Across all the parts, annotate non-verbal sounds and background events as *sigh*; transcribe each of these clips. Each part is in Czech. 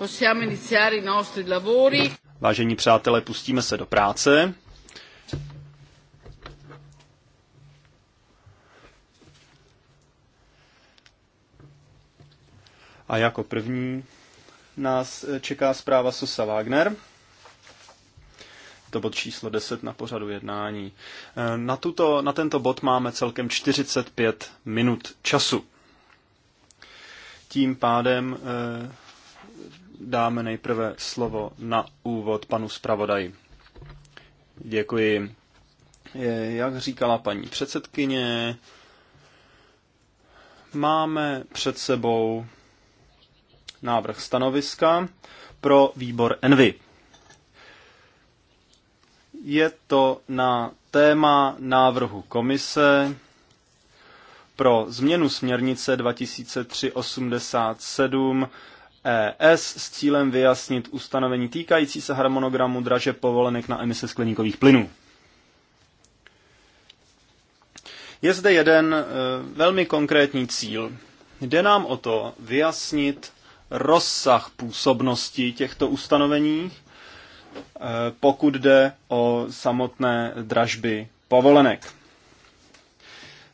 Possiamo iniziare i nostri lavori. Vážení přátelé, pustíme se do práce. A jako první nás čeká zpráva Sosa Wagner. To bod číslo 10 na pořadu jednání. Na, tuto, na tento bod máme celkem 45 minut času. Tím pádem eh, dáme nejprve slovo na úvod panu zpravodaji. Děkuji. Jak říkala paní předsedkyně, máme před sebou návrh stanoviska pro výbor Envy. Je to na téma návrhu komise pro změnu směrnice 2003 87 ES s cílem vyjasnit ustanovení týkající se harmonogramu draže povolenek na emise skleníkových plynů. Je zde jeden e, velmi konkrétní cíl. Jde nám o to vyjasnit rozsah působnosti těchto ustanovení, e, pokud jde o samotné dražby povolenek.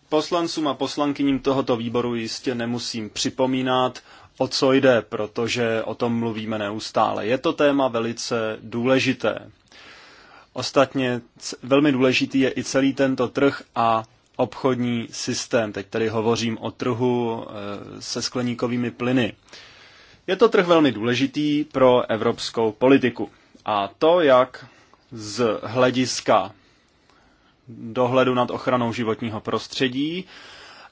Poslancům a poslankyním tohoto výboru jistě nemusím připomínat, o co jde, protože o tom mluvíme neustále. Je to téma velice důležité. Ostatně velmi důležitý je i celý tento trh a obchodní systém. Teď tady hovořím o trhu eh, se skleníkovými plyny. Je to trh velmi důležitý pro evropskou politiku. A to, jak z hlediska dohledu nad ochranou životního prostředí,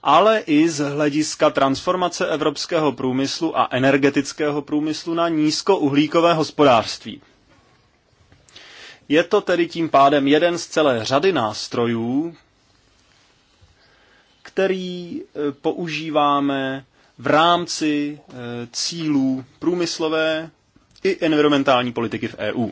ale i z hlediska transformace evropského průmyslu a energetického průmyslu na nízkouhlíkové hospodářství. Je to tedy tím pádem jeden z celé řady nástrojů, který eh, používáme v rámci eh, cílů průmyslové i environmentální politiky v EU.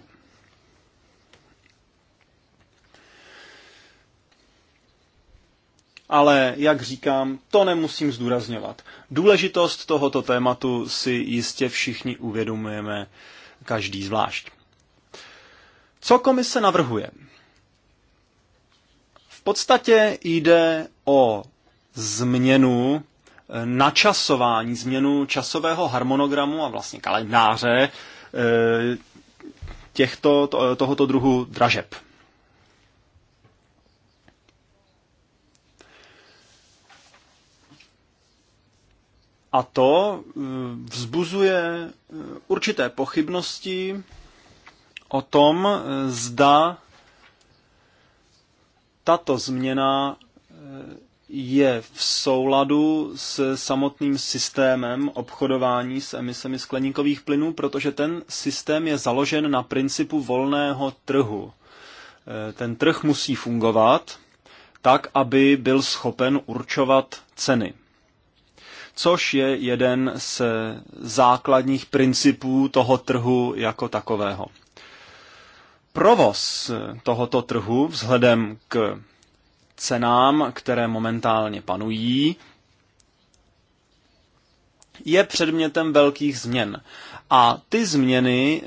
ale jak říkám, to nemusím zdůrazňovat. Důležitost tohoto tématu si jistě všichni uvědomujeme každý zvlášť. Co komise navrhuje? V podstatě jde o změnu eh, načasování, změnu časového harmonogramu a vlastně kalendáře eh, těchto, tohoto druhu dražeb. A to eh, vzbuzuje eh, určité pochybnosti o tom, eh, zda tato změna je v souladu s samotným systémem obchodování s emisemi skleníkových plynů, protože ten systém je založen na principu volného trhu. Ten trh musí fungovat tak, aby byl schopen určovat ceny což je jeden z základních principů toho trhu jako takového. Provoz tohoto trhu vzhledem k cenám, které momentálně panují, je předmětem velkých změn. A ty změny e,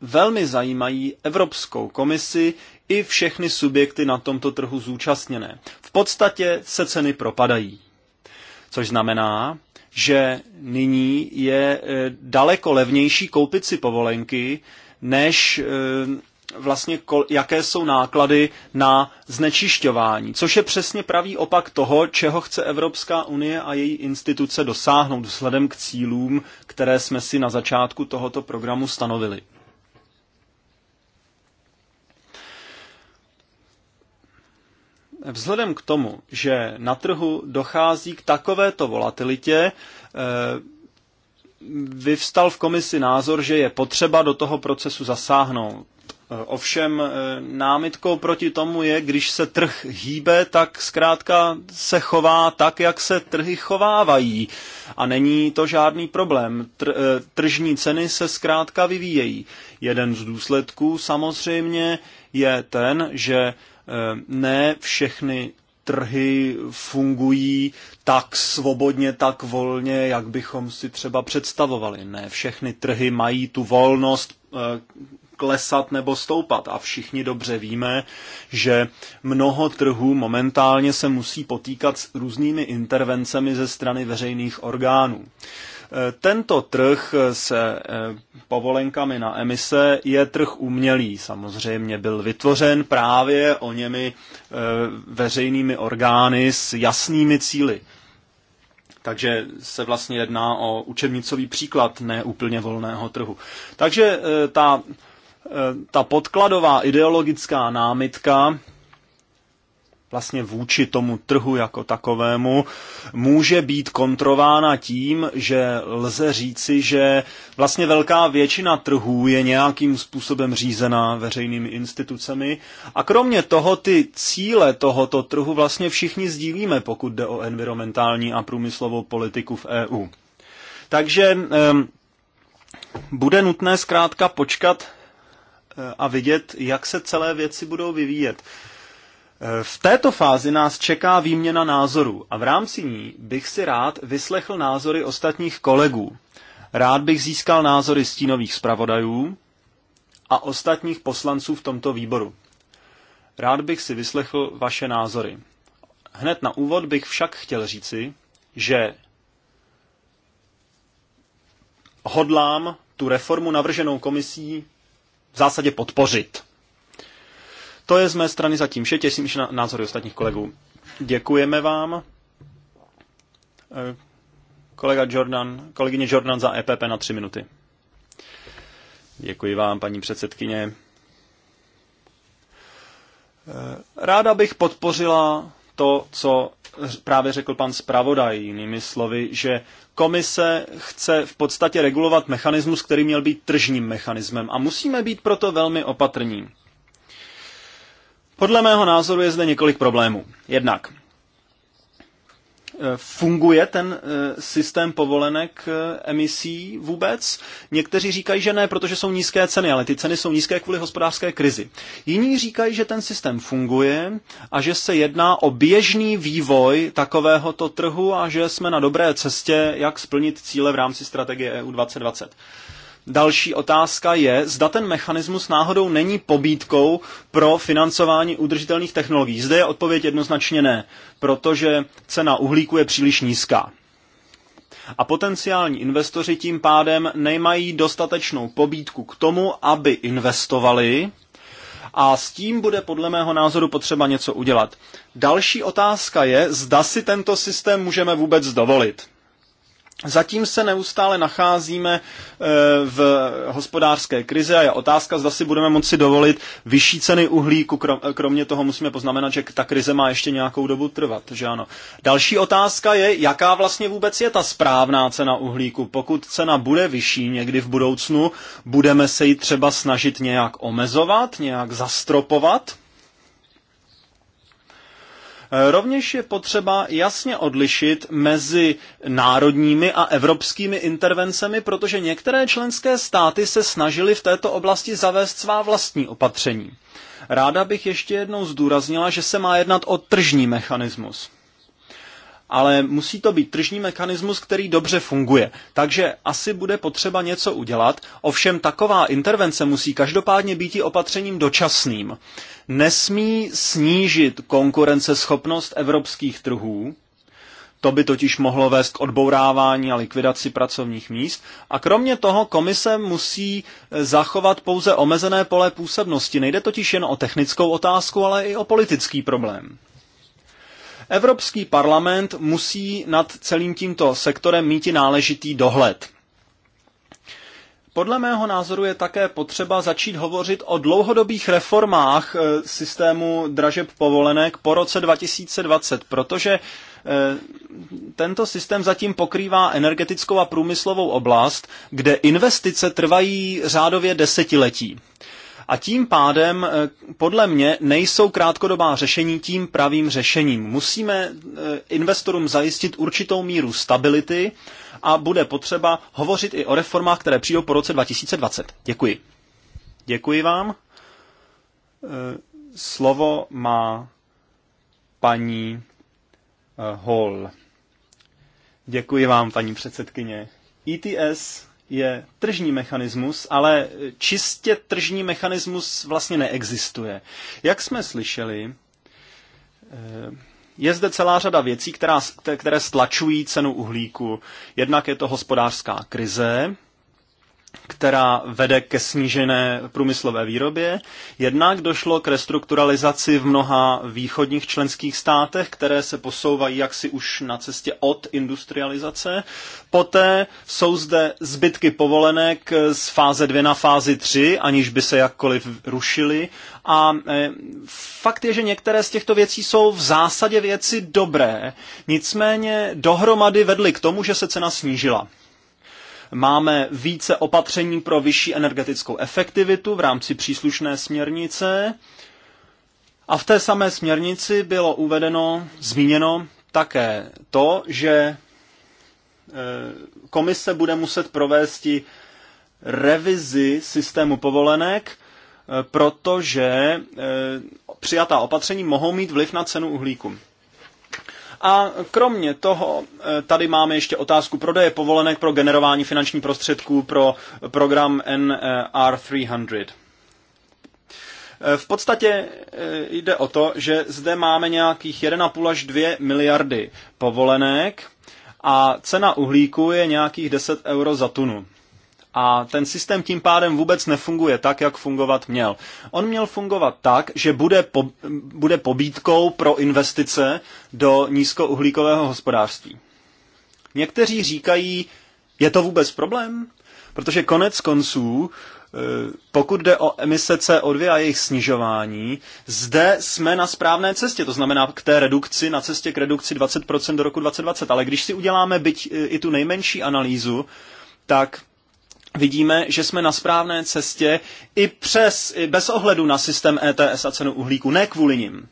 velmi zajímají Evropskou komisi i všechny subjekty na tomto trhu zúčastněné. V podstatě se ceny propadají což znamená, že nyní je e, daleko levnější koupit si povolenky, než e, vlastně jaké jsou náklady na znečišťování, což je přesně pravý opak toho, čeho chce Evropská unie a její instituce dosáhnout vzhledem k cílům, které jsme si na začátku tohoto programu stanovili. Vzhledem k tomu, že na trhu dochází k takovéto volatilitě, eh, vyvstal v komisi názor, že je potřeba do toho procesu zasáhnout. Eh, ovšem eh, námitkou proti tomu je, když se trh hýbe, tak zkrátka se chová tak, jak se trhy chovávají. A není to žádný problém. Tr- tržní ceny se zkrátka vyvíjejí. Jeden z důsledků samozřejmě je ten, že Eh, ne všechny trhy fungují tak svobodně, tak volně, jak bychom si třeba představovali. Ne všechny trhy mají tu volnost eh, klesat nebo stoupat. A všichni dobře víme, že mnoho trhů momentálně se musí potýkat s různými intervencemi ze strany veřejných orgánů. Tento trh se eh, povolenkami na emise je trh umělý. Samozřejmě byl vytvořen právě o němi eh, veřejnými orgány s jasnými cíly. Takže se vlastně jedná o učebnicový příklad neúplně volného trhu. Takže eh, ta, ta podkladová ideologická námitka vlastně vůči tomu trhu jako takovému může být kontrována tím, že lze říci, že vlastně velká většina trhů je nějakým způsobem řízená veřejnými institucemi a kromě toho ty cíle tohoto trhu vlastně všichni sdílíme, pokud jde o environmentální a průmyslovou politiku v EU. Takže bude nutné zkrátka počkat e, a vidět, jak se celé věci budou vyvíjet. Eh, v této fázi nás čeká výměna názorů a v rámci ní bych si rád vyslechl názory ostatních kolegů. Rád bych získal názory stínových zpravodajů a ostatních poslanců v tomto výboru. Rád bych si vyslechl vaše názory. Hned na úvod bych však chtěl říci, že hodlám tu reformu navrženou komisí v zásadě podpořit. To je z mé strany zatím vše, těším se na názory ostatních kolegů. Děkujeme vám. Eh, kolega Jordan, kolegyně Jordan za EPP na tři minuty. Děkuji vám, paní předsedkyně. Eh, ráda bych podpořila to, co právě řekl pan zpravodaj, jinými slovy, že komise chce v podstatě regulovat mechanismus, který měl být tržním mechanismem a musíme být proto velmi opatrní. Podle mého názoru je zde několik problémů. Jednak eh, funguje ten eh, systém povolenek eh, emisí vůbec? Někteří říkají, že ne, protože jsou nízké ceny, ale ty ceny jsou nízké kvůli hospodářské krizi. Jiní říkají, že ten systém funguje a že se jedná o běžný vývoj takovéhoto trhu a že jsme na dobré cestě, jak splnit cíle v rámci strategie EU 2020. Další otázka je, zda ten mechanismus náhodou není pobídkou pro financování udržitelných technologií. Zde je odpověď jednoznačně ne, protože cena uhlíku je příliš nízká. A potenciální investoři tím pádem nemají dostatečnou pobídku k tomu, aby investovali a s tím bude podle mého názoru potřeba něco udělat. Další otázka je, zda si tento systém můžeme vůbec dovolit. Zatím se neustále nacházíme e, v hospodářské krizi a je otázka, zda si budeme moci dovolit vyšší ceny uhlíku. Kromě toho musíme poznamenat, že ta krize má ještě nějakou dobu trvat. Že ano. Další otázka je, jaká vlastně vůbec je ta správná cena uhlíku. Pokud cena bude vyšší někdy v budoucnu, budeme se ji třeba snažit nějak omezovat, nějak zastropovat? Rovněž je potřeba jasně odlišit mezi národními a evropskými intervencemi, protože některé členské státy se snažily v této oblasti zavést svá vlastní opatření. Ráda bych ještě jednou zdůraznila, že se má jednat o tržní mechanismus ale musí to být tržní mechanismus, který dobře funguje. Takže asi bude potřeba něco udělat, ovšem taková intervence musí každopádně být i opatřením dočasným. Nesmí snížit konkurenceschopnost evropských trhů, to by totiž mohlo vést k odbourávání a likvidaci pracovních míst. A kromě toho komise musí zachovat pouze omezené pole působnosti. Nejde totiž jen o technickou otázku, ale i o politický problém. Evropský parlament musí nad celým tímto sektorem mít i náležitý dohled. Podle mého názoru je také potřeba začít hovořit o dlouhodobých reformách eh, systému dražeb povolenek po roce 2020, protože eh, tento systém zatím pokrývá energetickou a průmyslovou oblast, kde investice trvají řádově desetiletí. A tím pádem, eh, podle mě, nejsou krátkodobá řešení tím pravým řešením. Musíme eh, investorům zajistit určitou míru stability a bude potřeba hovořit i o reformách, které přijdou po roce 2020. Děkuji. Děkuji vám. Eh, slovo má paní Hall. Děkuji vám, paní předsedkyně. ETS je tržní mechanismus, ale čistě tržní mechanismus vlastně neexistuje. Jak jsme slyšeli, eh, je zde celá řada věcí, která, které stlačují cenu uhlíku. Jednak je to hospodářská krize, která vede ke snížené průmyslové výrobě. Jednak došlo k restrukturalizaci v mnoha východních členských státech, které se posouvají jaksi už na cestě od industrializace. Poté jsou zde zbytky povolenek z fáze 2 na fázi 3, aniž by se jakkoliv rušily. A e, fakt je, že některé z těchto věcí jsou v zásadě věci dobré, nicméně dohromady vedly k tomu, že se cena snížila. Máme více opatření pro vyšší energetickou efektivitu v rámci příslušné směrnice. A v té samé směrnici bylo uvedeno, zmíněno také to, že e, komise bude muset provést revizi systému povolenek, e, protože e, přijatá opatření mohou mít vliv na cenu uhlíku. A kromě toho eh, tady máme ještě otázku prodeje povolenek pro generování finančních prostředků pro program NR300. Eh, v podstatě eh, jde o to, že zde máme nějakých 1,5 až 2 miliardy povolenek a cena uhlíku je nějakých 10 euro za tunu a ten systém tím pádem vůbec nefunguje tak, jak fungovat měl. On měl fungovat tak, že bude, po, bude pobídkou pro investice do nízkouhlíkového hospodářství. Někteří říkají, je to vůbec problém? Protože konec konců, eh, pokud jde o emise CO2 a jejich snižování, zde jsme na správné cestě, to znamená k té redukci, na cestě k redukci 20% do roku 2020. Ale když si uděláme byť eh, i tu nejmenší analýzu, tak vidíme, že jsme na správné cestě i přes, i bez ohledu na systém ETS a cenu uhlíku, ne kvůli nim.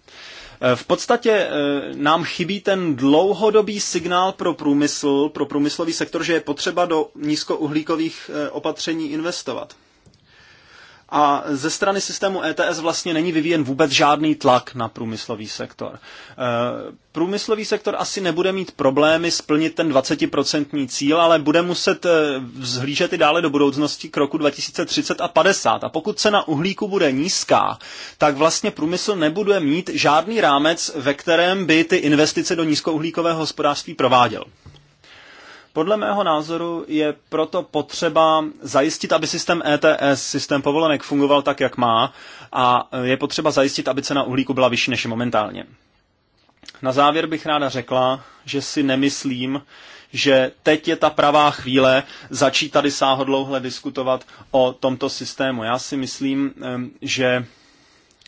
E, v podstatě e, nám chybí ten dlouhodobý signál pro průmysl, pro průmyslový sektor, že je potřeba do nízkouhlíkových e, opatření investovat a ze strany systému ETS vlastně není vyvíjen vůbec žádný tlak na průmyslový sektor. E, průmyslový sektor asi nebude mít problémy splnit ten 20% cíl, ale bude muset e, vzhlížet i dále do budoucnosti k roku 2030 a 50. A pokud cena uhlíku bude nízká, tak vlastně průmysl nebude mít žádný rámec, ve kterém by ty investice do nízkouhlíkového hospodářství prováděl. Podle mého názoru je proto potřeba zajistit, aby systém ETS, systém povolenek, fungoval tak, jak má a je potřeba zajistit, aby cena uhlíku byla vyšší, než je momentálně. Na závěr bych ráda řekla, že si nemyslím, že teď je ta pravá chvíle začít tady sáhodlouhle diskutovat o tomto systému. Já si myslím, že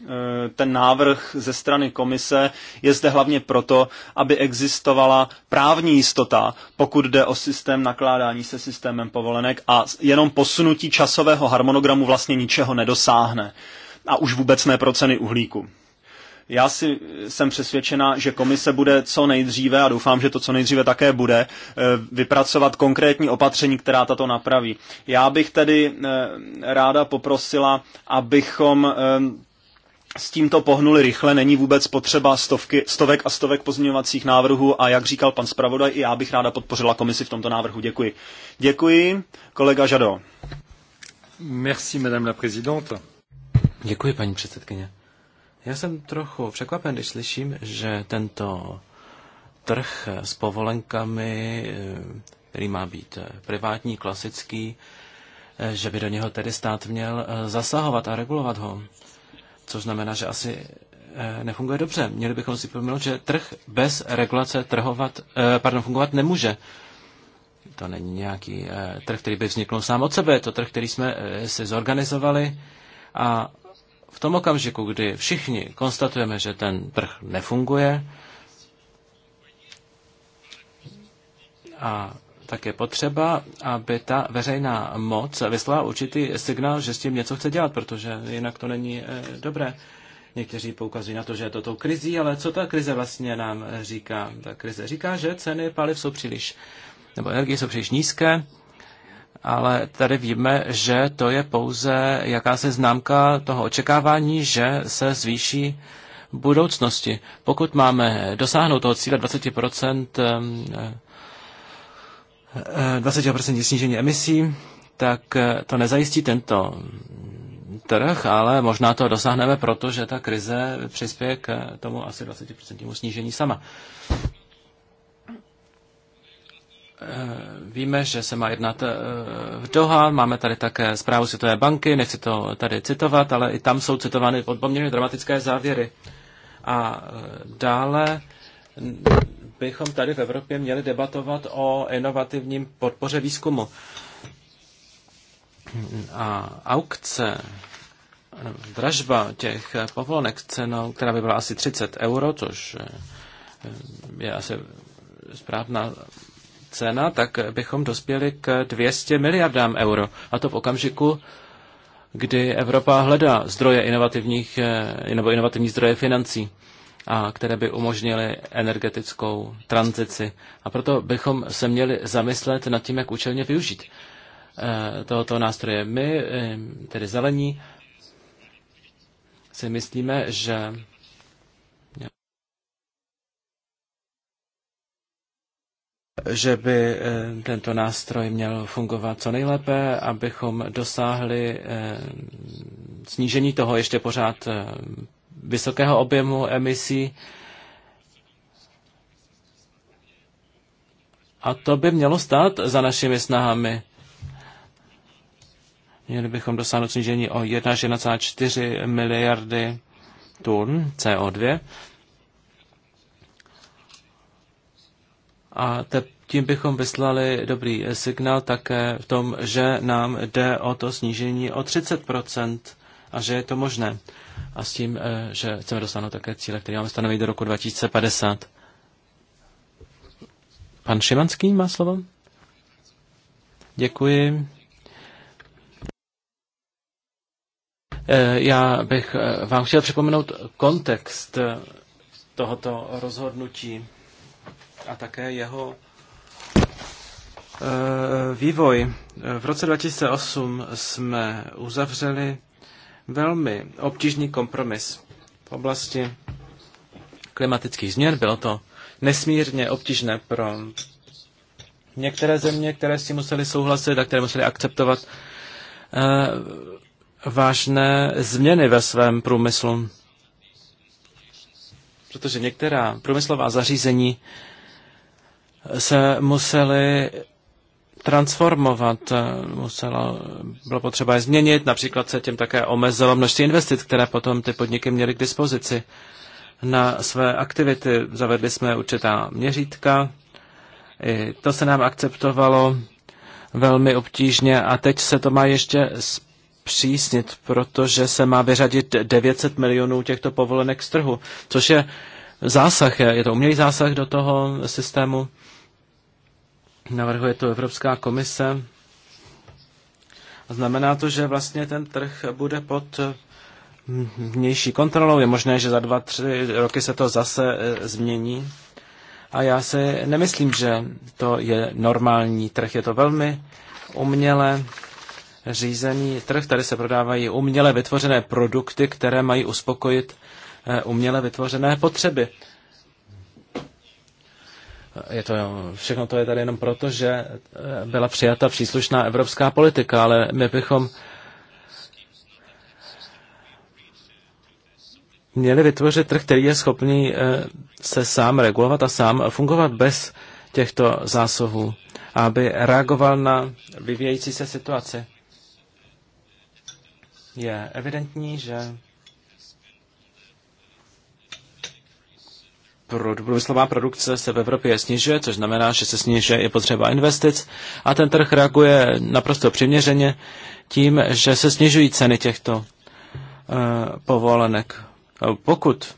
Eh, ten návrh ze strany komise je zde hlavně proto, aby existovala právní jistota, pokud jde o systém nakládání se systémem povolenek a jenom posunutí časového harmonogramu vlastně ničeho nedosáhne. A už vůbec ne pro ceny uhlíku. Já si eh, jsem přesvědčena, že komise bude co nejdříve, a doufám, že to co nejdříve také bude, eh, vypracovat konkrétní opatření, která tato napraví. Já bych tedy ráda poprosila, abychom s tímto pohnuli rychle, není vůbec potřeba stovky, stovek a stovek pozměňovacích návrhů a jak říkal pan zpravodaj, i já bych ráda podpořila komisi v tomto návrhu. Děkuji. Děkuji, kolega Žado. Merci, madame la présidente. Děkuji, paní předsedkyně. Já jsem trochu překvapen, když slyším, že tento trh s povolenkami, který má být privátní, klasický, že by do něho tedy stát měl zasahovat a regulovat ho což znamená, že asi eh, nefunguje dobře. Měli bychom si pomenout, že trh bez regulace trhovat, eh, pardon, fungovat nemůže. To není nějaký eh, trh, který by vznikl sám od sebe, je to trh, který jsme si zorganizovali a v tom okamžiku, kdy všichni konstatujeme, že ten trh nefunguje a tak je potřeba, aby ta veřejná moc vyslala určitý signál, že s tím něco chce dělat, protože jinak to není eh, dobré. Někteří poukazují na to, že je to tou krizí, ale co ta krize vlastně nám eh, říká? Ta krize říká, že ceny paliv jsou příliš, nebo energie jsou příliš nízké, ale tady víme, že to je pouze jakási známka toho očekávání, že se zvýší budoucnosti. Pokud máme dosáhnout toho cíle 20 20% eh, snížení emisí, tak eh, to nezajistí tento trh, ale možná to dosáhneme, protože ta krize přispěje k eh, tomu asi 20% snížení sama. Víme, že se má jednat v Doha, máme tady také zprávu Světové banky, nechci to tady citovat, ale i tam jsou citovány poměrně dramatické závěry. A dále bychom tady v Evropě měli debatovat o inovativním podpoře výzkumu. A aukce, dražba těch povolenek cenou, která by byla asi 30 euro, což eh, je asi správná cena, tak bychom dospěli k 200 miliardám euro. A to v okamžiku, kdy Evropa hledá zdroje inovativních, eh, nebo inovativní zdroje financí a které by umožnily energetickou tranzici. A proto bychom se měli zamyslet nad tím, jak účelně využít eh, tohoto nástroje. My, eh, tedy zelení, si myslíme, že že by eh, tento nástroj měl fungovat co nejlépe, abychom dosáhli snížení toho ještě pořád vysokého objemu emisí. A to by mělo stát za našimi snahami. Měli bychom dosáhnout snížení o 1,4 miliardy tun CO2. A te, tím bychom vyslali dobrý signál také v tom, že nám jde o to snížení o 30 a že je to možné a s tím, eh, že chceme dostanout také cíle, které máme stanovit do roku 2050. Pan Šimanský má slovo? Děkuji. Eh, já bych eh, vám chtěl připomenout kontext tohoto rozhodnutí a také jeho vývoj. V roce 2008 jsme uzavřeli velmi obtížný kompromis v oblasti klimatických změn. Bylo to nesmírně obtížné pro některé země, které si museli souhlasit a které museli akceptovat uh, vážné změny ve svém průmyslu. Protože některá průmyslová zařízení se museli transformovat, eh, muselo, bylo potřeba je změnit, například se tím také omezilo množství investic, které potom ty podniky měly k dispozici na své aktivity. Zavedli jsme určitá měřítka, I to se nám akceptovalo velmi obtížně a teď se to má ještě zpřísnit, protože se má vyřadit 900 milionů těchto povolenek z trhu, což je zásah, je to umělý zásah do toho systému. Navrhuje to Evropská komise. A znamená to, že vlastně ten trh bude pod mm, vnější kontrolou. Je možné, že za dva, tři roky se to zase e, změní. A já si nemyslím, že to je normální trh. Je to velmi uměle řízený trh. Tady se prodávají uměle vytvořené produkty, které mají uspokojit e, uměle vytvořené potřeby je to, všechno to je tady jenom proto, že eh, byla přijata příslušná evropská politika, ale my bychom měli vytvořit trh, který je schopný eh, se sám regulovat a sám fungovat bez těchto zásahů, aby reagoval na vyvíjející se situaci. Je evidentní, že průmyslová produkce se v Evropě snižuje, což znamená, že se snižuje i potřeba investic a ten trh reaguje naprosto přiměřeně tím, že se snižují ceny těchto eh, povolenek. Pokud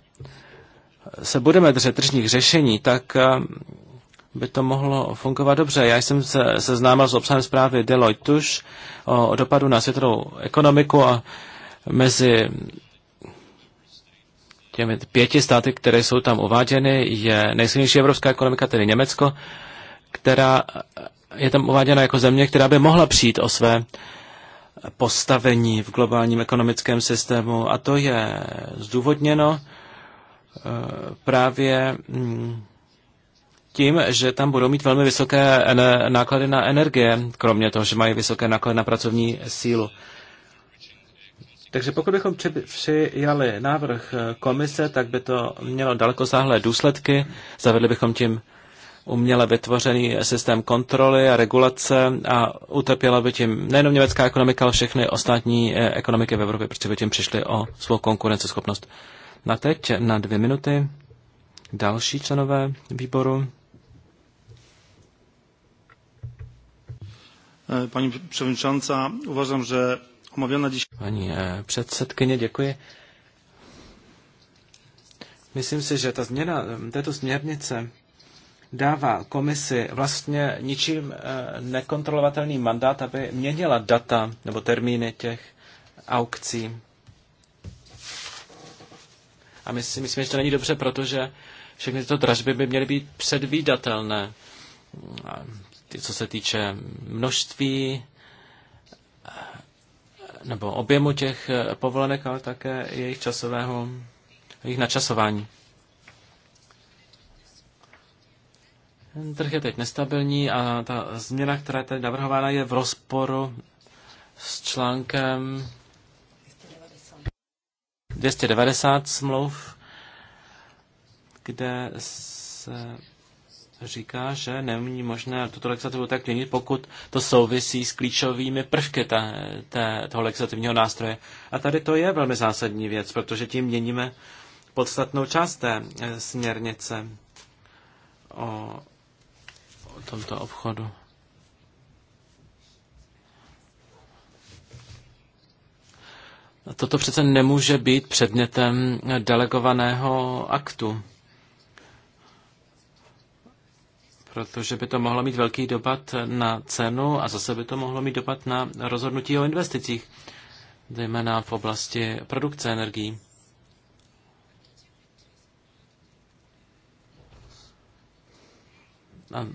se budeme držet tržních řešení, tak eh, by to mohlo fungovat dobře. Já jsem se seznámil s obsahem zprávy Deloitte o, o dopadu na světovou ekonomiku a mezi těmi pěti státy, které jsou tam uváděny, je nejsilnější evropská ekonomika, tedy Německo, která je tam uváděna jako země, která by mohla přijít o své postavení v globálním ekonomickém systému. A to je zdůvodněno eh, právě mm, tím, že tam budou mít velmi vysoké náklady na energie, kromě toho, že mají vysoké náklady na pracovní sílu. Takže pokud bychom přijali návrh eh, komise, tak by to mělo dalekosáhlé důsledky. Zavedli bychom tím uměle vytvořený systém kontroly a regulace a utrpěla by tím nejenom německá ekonomika, ale všechny ostatní eh, ekonomiky v Evropě, protože by tím přišly o svou konkurenceschopnost. Na teď, na dvě minuty, další členové výboru. Eh, Pani przewodnicząca, uważam, że že omówiona dziś. Pani eh, předsedkyně, děkuji. Myslím si, že ta změna eh, této směrnice dává komisi vlastně ničím eh, nekontrolovatelný mandát, aby měnila data nebo termíny těch aukcí. A my si myslím, že to není dobře, protože všechny tyto dražby by měly být předvídatelné, co se týče množství nebo objemu těch eh, povolenek, ale také jejich časového, jejich načasování. Ten trh je teď nestabilní a ta změna, která je teď navrhována, je v rozporu s článkem 290 smlouv, kde se říká, že není možné tuto legislativu tak měnit, pokud to souvisí s klíčovými prvky ta, ta, toho legislativního nástroje. A tady to je velmi zásadní věc, protože tím měníme podstatnou část té eh, směrnice o, o tomto obchodu. Toto přece nemůže být předmětem delegovaného aktu. protože by to mohlo mít velký dopad na cenu a zase by to mohlo mít dopad na rozhodnutí o investicích, zejména v oblasti produkce energií. A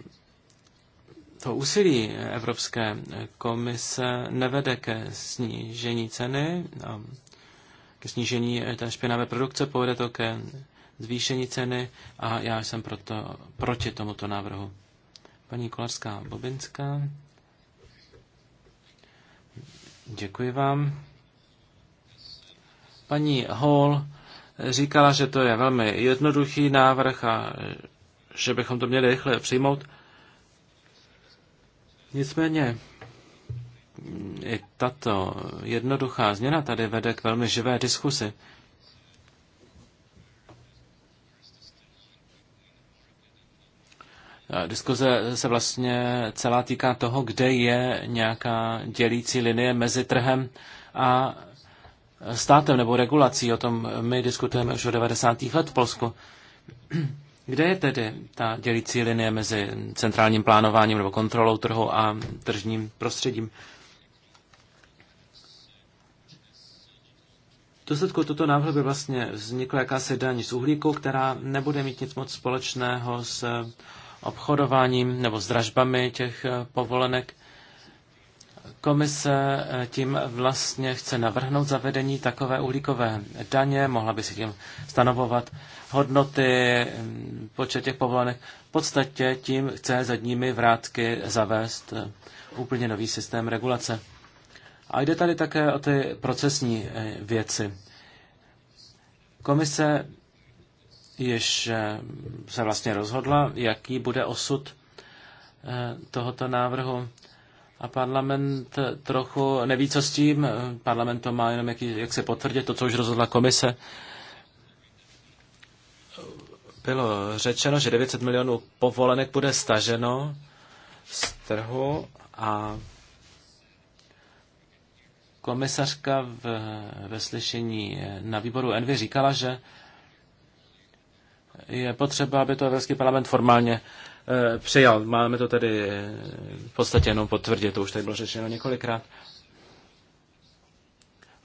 to úsilí Evropské komise nevede ke snížení ceny, ke snížení té špinavé produkce, povede to ke zvýšení ceny a já jsem proto, proti tomuto návrhu. Paní Kolarská Bobinská, děkuji vám. Paní Hall říkala, že to je velmi jednoduchý návrh a že bychom to měli rychle přijmout. Nicméně i tato jednoduchá změna tady vede k velmi živé diskusi. Diskuze se vlastně celá týká toho, kde je nějaká dělící linie mezi trhem a státem nebo regulací. O tom my diskutujeme už od 90. let v Polsku. Kde je tedy ta dělící linie mezi centrálním plánováním nebo kontrolou trhu a tržním prostředím? V důsledku toto návrhu by vlastně vznikla jakási daň z uhlíku, která nebude mít nic moc společného s obchodováním nebo s dražbami těch eh, povolenek. Komise eh, tím vlastně chce navrhnout zavedení takové uhlíkové daně, mohla by si tím stanovovat hodnoty, mm, počet těch povolenek. V podstatě tím chce zadními vrátky zavést eh, úplně nový systém regulace. A jde tady také o ty procesní věci. Komise již eh, se vlastně rozhodla, jaký bude osud eh, tohoto návrhu. A parlament eh, trochu neví, co s tím. Parlament to má jenom, jak, jak se potvrdit, to, co už rozhodla komise. Bylo řečeno, že 900 milionů povolenek bude staženo z trhu a komisařka v, ve slyšení na výboru Envy říkala, že je potřeba, aby to Evropský parlament formálně eh, přijal. Máme to tedy eh, v podstatě jenom potvrdit, to už tady bylo řečeno několikrát.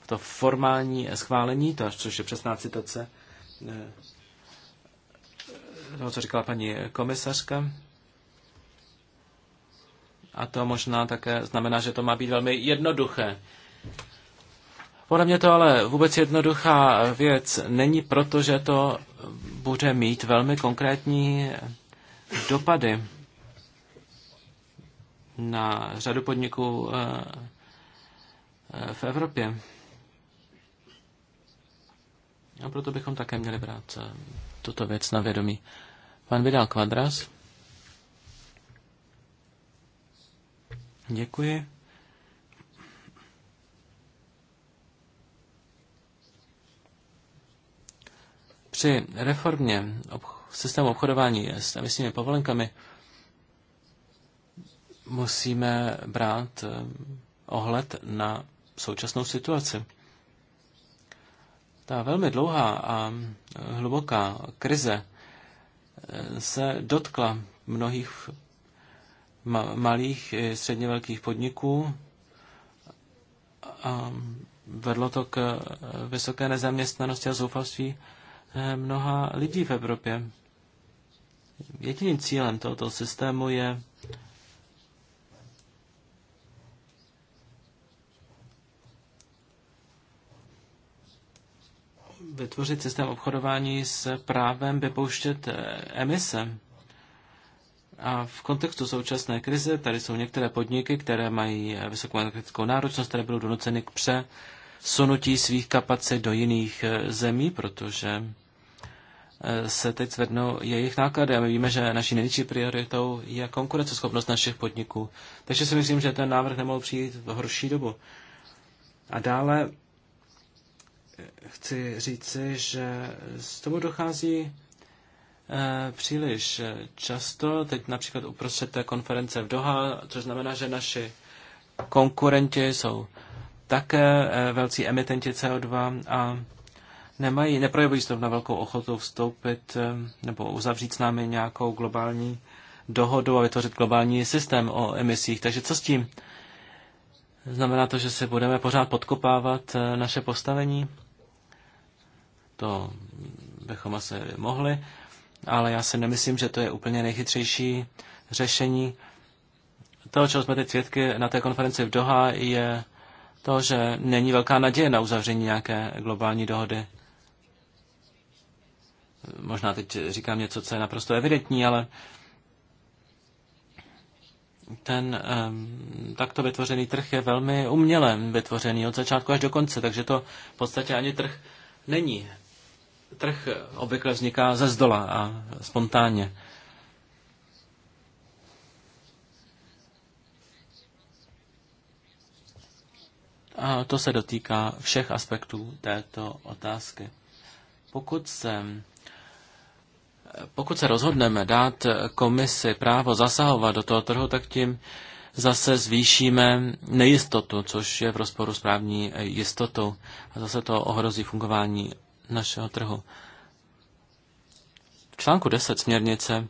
To formální schválení, to, což je přesná citace eh, toho, co říkala paní komisařka. A to možná také znamená, že to má být velmi jednoduché. Podle mě to ale vůbec jednoduchá věc není, protože to bude mít velmi konkrétní dopady na řadu podniků eh, eh, v Evropě. A proto bychom také měli brát eh, tuto věc na vědomí. Pan Vidal Kvadras. Děkuji. Při reformě systému obchodování s emisními povolenkami musíme brát eh, ohled na současnou situaci. Ta velmi dlouhá a eh, hluboká krize eh, se dotkla mnohých ma- malých i středně velkých podniků a mm, vedlo to k vysoké nezaměstnanosti a zoufalství Eh, mnoha lidí v Evropě. Jediným cílem tohoto systému je vytvořit systém obchodování s právem vypouštět eh, emise. A v kontextu současné krize tady jsou některé podniky, které mají eh, vysokou energetickou náročnost, které budou donuceny k přesunutí svých kapacit do jiných zemí, protože Eh, se teď zvednou jejich náklady a my víme, že naší největší prioritou je konkurenceschopnost našich podniků. Takže si myslím, že ten návrh nemohl přijít v horší dobu. A dále eh, chci říci, že z tomu dochází eh, příliš často, teď například uprostřed té konference v Doha, což znamená, že naši konkurenti jsou také velcí emitenti CO2 a nemají, neprojevují se na velkou ochotu vstoupit eh, nebo uzavřít s námi nějakou globální dohodu a vytvořit globální systém o emisích. Takže co s tím? Znamená to, že se budeme pořád podkopávat eh, naše postavení? To bychom asi mohli, ale já si nemyslím, že to je úplně nejchytřejší řešení. To, čeho jsme teď svědky na té konferenci v Doha, je to, že není velká naděje na uzavření nějaké globální dohody. Možná teď říkám něco, co je naprosto evidentní, ale ten takto vytvořený trh je velmi uměle vytvořený od začátku až do konce, takže to v podstatě ani trh není. Trh obvykle vzniká ze zdola a spontánně. A to se dotýká všech aspektů této otázky. Pokud se pokud se rozhodneme dát komisi právo zasahovat do toho trhu, tak tím zase zvýšíme nejistotu, což je v rozporu s právní jistotou a zase to ohrozí fungování našeho trhu. V článku 10 směrnice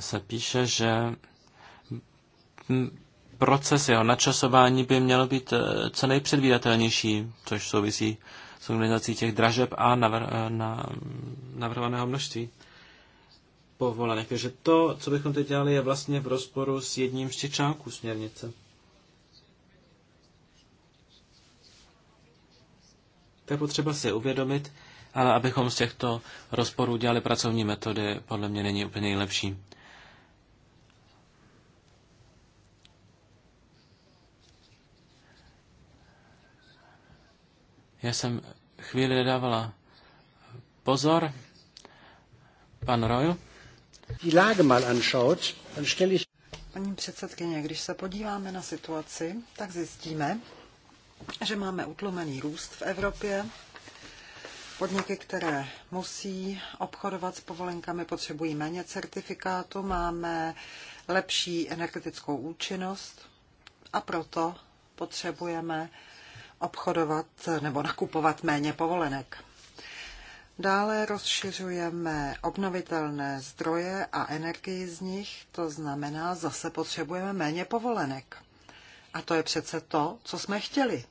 se píše, že proces jeho načasování by měl být eh, co nejpředvídatelnější, což souvisí synchronizací těch dražeb a navr- eh, na, navrhovaného množství povolených. Takže to, co bychom teď dělali, je vlastně v rozporu s jedním z těch článků směrnice. To je potřeba si uvědomit, ale abychom z těchto rozporů dělali pracovní metody, podle mě není úplně nejlepší. Já jsem chvíli nedávala pozor. Pan Royal. Die Lage mal anschaut, dann stelle ich... Paní předsedkyně, když se podíváme na situaci, tak zjistíme, že máme utlumený růst v Evropě. Podniky, které musí obchodovat s povolenkami, potřebují méně certifikátu, máme lepší energetickou účinnost a proto potřebujeme obchodovat nebo nakupovat méně povolenek. Dále rozšiřujeme obnovitelné zdroje a energii z nich, to znamená, zase potřebujeme méně povolenek. A to je přece to, co jsme chtěli.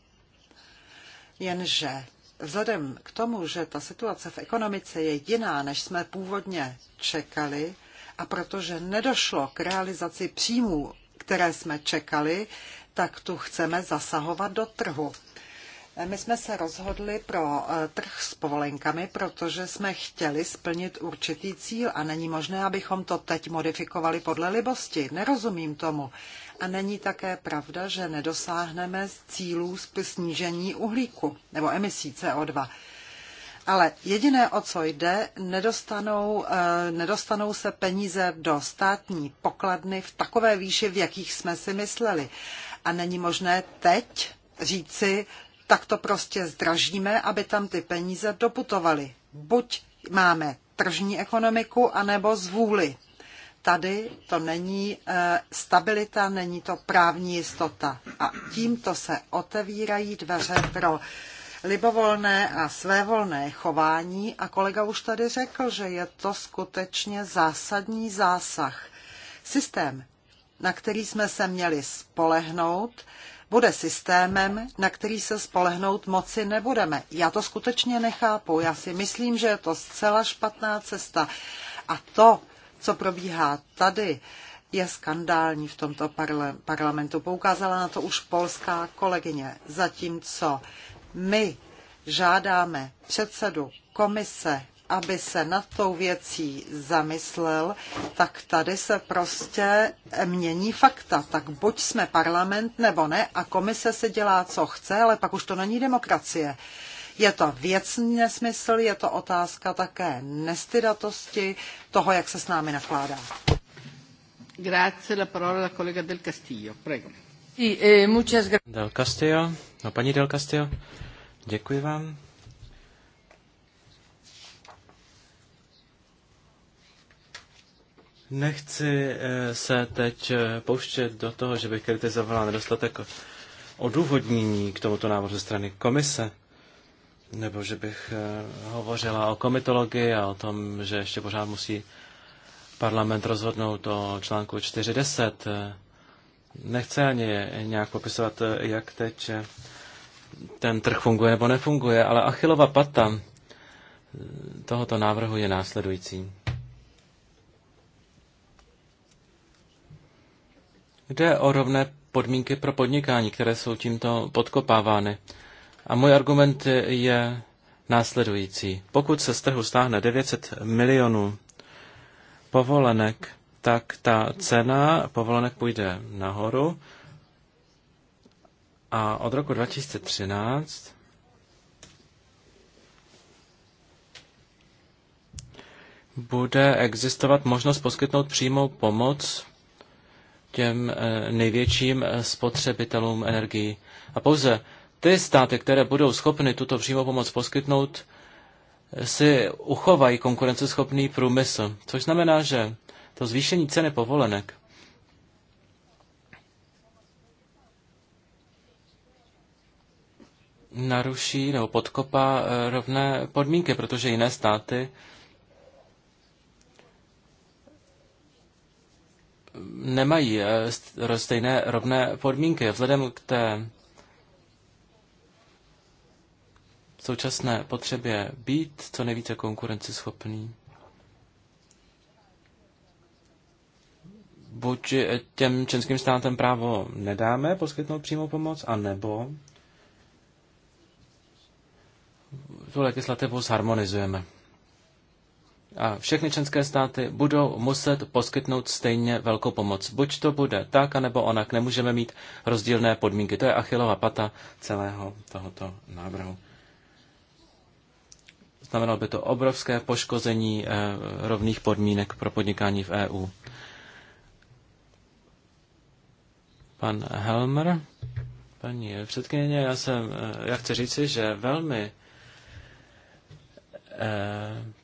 Jenže vzhledem k tomu, že ta situace v ekonomice je jiná, než jsme původně čekali, a protože nedošlo k realizaci příjmů, které jsme čekali, tak tu chceme zasahovat do trhu. My jsme se rozhodli pro eh, trh s povolenkami, protože jsme chtěli splnit určitý cíl a není možné, abychom to teď modifikovali podle libosti. Nerozumím tomu. A není také pravda, že nedosáhneme cílů snížení uhlíku nebo emisí CO2. Ale jediné, o co jde, nedostanou, eh, nedostanou se peníze do státní pokladny v takové výši, v jakých jsme si mysleli. A není možné teď říci, tak to prostě zdražíme, aby tam ty peníze doputovaly. Buď máme tržní ekonomiku, anebo zvůli. Tady to není eh, stabilita, není to právní jistota. A tímto se otevírají dveře pro libovolné a svévolné chování a kolega už tady řekl, že je to skutečně zásadní zásah. Systém, na který jsme se měli spolehnout, bude systémem, na který se spolehnout moci nebudeme. Já to skutečně nechápu. Já si myslím, že je to zcela špatná cesta. A to, co probíhá tady, je skandální v tomto parlamentu. Poukázala na to už polská kolegyně. Zatímco my žádáme předsedu komise aby se nad tou věcí zamyslel, tak tady se prostě mění fakta. Tak buď jsme parlament nebo ne a komise se dělá, co chce, ale pak už to není demokracie. Je to věcný nesmysl, je to otázka také nestydatosti toho, jak se s námi nakládá. Grazie, la parola collega del Castillo, prego. Eh, del Castillo, no paní Del Castillo, děkuji vám. Nechci eh, se teď eh, pouštět do toho, že bych kritizovala nedostatek odůvodnění k tomuto návrhu ze strany komise, nebo že bych eh, hovořila o komitologii a o tom, že ještě pořád musí parlament rozhodnout o článku 410. Nechci ani nějak popisovat, jak teď ten trh funguje nebo nefunguje, ale achilová pata tohoto návrhu je následující. Jde o rovné podmínky pro podnikání, které jsou tímto podkopávány. A můj argument je následující. Pokud se z trhu stáhne 900 milionů povolenek, tak ta cena povolenek půjde nahoru a od roku 2013 bude existovat možnost poskytnout přímou pomoc těm eh, největším eh, spotřebitelům energii. A pouze ty státy, které budou schopny tuto přímou pomoc poskytnout, eh, si uchovají konkurenceschopný průmysl, což znamená, že to zvýšení ceny povolenek naruší nebo podkopá rovné podmínky, protože jiné státy nemají eh, stejné rovné podmínky. Vzhledem k té současné potřebě být co nejvíce konkurenceschopný. Buď eh, těm českým státem právo nedáme poskytnout přímou pomoc, anebo tu legislativu zharmonizujeme a všechny členské státy budou muset poskytnout stejně velkou pomoc. Buď to bude tak, anebo onak. Nemůžeme mít rozdílné podmínky. To je achilová pata celého tohoto návrhu. Znamenalo by to obrovské poškození eh, rovných podmínek pro podnikání v EU. Pan Helmer, paní předkyně, já, jsem, eh, já chci říci, že velmi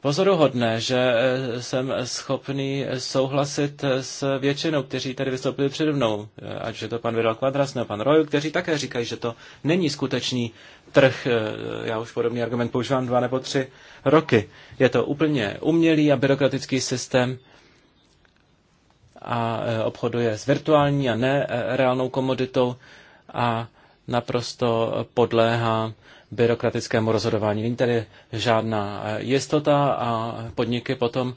pozoruhodné, že eh, jsem schopný souhlasit s většinou, kteří tady vystoupili přede mnou, eh, ať je to pan Vidal Quadras nebo pan Roy, kteří také říkají, že to není skutečný trh. Eh, já už podobný argument používám dva nebo tři roky. Je to úplně umělý a byrokratický systém a obchoduje s virtuální a ne reálnou komoditou a naprosto podléhá byrokratickému rozhodování. Není tady žádná eh, jistota a podniky potom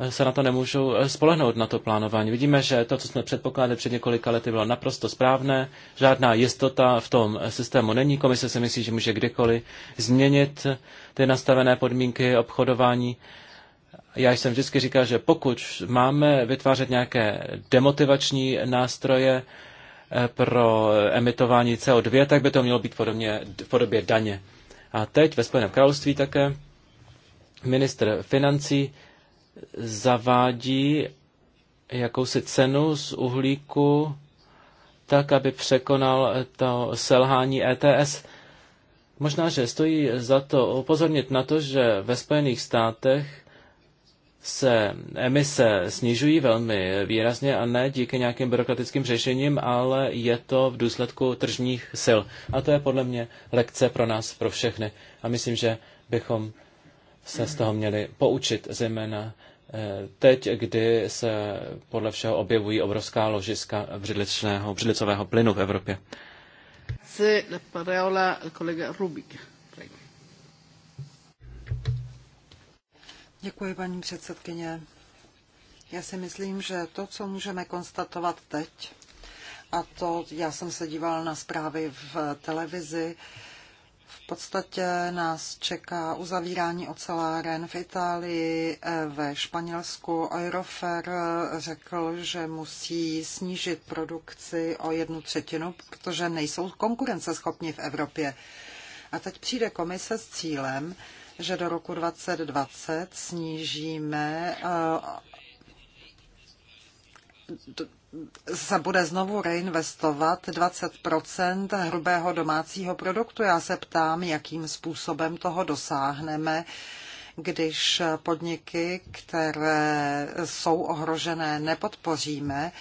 eh, se na to nemůžou eh, spolehnout, na to plánování. Vidíme, že to, co jsme předpokládali před několika lety, bylo naprosto správné. Žádná jistota v tom systému není. Komise si myslí, že může kdykoliv změnit ty nastavené podmínky obchodování. Já jsem vždycky říkal, že pokud máme vytvářet nějaké demotivační nástroje, pro emitování CO2, tak by to mělo být podobně, v podobě daně. A teď ve Spojeném království také minister financí zavádí jakousi cenu z uhlíku tak, aby překonal to selhání ETS. Možná, že stojí za to upozornit na to, že ve Spojených státech se emise snižují velmi výrazně a ne díky nějakým byrokratickým řešením, ale je to v důsledku tržních sil. A to je podle mě lekce pro nás, pro všechny. A myslím, že bychom se z toho měli poučit, zejména eh, teď, kdy se podle všeho objevují obrovská ložiska břidličného, břidlicového plynu v Evropě. Se la parola al collega Rubik. Děkuji, paní předsedkyně. Já si myslím, že to, co můžeme konstatovat teď, a to já jsem se dívala na zprávy v televizi, v podstatě nás čeká uzavírání oceláren v Itálii, ve Španělsku. Eurofer řekl, že musí snížit produkci o jednu třetinu, protože nejsou konkurenceschopní v Evropě. A teď přijde komise s cílem, že do roku 2020 snížíme se eh, bude znovu reinvestovat 20 hrubého domácího produktu. Já se ptám, jakým způsobem toho dosáhneme, když podniky, které jsou ohrožené, nepodpoříme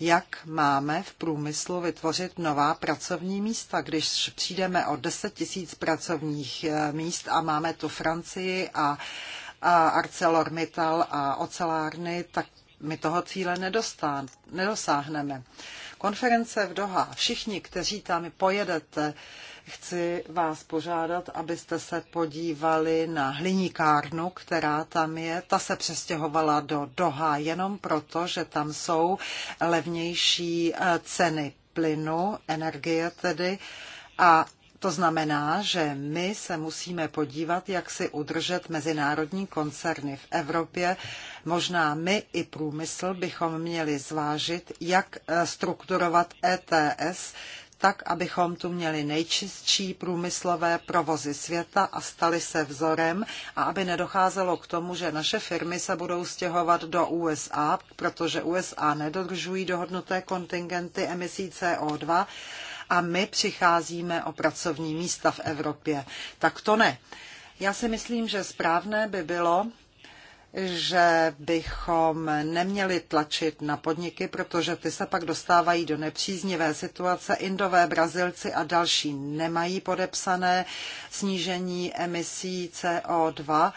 jak máme v průmyslu vytvořit nová pracovní místa. Když přijdeme o 10 tisíc pracovních eh, míst a máme tu Francii a, a ArcelorMittal a ocelárny, tak my toho cíle nedosáhneme. Konference v Doha, všichni, kteří tam pojedete, chci vás požádat, abyste se podívali na hliníkárnu, která tam je. Ta se přestěhovala do Doha jenom proto, že tam jsou levnější eh, ceny plynu, energie tedy. A to znamená, že my se musíme podívat, jak si udržet mezinárodní koncerny v Evropě. Možná my i průmysl bychom měli zvážit, jak eh, strukturovat ETS, tak, abychom tu měli nejčistší průmyslové provozy světa a stali se vzorem a aby nedocházelo k tomu, že naše firmy se budou stěhovat do USA, protože USA nedodržují dohodnuté kontingenty emisí CO2 a my přicházíme o pracovní místa v Evropě. Tak to ne. Já si myslím, že správné by bylo, že bychom neměli tlačit na podniky, protože ty se pak dostávají do nepříznivé situace. Indové, Brazilci a další nemají podepsané snížení emisí CO2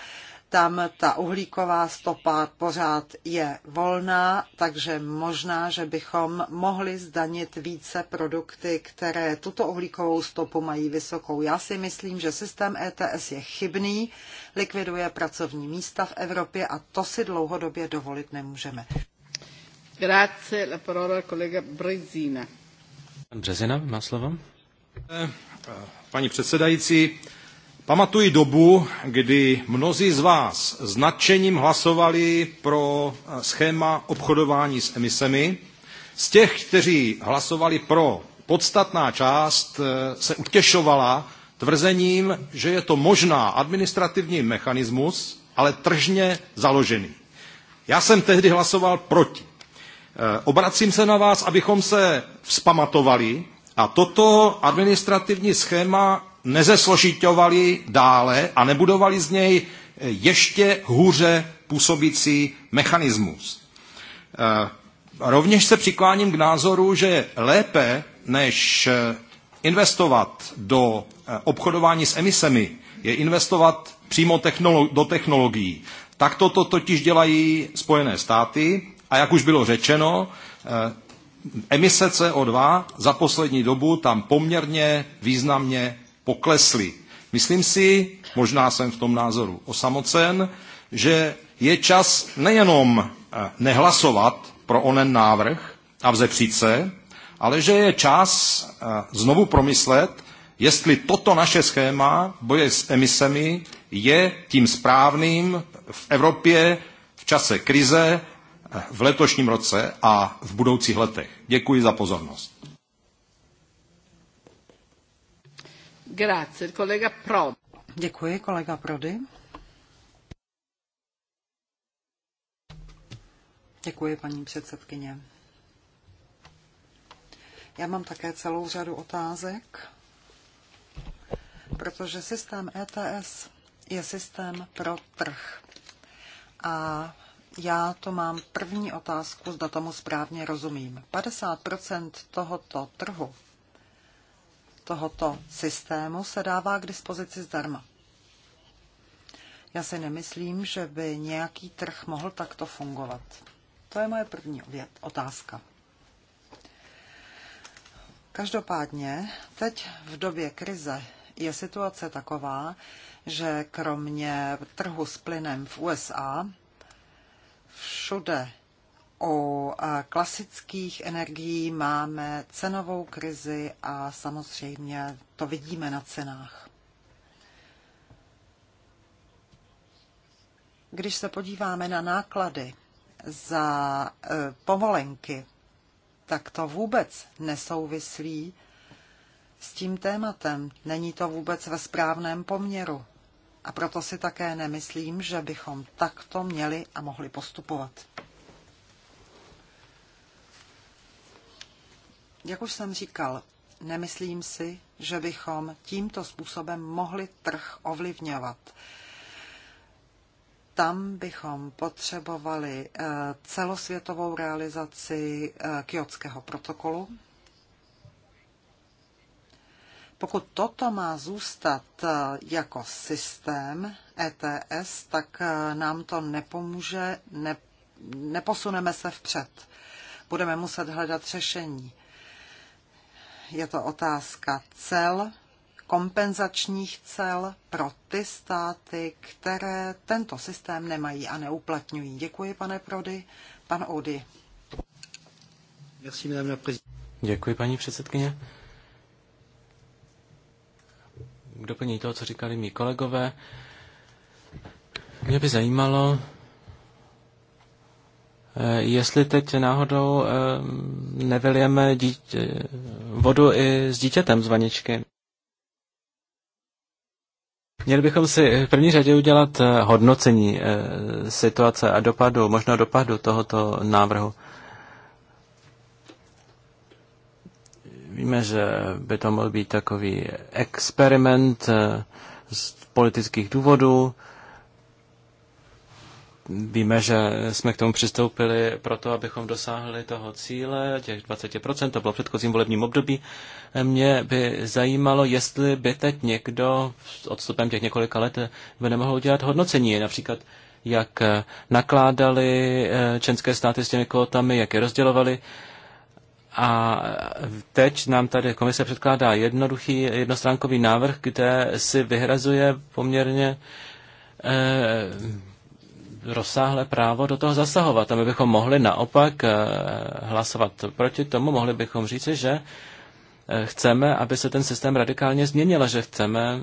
tam ta uhlíková stopa pořád je volná, takže možná, že bychom mohli zdanit více produkty, které tuto uhlíkovou stopu mají vysokou. Já si myslím, že systém ETS je chybný, likviduje pracovní místa v Evropě a to si dlouhodobě dovolit nemůžeme. Grazie, la parola kolega Brezina. Pan Březina má slovo. Eh, eh, paní předsedající, Pamatuji dobu, kdy mnozí z vás s nadšením hlasovali pro eh, schéma obchodování s emisemi. Z těch, kteří hlasovali pro, podstatná část eh, se utěšovala tvrzením, že je to možná administrativní mechanismus, ale tržně založený. Já jsem tehdy hlasoval proti. Eh, obracím se na vás, abychom se vzpamatovali a toto administrativní schéma nezesložitovali dále a nebudovali z něj ještě hůře působící mechanismus. Eh, rovněž se přikláním k názoru, že lépe než eh, investovat do eh, obchodování s emisemi, je investovat přímo technolo- do technologií. Tak toto totiž dělají Spojené státy a jak už bylo řečeno, emise CO2 za poslední dobu tam poměrně významně poklesly. Myslím si, možná jsem v tom názoru osamocen, že je čas nejenom eh, nehlasovat pro onen návrh a vzepřít se, ale že je čas eh, znovu promyslet, jestli toto naše schéma boje s emisemi je tím správným v Evropě v čase krize eh, v letošním roce a v budoucích letech. Děkuji za pozornost. Grazie, kolega Prod. Děkuji, kolega Prody. Děkuji, paní předsedkyně. Já mám také celou řadu otázek, protože systém ETS je systém pro trh. A já to mám první otázku, zda tomu správně rozumím. 50 tohoto trhu tohoto systému se dává k dispozici zdarma. Já si nemyslím, že by nějaký trh mohl takto fungovat. To je moje první otázka. Každopádně teď v době krize je situace taková, že kromě trhu s plynem v USA všude o e, klasických energií máme cenovou krizi a samozřejmě to vidíme na cenách. Když se podíváme na náklady za e, povolenky, tak to vůbec nesouvislí s tím tématem. Není to vůbec ve správném poměru. A proto si také nemyslím, že bychom takto měli a mohli postupovat. Jak už jsem říkal, nemyslím si, že bychom tímto způsobem mohli trh ovlivňovat. Tam bychom potřebovali eh, celosvětovou realizaci eh, Kyotského protokolu. Pokud toto má zůstat eh, jako systém ETS, tak nám to nepomůže, ne, neposuneme se vpřed. Budeme muset hledat řešení je to otázka cel, kompenzačních cel pro ty státy, které tento systém nemají a neuplatňují. Děkuji, pane Prody. Pan Ody. Děkuji, paní předsedkyně. K doplnění toho, co říkali mý kolegové, mě by zajímalo, Eh, jestli teď náhodou eh, nevylijeme dítě, eh, vodu i s dítětem z vaničky. Měli bychom si v první řadě udělat hodnocení situace a dopadu, možná dopadu tohoto návrhu. Víme, že by to mohl být takový experiment z politických důvodů, Víme, že jsme k tomu přistoupili proto, abychom dosáhli toho cíle, těch 20%, to bylo v předchozím volebním období. Mě by zajímalo, jestli by teď někdo s odstupem těch několika let by nemohl udělat hodnocení, například jak nakládali eh, členské státy s těmi kvotami, jak je rozdělovali. A teď nám tady komise předkládá jednoduchý jednostránkový návrh, kde si vyhrazuje poměrně eh, rozsáhlé právo do toho zasahovat. A my bychom mohli naopak eh, hlasovat proti tomu, mohli bychom říci, že eh, chceme, aby se ten systém radikálně změnil, že chceme,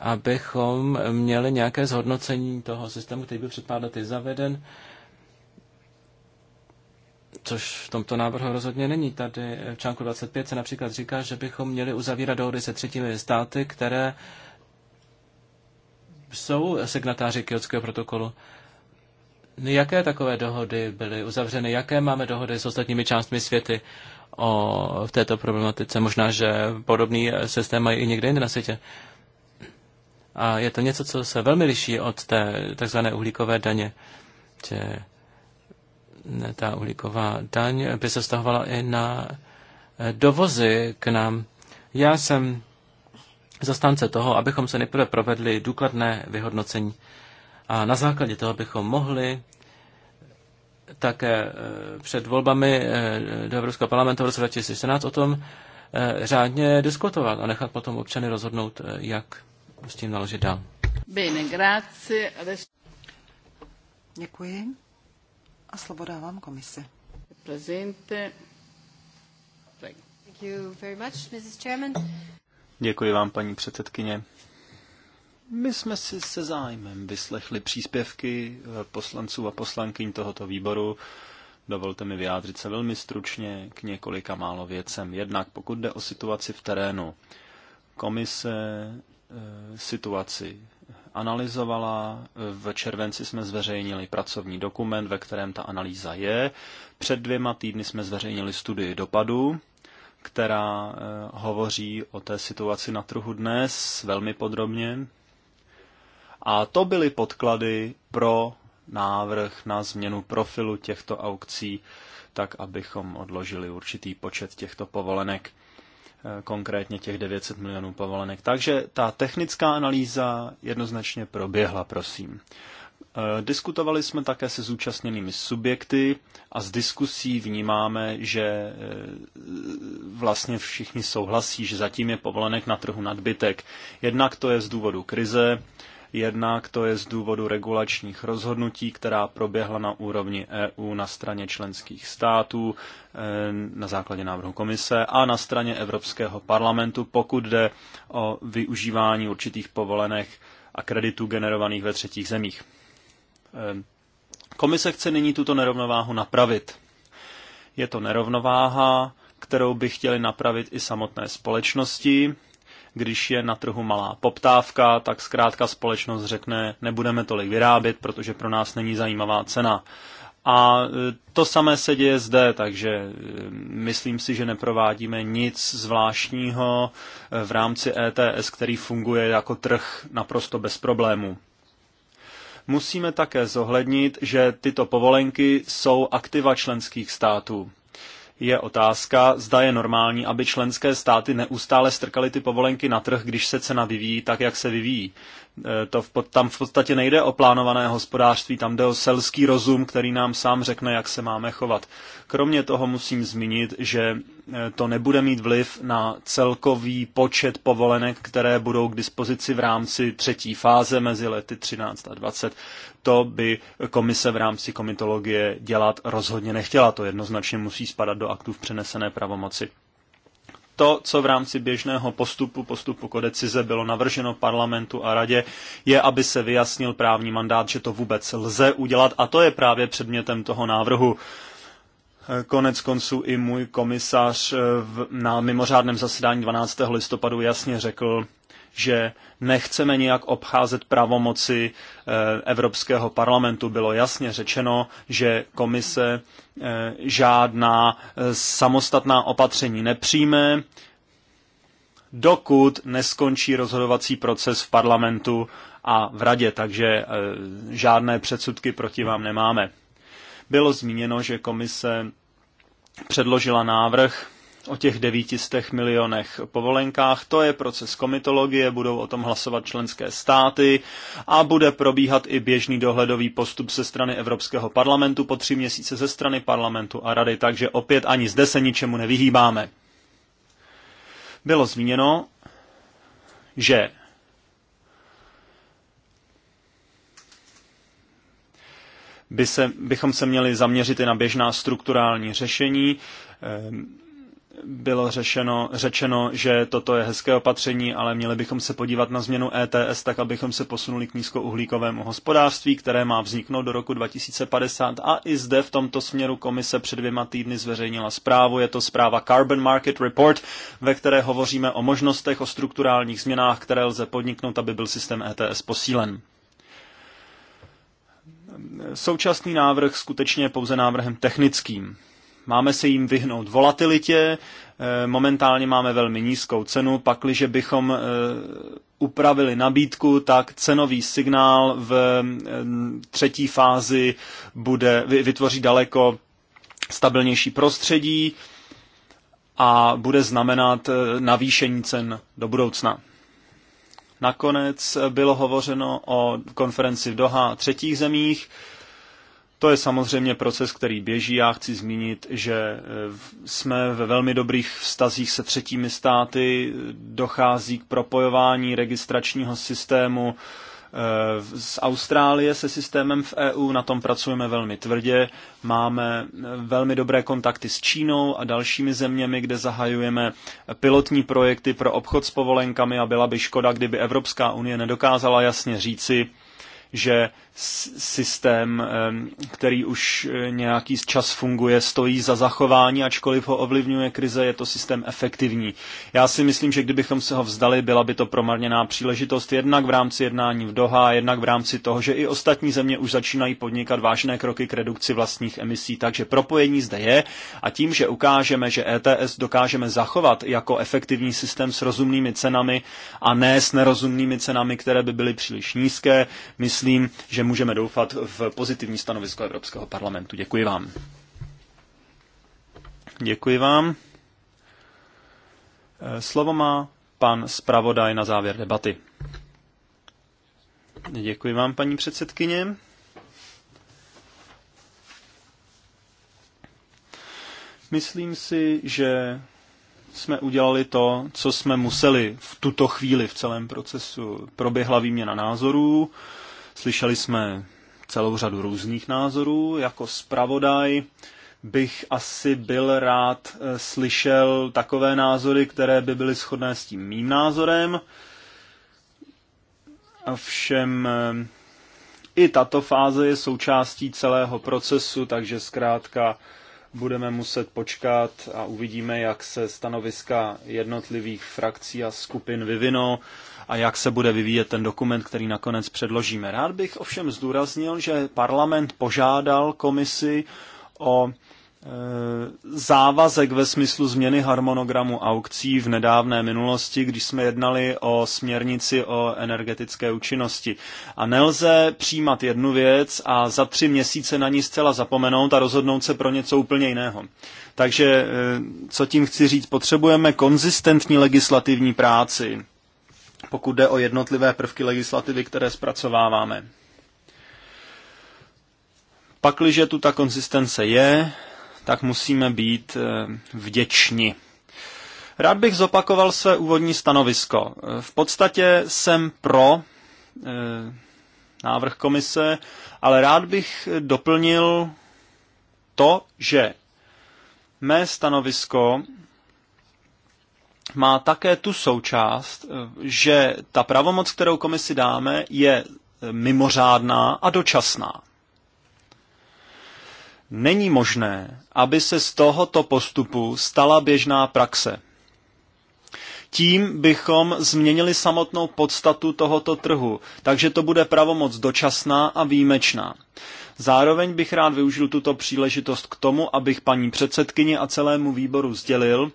abychom měli nějaké zhodnocení toho systému, který byl před pár lety zaveden, což v tomto návrhu rozhodně není. Tady v článku 25 se například říká, že bychom měli uzavírat dohody se třetími státy, které jsou signatáři Kyotského protokolu. Jaké takové dohody byly uzavřeny? Jaké máme dohody s ostatními částmi světy o, v této problematice? Možná, že podobný systém mají i někde jinde na světě. A je to něco, co se velmi liší od té takzvané uhlíkové daně. Že ta uhlíková daň by se stahovala i na dovozy k nám. Já jsem zastánce toho, abychom se nejprve provedli důkladné vyhodnocení a na základě toho bychom mohli také e, před volbami e, do Evropského parlamentu v roce 2014 o tom e, řádně diskutovat a nechat potom občany rozhodnout, jak s tím naložit dál. Bene, grazie. Děkuji. A slovo dávám komisi. Presente. Thank you very much, Mrs. Chairman. Děkuji vám, paní předsedkyně. My jsme si se zájmem vyslechli příspěvky eh, poslanců a poslankyň tohoto výboru. Dovolte mi vyjádřit se velmi stručně k několika málo věcem. Jednak pokud jde o situaci v terénu, komise eh, situaci analyzovala. V červenci jsme zveřejnili pracovní dokument, ve kterém ta analýza je. Před dvěma týdny jsme zveřejnili studii dopadu která eh, hovoří o té situaci na trhu dnes velmi podrobně. A to byly podklady pro návrh na změnu profilu těchto aukcí, tak abychom odložili určitý počet těchto povolenek, eh, konkrétně těch 900 milionů povolenek. Takže ta technická analýza jednoznačně proběhla, prosím. Eh, diskutovali jsme také se zúčastněnými subjekty a z diskusí vnímáme, že eh, vlastně všichni souhlasí, že zatím je povolenek na trhu nadbytek. Jednak to je z důvodu krize, jednak to je z důvodu regulačních rozhodnutí, která proběhla na úrovni EU na straně členských států eh, na základě návrhu komise a na straně Evropského parlamentu, pokud jde o využívání určitých povolenek a kreditů generovaných ve třetích zemích. Eh, komise chce nyní tuto nerovnováhu napravit. Je to nerovnováha, kterou by chtěli napravit i samotné společnosti. Když je na trhu malá poptávka, tak zkrátka společnost řekne, nebudeme tolik vyrábět, protože pro nás není zajímavá cena. A eh, to samé se děje zde, takže eh, myslím si, že neprovádíme nic zvláštního v rámci ETS, který funguje jako trh naprosto bez problémů musíme také zohlednit, že tyto povolenky jsou aktiva členských států. Je otázka, zda je normální, aby členské státy neustále strkaly ty povolenky na trh, když se cena vyvíjí tak, jak se vyvíjí. Eh, to v, tam v podstatě nejde o plánované hospodářství, tam jde o selský rozum, který nám sám řekne, jak se máme chovat. Kromě toho musím zmínit, že eh, to nebude mít vliv na celkový počet povolenek, které budou k dispozici v rámci třetí fáze mezi lety 13 a 20. To by komise v rámci komitologie dělat rozhodně nechtěla. To jednoznačně musí spadat do aktů v přenesené pravomoci to, co v rámci běžného postupu, postupu kodecize bylo navrženo parlamentu a radě, je, aby se vyjasnil právní mandát, že to vůbec lze udělat a to je právě předmětem toho návrhu. Konec konců i můj komisař eh, na mimořádném zasedání 12. listopadu jasně řekl, že nechceme nijak obcházet pravomoci eh, Evropského parlamentu. Bylo jasně řečeno, že komise eh, žádná eh, samostatná opatření nepřijme, dokud neskončí rozhodovací proces v parlamentu a v radě, takže žádné předsudky proti vám nemáme. Bylo zmíněno, že komise předložila návrh o těch 900 milionech povolenkách. To je proces komitologie, budou o tom hlasovat členské státy a bude probíhat i běžný dohledový postup ze strany Evropského parlamentu po tři měsíce ze strany parlamentu a rady, takže opět ani zde se ničemu nevyhýbáme. Bylo zmíněno, že by se, bychom se měli zaměřit i na běžná strukturální řešení. Ehm bylo řešeno, řečeno, že toto je hezké opatření, ale měli bychom se podívat na změnu ETS tak, abychom se posunuli k nízkouhlíkovému hospodářství, které má vzniknout do roku 2050. A i zde v tomto směru komise před dvěma týdny zveřejnila zprávu. Je to zpráva Carbon Market Report, ve které hovoříme o možnostech, o strukturálních změnách, které lze podniknout, aby byl systém ETS posílen. Současný návrh skutečně je pouze návrhem technickým Máme se jim vyhnout volatilitě, eh, momentálně máme velmi nízkou cenu, pakliže bychom eh, upravili nabídku, tak cenový signál v eh, třetí fázi bude, vytvoří daleko stabilnější prostředí a bude znamenat navýšení cen do budoucna. Nakonec bylo hovořeno o konferenci v Doha a třetích zemích. To je samozřejmě proces, který běží. Já chci zmínit, že eh, jsme ve velmi dobrých vztazích se třetími státy, dochází k propojování registračního systému eh, z Austrálie se systémem v EU, na tom pracujeme velmi tvrdě. Máme eh, velmi dobré kontakty s Čínou a dalšími zeměmi, kde zahajujeme pilotní projekty pro obchod s povolenkami a byla by škoda, kdyby Evropská unie nedokázala jasně říci, že systém, který už e, nějaký čas funguje, stojí za zachování, ačkoliv ho ovlivňuje krize, je to systém efektivní. Já si myslím, že kdybychom se ho vzdali, byla by to promarněná příležitost jednak v rámci jednání v Doha, jednak v rámci toho, že i ostatní země už začínají podnikat vážné kroky k redukci vlastních emisí. Takže propojení zde je a tím, že ukážeme, že ETS dokážeme zachovat jako efektivní systém s rozumnými cenami a ne s nerozumnými cenami, které by byly příliš nízké, myslím, že že můžeme doufat v pozitivní stanovisko Evropského parlamentu. Děkuji vám. Děkuji vám. Eh, slovo má pan zpravodaj na závěr debaty. Děkuji vám, paní předsedkyně. Myslím si, že jsme udělali to, co jsme museli v tuto chvíli v celém procesu. Proběhla výměna názorů, Slyšeli jsme celou řadu různých názorů. Jako zpravodaj bych asi byl rád eh, slyšel takové názory, které by byly shodné s tím mým názorem. Ovšem eh, i tato fáze je součástí celého procesu, takže zkrátka budeme muset počkat a uvidíme, jak se stanoviska jednotlivých frakcí a skupin vyvinou a jak se bude vyvíjet ten dokument, který nakonec předložíme. Rád bych ovšem zdůraznil, že parlament požádal komisi o Eh, závazek ve smyslu změny harmonogramu aukcí v nedávné minulosti, když jsme jednali o směrnici o energetické účinnosti. A nelze přijímat jednu věc a za tři měsíce na ní zcela zapomenout a rozhodnout se pro něco úplně jiného. Takže, eh, co tím chci říct, potřebujeme konzistentní legislativní práci, pokud jde o jednotlivé prvky legislativy, které zpracováváme. Pakliže tu ta konzistence je, tak musíme být eh, vděční. Rád bych zopakoval své úvodní stanovisko. V podstatě jsem pro eh, návrh komise, ale rád bych doplnil to, že mé stanovisko má také tu součást, eh, že ta pravomoc, kterou komisi dáme, je mimořádná a dočasná. Není možné, aby se z tohoto postupu stala běžná praxe. Tím bychom změnili samotnou podstatu tohoto trhu, takže to bude pravomoc dočasná a výjimečná. Zároveň bych rád využil tuto příležitost k tomu, abych paní předsedkyni a celému výboru sdělil,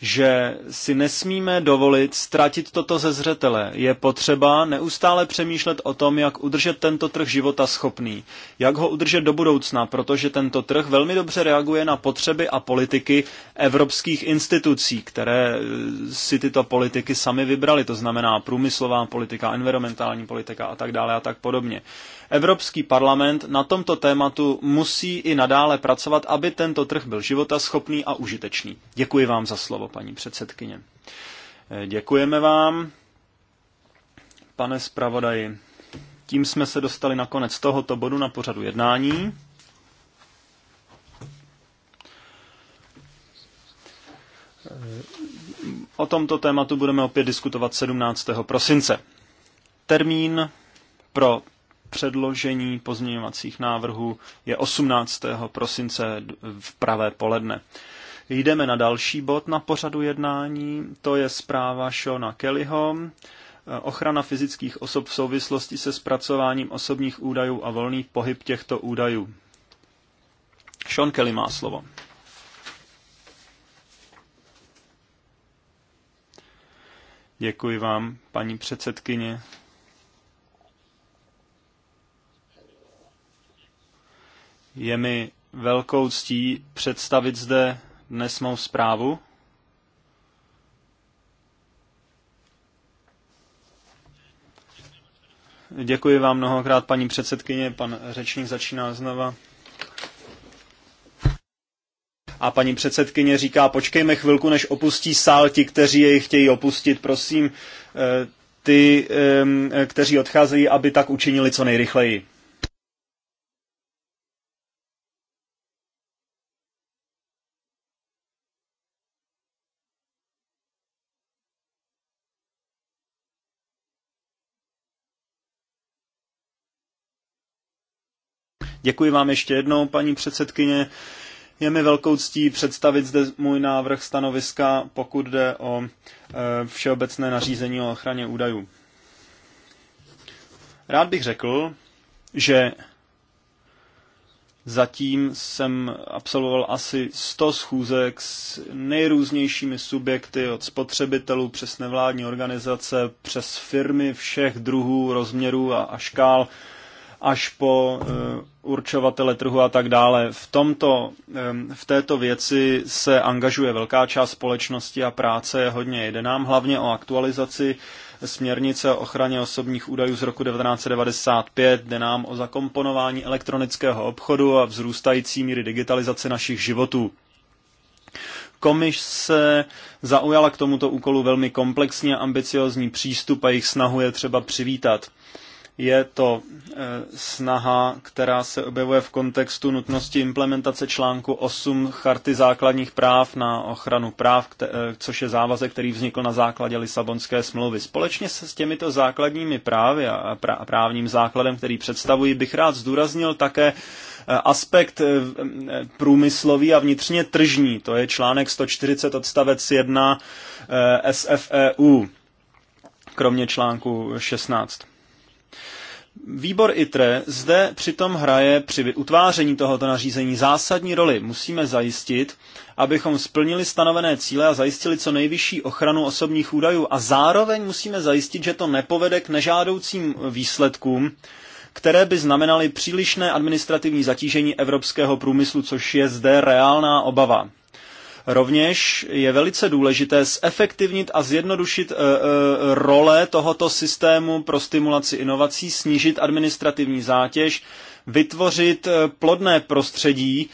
že si nesmíme dovolit ztratit toto ze zřetele. Je potřeba neustále přemýšlet o tom, jak udržet tento trh života schopný, jak ho udržet do budoucna, protože tento trh velmi dobře reaguje na potřeby a politiky evropských institucí, které e, si tyto politiky sami vybrali, to znamená průmyslová politika, environmentální politika a tak dále a tak podobně. Evropský parlament na tomto tématu musí i nadále pracovat, aby tento trh byl životaschopný a užitečný. Děkuji vám za slovo, paní předsedkyně. Eh, děkujeme vám, pane zpravodaji. Tím jsme se dostali na konec tohoto bodu na pořadu jednání. Eh, o tomto tématu budeme opět diskutovat 17. prosince. Termín pro předložení pozměňovacích návrhů je 18. prosince v pravé poledne. Jdeme na další bod na pořadu jednání, to je zpráva Shona Kellyho, ochrana fyzických osob v souvislosti se zpracováním osobních údajů a volný pohyb těchto údajů. Sean Kelly má slovo. Děkuji vám, paní předsedkyně. Je mi velkou ctí představit zde dnes mou zprávu. Děkuji vám mnohokrát, paní předsedkyně. Pan řečník začíná znova. A paní předsedkyně říká, počkejme chvilku, než opustí sál ti, kteří jej chtějí opustit. Prosím, eh, ty, kteří odcházejí, aby tak učinili co nejrychleji. Děkuji vám ještě jednou, paní předsedkyně. Je mi velkou ctí představit zde můj návrh stanoviska, pokud jde o e, všeobecné nařízení o ochraně údajů. Rád bych řekl, že zatím jsem absolvoval asi 100 schůzek s nejrůznějšími subjekty, od spotřebitelů přes nevládní organizace, přes firmy všech druhů, rozměrů a, a škál až po eh, určovatele trhu a tak dále. V, tomto, eh, v této věci se angažuje velká část společnosti a práce je hodně. Jde nám hlavně o aktualizaci směrnice o ochraně osobních údajů z roku 1995, jde nám o zakomponování elektronického obchodu a vzrůstající míry digitalizace našich životů. Komise zaujala k tomuto úkolu velmi komplexně ambiciozní přístup a jejich snahu je třeba přivítat. Je to e, snaha, která se objevuje v kontextu nutnosti implementace článku 8 Charty základních práv na ochranu práv, e, což je závazek, který vznikl na základě Lisabonské smlouvy. Společně se s těmito základními právy a právním základem, který představují, bych rád zdůraznil také e, aspekt průmyslový a vnitřně tržní. To je článek 140 odstavec 1 SFEU, kromě článku 16. Výbor ITRE zde přitom hraje při utváření tohoto nařízení zásadní roli. Musíme zajistit, abychom splnili stanovené cíle a zajistili co nejvyšší ochranu osobních údajů a zároveň musíme zajistit, že to nepovede k nežádoucím výsledkům, které by znamenaly přílišné administrativní zatížení evropského průmyslu, což je zde reálná obava. Rovněž je velice důležité zefektivnit a zjednodušit eh, eh, role tohoto systému pro stimulaci inovací, snížit administrativní zátěž, vytvořit eh, plodné prostředí,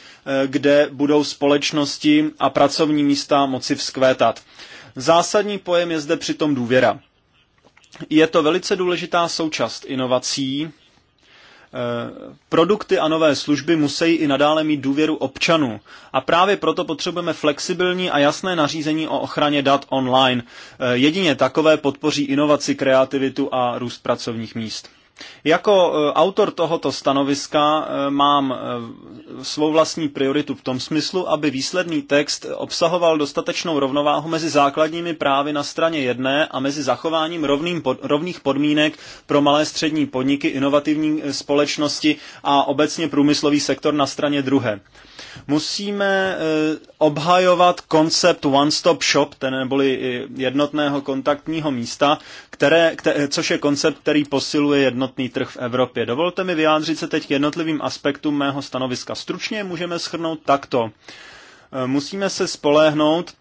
kde budou společnosti a pracovní místa moci vzkvétat. Zásadní pojem je zde přitom důvěra. Je to velice důležitá součást inovací, Eh, produkty a nové služby musí i nadále mít důvěru občanů. A právě proto potřebujeme flexibilní a jasné nařízení o ochraně dat online. Eh, jedině takové podpoří inovaci, kreativitu a růst pracovních míst. Jako e, autor tohoto stanoviska e, mám e, svou vlastní prioritu v tom smyslu, aby výsledný text obsahoval dostatečnou rovnováhu mezi základními právy na straně jedné a mezi zachováním rovným, rovných podmínek pro malé střední podniky, inovativní společnosti a obecně průmyslový sektor na straně druhé. Musíme obhajovat koncept one-stop shop, ten neboli jednotného kontaktního místa, které, které, což je koncept, který posiluje jednotnost jednotný trh v Evropě. Dovolte mi vyjádřit se teď k jednotlivým aspektům mého stanoviska. Stručně můžeme schrnout takto. E, musíme se spolehnout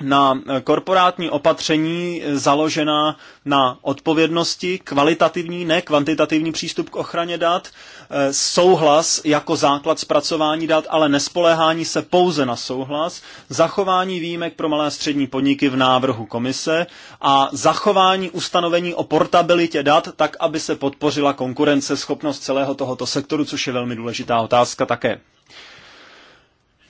na eh, korporátní opatření eh, založená na odpovědnosti, kvalitativní, ne kvantitativní přístup k ochraně dat, eh, souhlas jako základ zpracování dat, ale nespoléhání se pouze na souhlas, zachování výjimek pro malé a střední podniky v návrhu komise a zachování ustanovení o portabilitě dat, tak aby se podpořila konkurenceschopnost celého tohoto sektoru, což je velmi důležitá otázka také.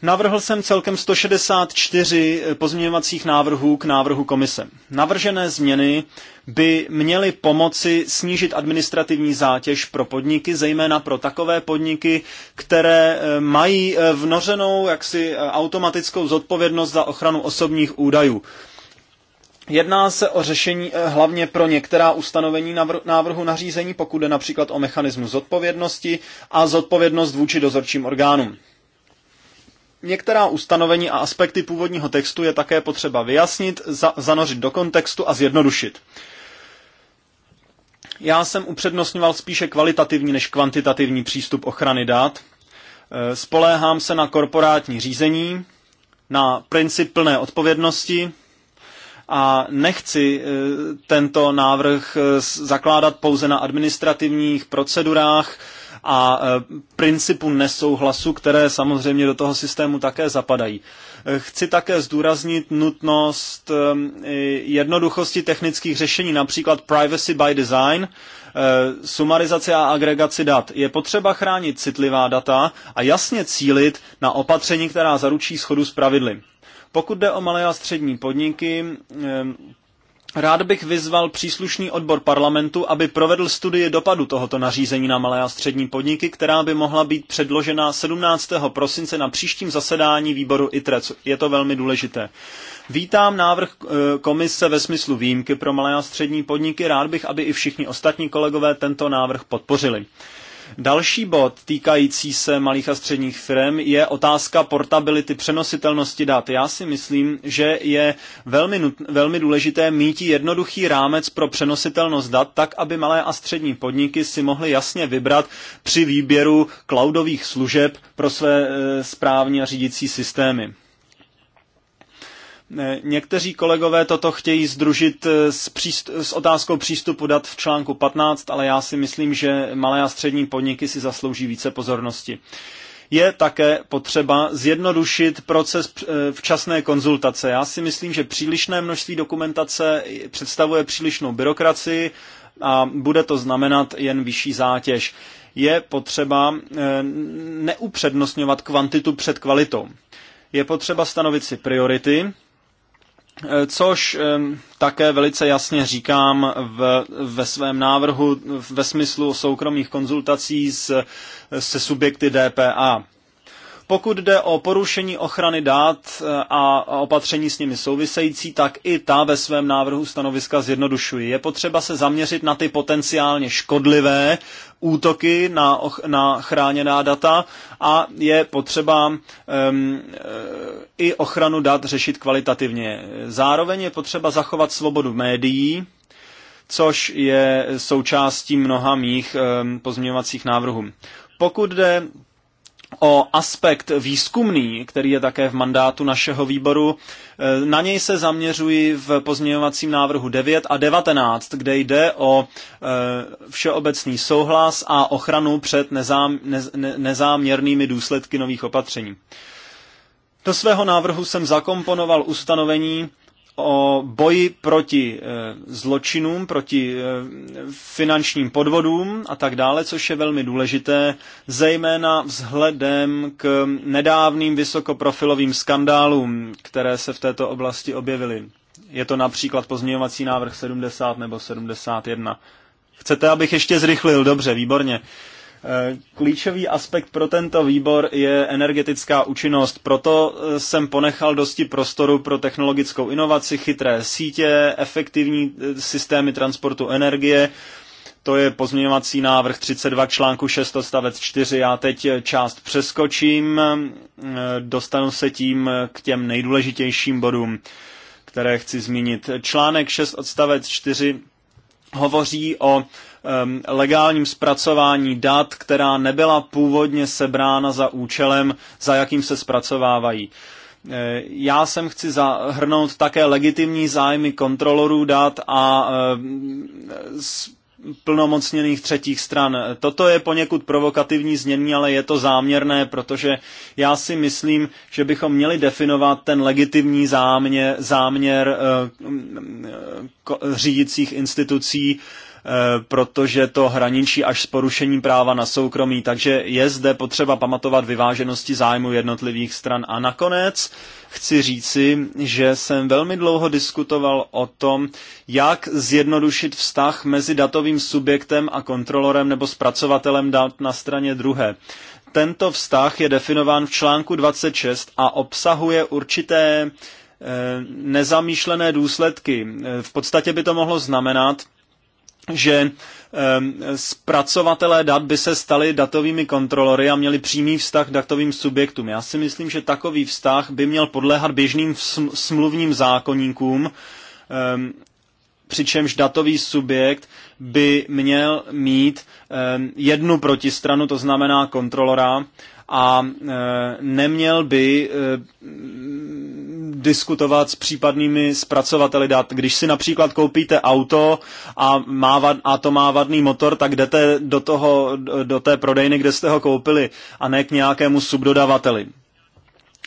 Navrhl jsem celkem 164 eh, pozměňovacích návrhů k návrhu komise. Navržené změny by měly pomoci snížit administrativní zátěž pro podniky, zejména pro takové podniky, které eh, mají eh, vnořenou jaksi automatickou zodpovědnost za ochranu osobních údajů. Jedná se o řešení hlavně pro některá ustanovení návrhu nařízení, pokud jde například o mechanismus zodpovědnosti a zodpovědnost vůči dozorčím orgánům. Některá ustanovení a aspekty původního textu je také potřeba vyjasnit, za, zanořit do kontextu a zjednodušit. Já jsem upřednostňoval spíše kvalitativní než kvantitativní přístup ochrany dat. E, Spoléhám se na korporátní řízení, na princip plné odpovědnosti a nechci e, tento návrh e, zakládat pouze na administrativních procedurách, a e, principu nesouhlasu, které samozřejmě do toho systému také zapadají. E, chci také zdůraznit nutnost e, jednoduchosti technických řešení, například privacy by design, sumarizace a agregaci dat. Je potřeba chránit citlivá data a jasně cílit na opatření, která zaručí schodu s pravidly. Pokud jde o malé a střední podniky, Rád bych vyzval příslušný odbor parlamentu, aby provedl studii dopadu tohoto nařízení na malé a střední podniky, která by mohla být předložena 17. prosince na příštím zasedání výboru ITRE. Je to velmi důležité. Vítám návrh eh, komise ve smyslu výjimky pro malé a střední podniky. Rád bych, aby i všichni ostatní kolegové tento návrh podpořili. Další bod týkající se malých a středních firm je otázka portability, přenositelnosti dat. Já si myslím, že je velmi, velmi důležité mít jednoduchý rámec pro přenositelnost dat, tak aby malé a střední podniky si mohly jasně vybrat při výběru cloudových služeb pro své e, správní a řídící systémy. Eh, někteří kolegové toto chtějí združit eh, s, příst- s otázkou přístupu dat v článku 15, ale já si myslím, že malé a střední podniky si zaslouží více pozornosti. Je také potřeba zjednodušit proces eh, včasné konzultace. Já si myslím, že přílišné množství dokumentace představuje přílišnou byrokracii a bude to znamenat jen vyšší zátěž. Je potřeba neupřednostňovat kvantitu před kvalitou. Je potřeba stanovit si priority, což také velice jasně říkám v, ve svém návrhu ve smyslu soukromých konzultací s, se subjekty DPA. Pokud jde o porušení ochrany dát eh, a opatření s nimi související, tak i ta ve svém návrhu stanoviska zjednodušuji. Je potřeba se zaměřit na ty potenciálně škodlivé útoky na, na chráněná data a je potřeba um, i ochranu dat řešit kvalitativně. Zároveň je potřeba zachovat svobodu médií, což je součástí mnoha mých um, pozměňovacích návrhů. Pokud jde o aspekt výzkumný, který je také v mandátu našeho výboru. E, na něj se zaměřuji v pozměňovacím návrhu 9 a 19, kde jde o e, všeobecný souhlas a ochranu před nezám, ne, nezáměrnými důsledky nových opatření. Do svého návrhu jsem zakomponoval ustanovení, o boji proti eh, zločinům, proti eh, finančním podvodům a tak dále, což je velmi důležité, zejména vzhledem k nedávným vysokoprofilovým skandálům, které se v této oblasti objevily. Je to například pozměňovací návrh 70 nebo 71. Chcete, abych ještě zrychlil? Dobře, výborně. Uh, Eh, klíčový aspekt pro tento výbor je energetická účinnost, proto eh, jsem ponechal dosti prostoru pro technologickou inovaci, chytré sítě, efektivní eh, systémy transportu energie, to je pozměňovací návrh 32 článku 6 odstavec 4. Já teď část přeskočím, dostanu se tím k těm nejdůležitějším bodům, které chci zmínit. Článek 6 odstavec 4 hovoří o Um, legálním zpracování dat, která nebyla původně sebrána za účelem, za jakým se zpracovávají. Eh, já sem chci zahrnout také legitimní zájmy kontrolorů dat a eh, plnomocněných třetích stran. Toto je poněkud provokativní změní, ale je to záměrné, protože já si myslím, že bychom měli definovat ten legitimní záměr, záměr eh, řídících institucí Eh, protože to hraničí až s porušením práva na soukromí, takže je zde potřeba pamatovat vyváženosti zájmu jednotlivých stran. A nakonec chci říci, že jsem velmi dlouho diskutoval o tom, jak zjednodušit vztah mezi datovým subjektem a kontrolorem nebo zpracovatelem dat na straně druhé. Tento vztah je definován v článku 26 a obsahuje určité eh, nezamýšlené důsledky. Eh, v podstatě by to mohlo znamenat, že zpracovatelé dat by se stali datovými kontrolory a měli přímý vztah k datovým subjektům. Já si myslím, že takový vztah by měl podléhat běžným smluvním zákoníkům, přičemž datový subjekt by měl mít ehm, jednu protistranu, to znamená kontrolora, a ehm, neměl by ehm, diskutovat s případnými zpracovateli dat. Když si například koupíte auto a, má vad, a to má vadný motor, tak jdete do, toho, do té prodejny, kde jste ho koupili, a ne k nějakému subdodavateli.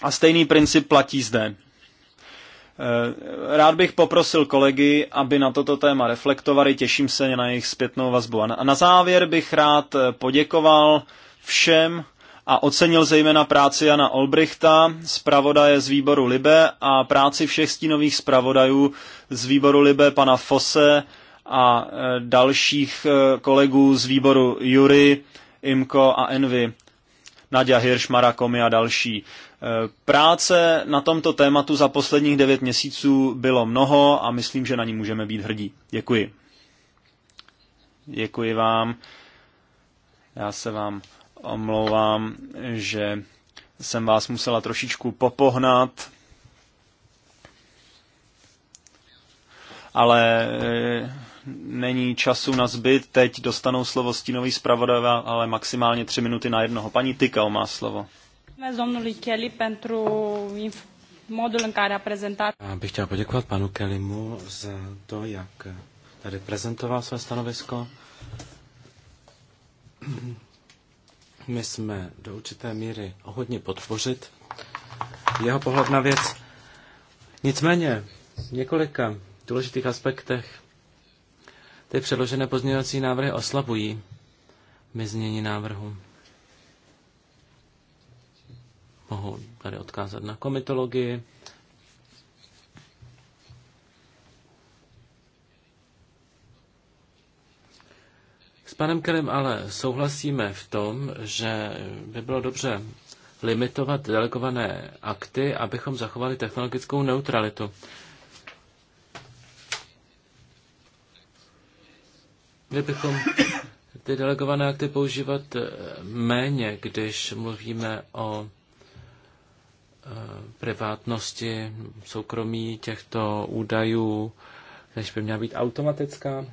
A stejný princip platí zde. Eh, rád bych poprosil kolegy, aby na toto téma reflektovali, těším se na jejich zpětnou vazbu. A na závěr bych rád eh, poděkoval všem a ocenil zejména práci Jana Olbrichta, zpravodaje z výboru Libe a práci všech stínových zpravodajů z výboru Libe pana Fose a eh, dalších kolegů z výboru Jury, Imko a Envy. Nadia Hirš, Marakomi a další. Práce na tomto tématu za posledních devět měsíců bylo mnoho a myslím, že na ní můžeme být hrdí. Děkuji. Děkuji vám. Já se vám omlouvám, že jsem vás musela trošičku popohnat. Ale eh, není času na zbyt. Teď dostanou slovo stínový zpravodajové, ale maximálně tři minuty na jednoho. Paní Tykal má slovo. Já bych chtěl poděkovat panu Kelimu za to, jak tady prezentoval své stanovisko. My jsme do určité míry hodně podpořit jeho pohled na věc. Nicméně v několika důležitých aspektech ty předložené pozměňovací návrhy oslabují meznění návrhu. Mohu tady odkázat na komitologii. S panem Kerem ale souhlasíme v tom, že by bylo dobře limitovat delegované akty, abychom zachovali technologickou neutralitu. Kdybychom ty delegované akty používat méně, když mluvíme o Eh, privátnosti, soukromí těchto údajů, než by měla být automatická.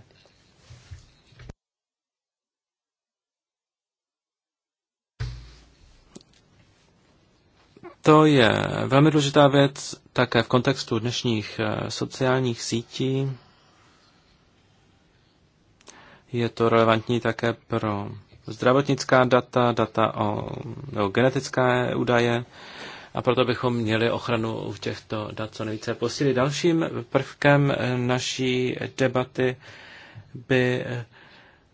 To je velmi důležitá věc také v kontextu dnešních eh, sociálních sítí. Je to relevantní také pro zdravotnická data, data o, o genetické údaje a proto bychom měli ochranu u těchto dat co nejvíce posílit. Dalším prvkem naší debaty by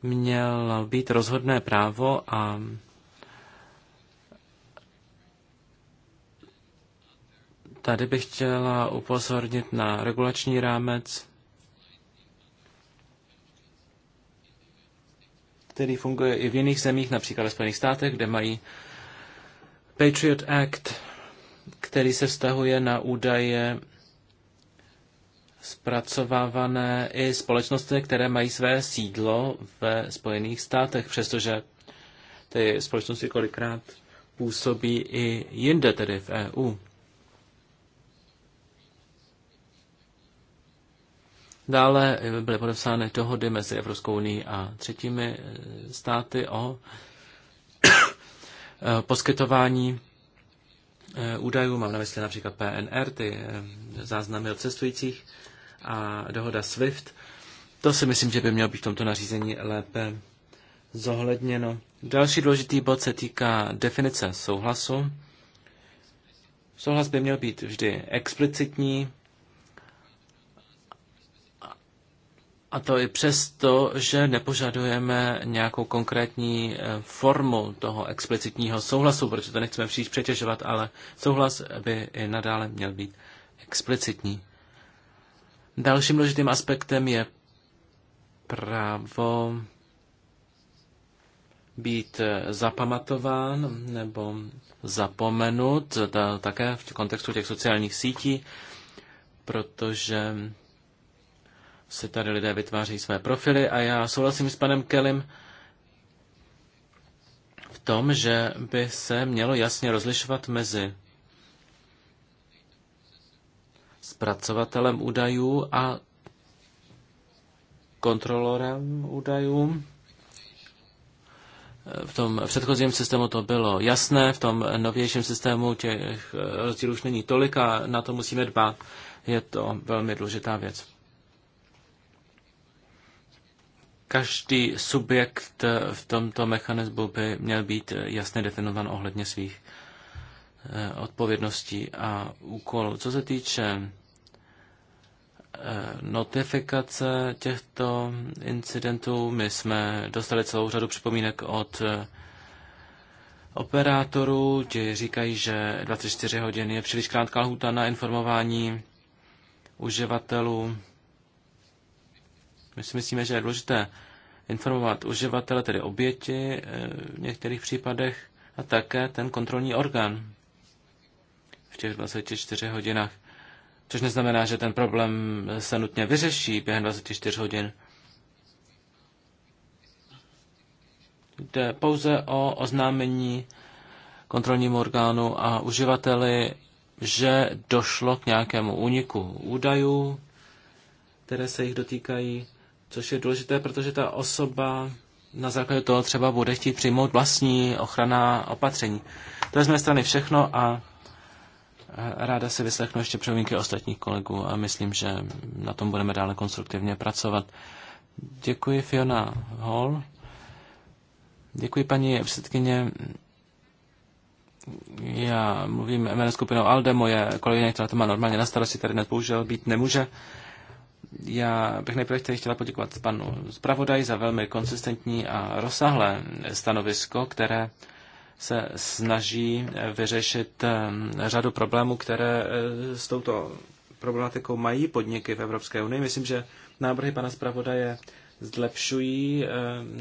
mělo být rozhodné právo a tady bych chtěla upozornit na regulační rámec, který funguje i v jiných zemích, například ve Spojených státech, kde mají Patriot Act, který se vztahuje na údaje zpracovávané i společnosti, které mají své sídlo ve Spojených státech, přestože ty společnosti kolikrát působí i jinde, tedy v EU. Dále byly podepsány dohody mezi Evropskou unii a třetími státy o *coughs* poskytování Eh, údajů, mám na mysli například PNR, ty eh, záznamy o cestujících a dohoda SWIFT. To si myslím, že by mělo být v tomto nařízení lépe zohledněno. Další důležitý bod se týká definice souhlasu. Souhlas by měl být vždy explicitní, A to i přesto, že nepožadujeme nějakou konkrétní eh, formu toho explicitního souhlasu, protože to nechceme příliš přetěžovat, ale souhlas by i nadále měl být explicitní. Dalším důležitým aspektem je právo být eh, zapamatován nebo zapomenut, eh, také v kontextu těch sociálních sítí, protože si tady lidé vytvářejí své profily a já souhlasím s panem Kelim v tom, že by se mělo jasně rozlišovat mezi zpracovatelem údajů a kontrolorem údajů. V tom předchozím systému to bylo jasné, v tom novějším systému těch eh, rozdílů už není tolik a na to musíme dbát. Je to velmi důležitá věc. Každý subjekt v tomto mechanismu by měl být jasně definovan ohledně svých eh, odpovědností a úkolů. Co se týče eh, notifikace těchto incidentů, my jsme dostali celou řadu připomínek od eh, operátorů, ti říkají, že 24 hodin je příliš krátká lhůta na informování uživatelů my si myslíme, že je důležité informovat uživatele, tedy oběti eh, v některých případech a také ten kontrolní orgán v těch 24 hodinách. Což neznamená, že ten problém se nutně vyřeší během 24 hodin. Jde pouze o oznámení kontrolnímu orgánu a uživateli, že došlo k nějakému úniku údajů, které se jich dotýkají což je důležité, protože ta osoba na základě toho třeba bude chtít přijmout vlastní ochrana opatření. To je z mé strany všechno a eh, ráda si vyslechnu ještě přemínky ostatních kolegů a myslím, že na tom budeme dále konstruktivně pracovat. Děkuji Fiona Hall. Děkuji paní předsedkyně. Já mluvím jménem skupinou ALDE, moje kolegyně, která to má normálně na starosti, tady dnes být nemůže. Já bych nejprve chtěla poděkovat panu zpravodaj za velmi konsistentní a rozsáhlé stanovisko, které se snaží vyřešit ehm, řadu problémů, které eh, s touto problematikou mají podniky v Evropské unii. Myslím, že návrhy pana zpravodaje zlepšují eh,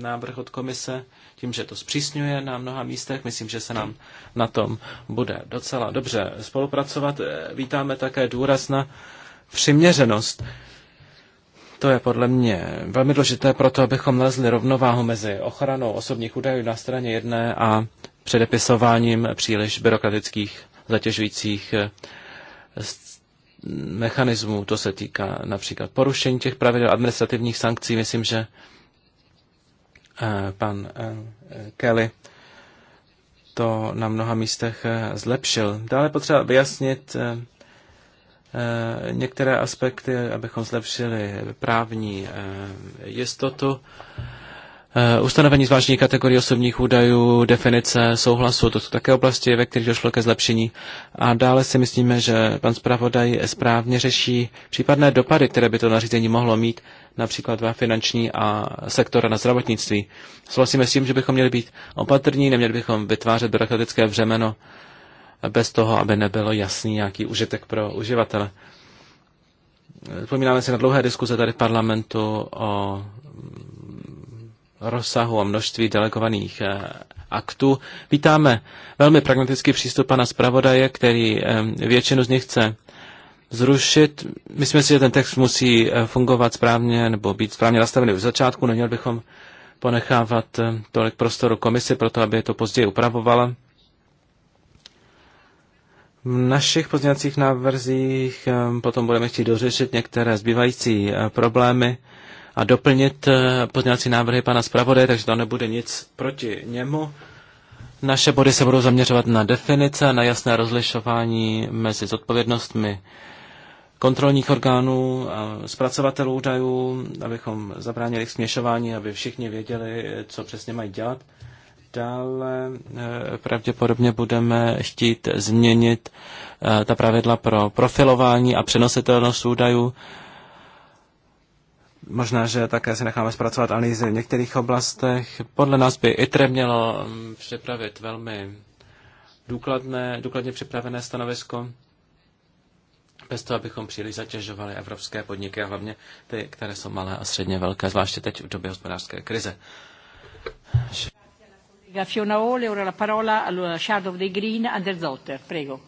návrh od komise tím, že to zpřísňuje na mnoha místech. Myslím, že se nám na tom bude docela dobře spolupracovat. Eh, vítáme také důraz na přiměřenost to je podle mě velmi důležité pro to, abychom nalezli rovnováhu mezi ochranou osobních údajů na straně jedné a předepisováním příliš byrokratických zatěžujících eh, mechanismů. To se týká například porušení těch pravidel administrativních sankcí. Myslím, že eh, pan eh, Kelly to na mnoha místech zlepšil. Dále potřeba vyjasnit Eh, některé aspekty, abychom zlepšili právní eh, jistotu. Eh, ustanovení zvláštní kategorie osobních údajů, definice souhlasu, to jsou také oblasti, ve kterých došlo ke zlepšení. A dále si myslíme, že pan zpravodaj správně řeší případné dopady, které by to nařízení mohlo mít, například ve finanční a sektora na zdravotnictví. Souhlasíme s tím, že bychom měli být opatrní, neměli bychom vytvářet byrokratické břemeno bez toho, aby nebylo jasný nějaký užitek pro uživatele. Vzpomínáme si na dlouhé diskuze tady v parlamentu o rozsahu a množství delegovaných eh, aktů. Vítáme velmi pragmatický přístup pana zpravodaje, který eh, většinu z nich chce zrušit. Myslím si, že ten text musí eh, fungovat správně nebo být správně nastavený v začátku. Neměl bychom ponechávat tolik prostoru komisi pro to, aby to později upravovala. V našich pozměňovacích návrzích ehm, potom budeme chtít dořešit některé zbývající eh, problémy a doplnit eh, pozměňovací návrhy pana zpravodaje, takže to nebude nic proti němu. Naše body se budou zaměřovat na definice, na jasné rozlišování mezi zodpovědnostmi kontrolních orgánů a zpracovatelů údajů, abychom zabránili k směšování, aby všichni věděli, co přesně mají dělat. Dále eh, pravděpodobně budeme chtít změnit eh, ta pravidla pro profilování a přenositelnost údajů. Možná, že také si necháme zpracovat analýzy v některých oblastech. Podle nás by ITRE mělo mm, připravit velmi důkladné, důkladně připravené stanovisko, bez toho, abychom příliš zatěžovali evropské podniky a hlavně ty, které jsou malé a středně velké, zvláště teď v době hospodářské krize. Fiona Hall ora la parola al Shadow Green, Prego.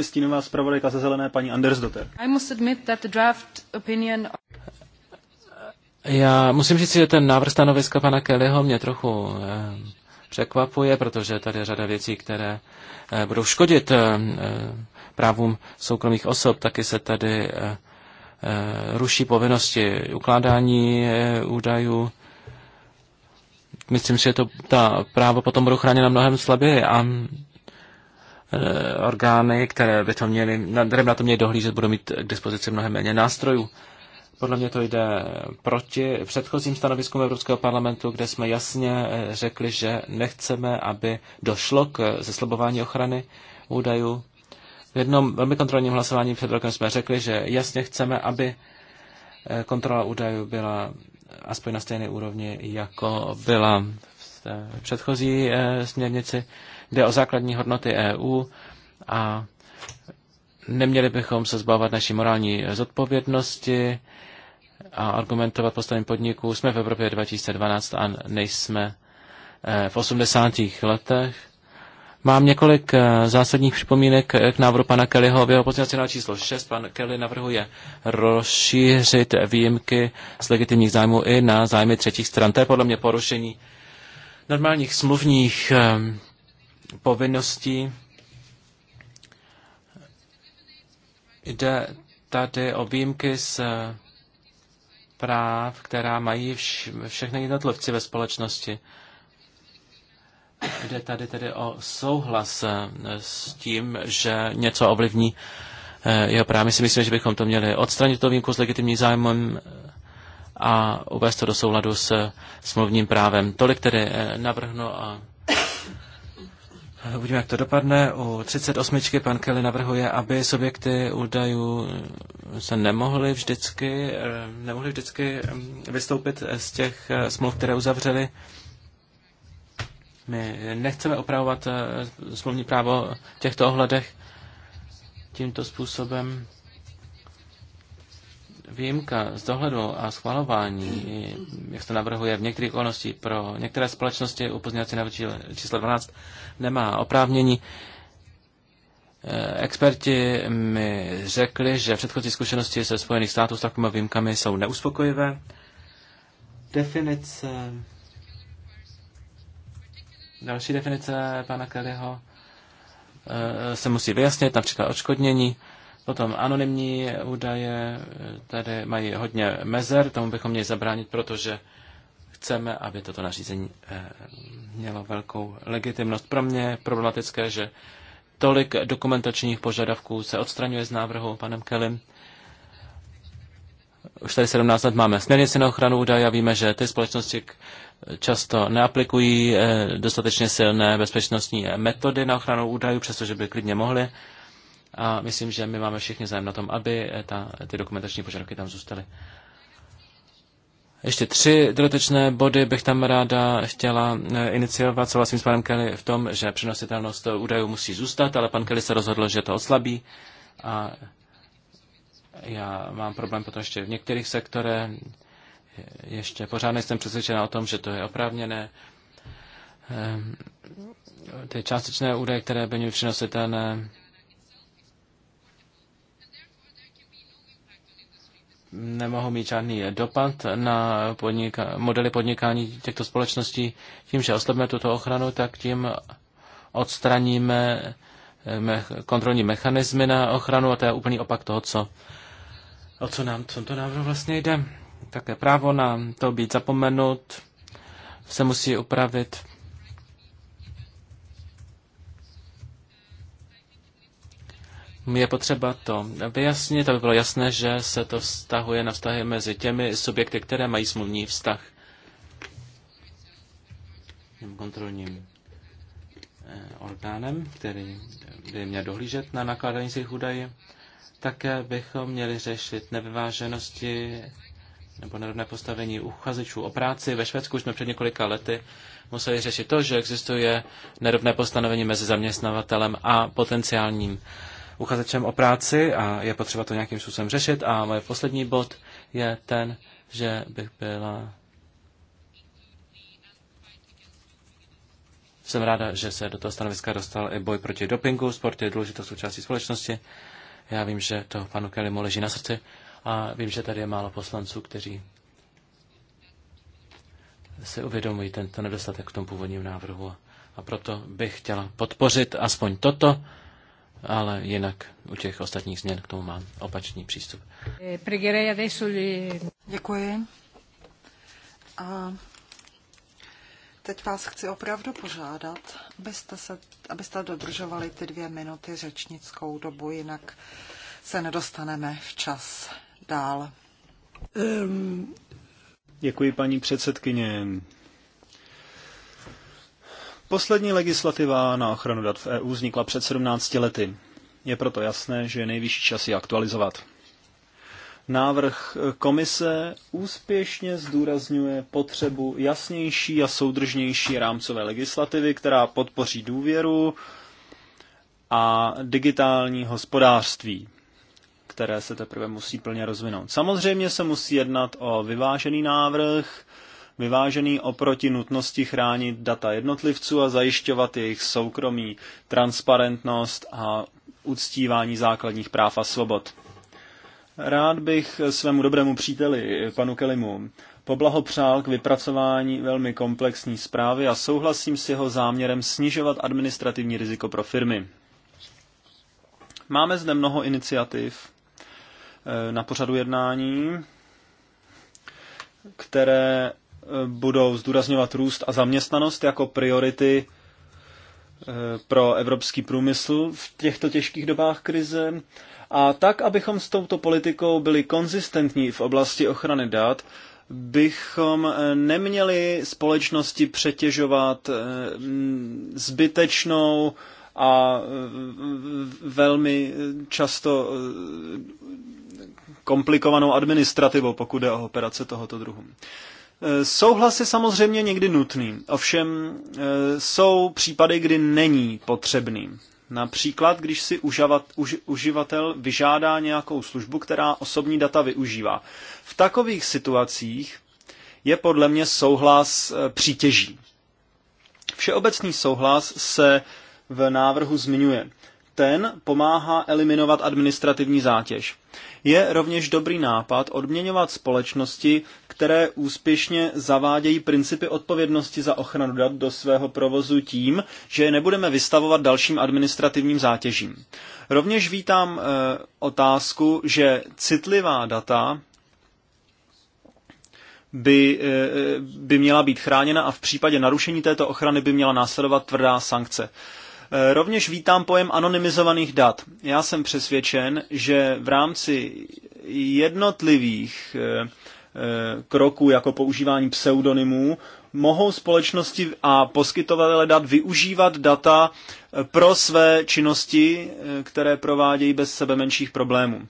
stínová zpravodajka ze zelené paní Andersdotter. I must admit that the draft opinion... Já musím říct, že ten návrh stanoviska pana Kellyho mě trochu eh, překvapuje, protože tady je řada věcí, které eh, budou škodit eh, eh právům soukromých osob. Taky se tady eh, eh ruší povinnosti ukládání eh, údajů myslím si, že to, ta práva potom budou chráněna mnohem slaběji a e, orgány, které by to měly, na, které by na to měly dohlížet, budou mít k dispozici mnohem méně nástrojů. Podle mě to jde proti předchozím stanoviskům Evropského parlamentu, kde jsme jasně e, řekli, že nechceme, aby došlo k zeslabování ochrany údajů. V jednom velmi kontrolním hlasování před rokem jsme řekli, že jasně chceme, aby e, kontrola údajů byla aspoň na stejné úrovni, jako byla v té předchozí eh, směrnici, Jde o základní hodnoty EU a neměli bychom se zbavovat naší morální zodpovědnosti a argumentovat postavení podniků. Jsme v Evropě 2012 a nejsme eh, v 80. letech Mám několik eh, zásadních připomínek eh, k návrhu pana Kellyho. V jeho pozměnací číslo 6 pan Kelly navrhuje rozšířit výjimky z legitimních zájmů i na zájmy třetích stran. To je podle mě porušení normálních smluvních eh, povinností. Jde tady o výjimky z práv, která mají vš- všechny jednotlivci ve společnosti. Jde tady tedy o souhlas eh, s tím, že něco ovlivní eh, jeho právě. My si myslím, že bychom to měli odstranit to výjimku s legitimním zájmem eh, a uvést to do souladu s smluvním právem. Tolik tedy navrhnu a Uvidíme, jak to dopadne. U 38. pan Kelly navrhuje, aby subjekty údajů se nemohly vždycky, nemohly vždycky mm, vystoupit z těch smluv, které uzavřeli. My nechceme opravovat eh, smluvní právo v těchto ohledech tímto způsobem. Výjimka z dohledu a schvalování, jak se navrhuje v některých okolností pro některé společnosti u na číslo 12, nemá oprávnění. Eh, experti mi řekli, že předchozí zkušenosti se Spojených států s takovými výjimkami jsou neuspokojivé. Definice Další definice pana Kellyho eh, se musí vyjasnit, například odškodnění. Potom anonymní údaje eh, tady mají hodně mezer, tomu bychom měli zabránit, protože chceme, aby toto nařízení eh, mělo velkou legitimnost. Pro mě je problematické, že tolik dokumentačních požadavků se odstraňuje z návrhu panem Kellym. Už tady 17 let máme směrnici na ochranu údaje a víme, že ty společnosti, často neaplikují eh, dostatečně silné bezpečnostní metody na ochranu údajů, přestože by klidně mohly. A myslím, že my máme všichni zájem na tom, aby eh, ta, ty dokumentační požadavky tam zůstaly. Ještě tři dodatečné body bych tam ráda chtěla eh, iniciovat. Souhlasím s panem Kelly v tom, že přenositelnost údajů musí zůstat, ale pan Kelly se rozhodl, že to oslabí. A já mám problém potom ještě v některých sektorech ještě pořád nejsem přesvědčena o tom, že to je oprávněné. Ehm, ty částečné údaje, které by měly ten ehm, nemohou mít žádný dopad na podnika- modely podnikání těchto společností. Tím, že oslabíme tuto ochranu, tak tím odstraníme ehm, me- kontrolní mechanismy na ochranu a to je úplný opak toho, co, o co nám v tomto návrhu vlastně jde. Také právo na to být zapomenut se musí upravit. Je potřeba to vyjasnit, aby bylo jasné, že se to vztahuje na vztahy mezi těmi subjekty, které mají smluvní vztah kontrolním eh, orgánem, který by měl dohlížet na nakládání svých jejich Také bychom měli řešit nevyváženosti nebo nerovné postavení uchazečů o práci. Ve Švédsku jsme před několika lety museli řešit to, že existuje nerovné postanovení mezi zaměstnavatelem a potenciálním uchazečem o práci a je potřeba to nějakým způsobem řešit. A můj poslední bod je ten, že bych byla Jsem ráda, že se do toho stanoviska dostal i boj proti dopingu. Sport je důležitou součástí společnosti. Já vím, že to panu mu leží na srdci a vím, že tady je málo poslanců, kteří si uvědomují tento nedostatek v tom původním návrhu a proto bych chtěla podpořit aspoň toto, ale jinak u těch ostatních změn k tomu mám opačný přístup. Děkuji. A teď vás chci opravdu požádat, abyste, se, abyste dodržovali ty dvě minuty řečnickou dobu, jinak se nedostaneme včas dál. Um... Děkuji, paní předsedkyně. Poslední legislativa na ochranu dat v EU vznikla před 17 lety. Je proto jasné, že je nejvyšší čas ji aktualizovat. Návrh komise úspěšně zdůrazňuje potřebu jasnější a soudržnější rámcové legislativy, která podpoří důvěru a digitální hospodářství které se teprve musí plně rozvinout. Samozřejmě se musí jednat o vyvážený návrh, vyvážený oproti nutnosti chránit data jednotlivců a zajišťovat jejich soukromí, transparentnost a uctívání základních práv a svobod. Rád bych svému dobrému příteli, panu Kelimu, poblahopřál k vypracování velmi komplexní zprávy a souhlasím s jeho záměrem snižovat administrativní riziko pro firmy. Máme zde mnoho iniciativ, Eh, na pořadu jednání, které eh, budou zdůrazňovat růst a zaměstnanost jako priority eh, pro evropský průmysl v těchto těžkých dobách krize a tak, abychom s touto politikou byli konzistentní v oblasti ochrany dat, bychom neměli společnosti přetěžovat zbytečnou a velmi často komplikovanou administrativou, pokud jde o operace tohoto druhu. E, souhlas je samozřejmě někdy nutný, ovšem e, jsou případy, kdy není potřebný. Například, když si užavat, už, uživatel vyžádá nějakou službu, která osobní data využívá. V takových situacích je podle mě souhlas e, přítěží. Všeobecný souhlas se v návrhu zmiňuje ten pomáhá eliminovat administrativní zátěž. Je rovněž dobrý nápad odměňovat společnosti, které úspěšně zavádějí principy odpovědnosti za ochranu dat do svého provozu tím, že je nebudeme vystavovat dalším administrativním zátěžím. Rovněž vítám e, otázku, že citlivá data by, e, by měla být chráněna a v případě narušení této ochrany by měla následovat tvrdá sankce. E, Eh, rovněž vítám pojem anonymizovaných dat. Já jsem přesvědčen, že v rámci jednotlivých eh, eh, kroků, jako používání pseudonymů, mohou společnosti a poskytovatele dat využívat data pro své činnosti, které provádějí bez sebe menších problémů.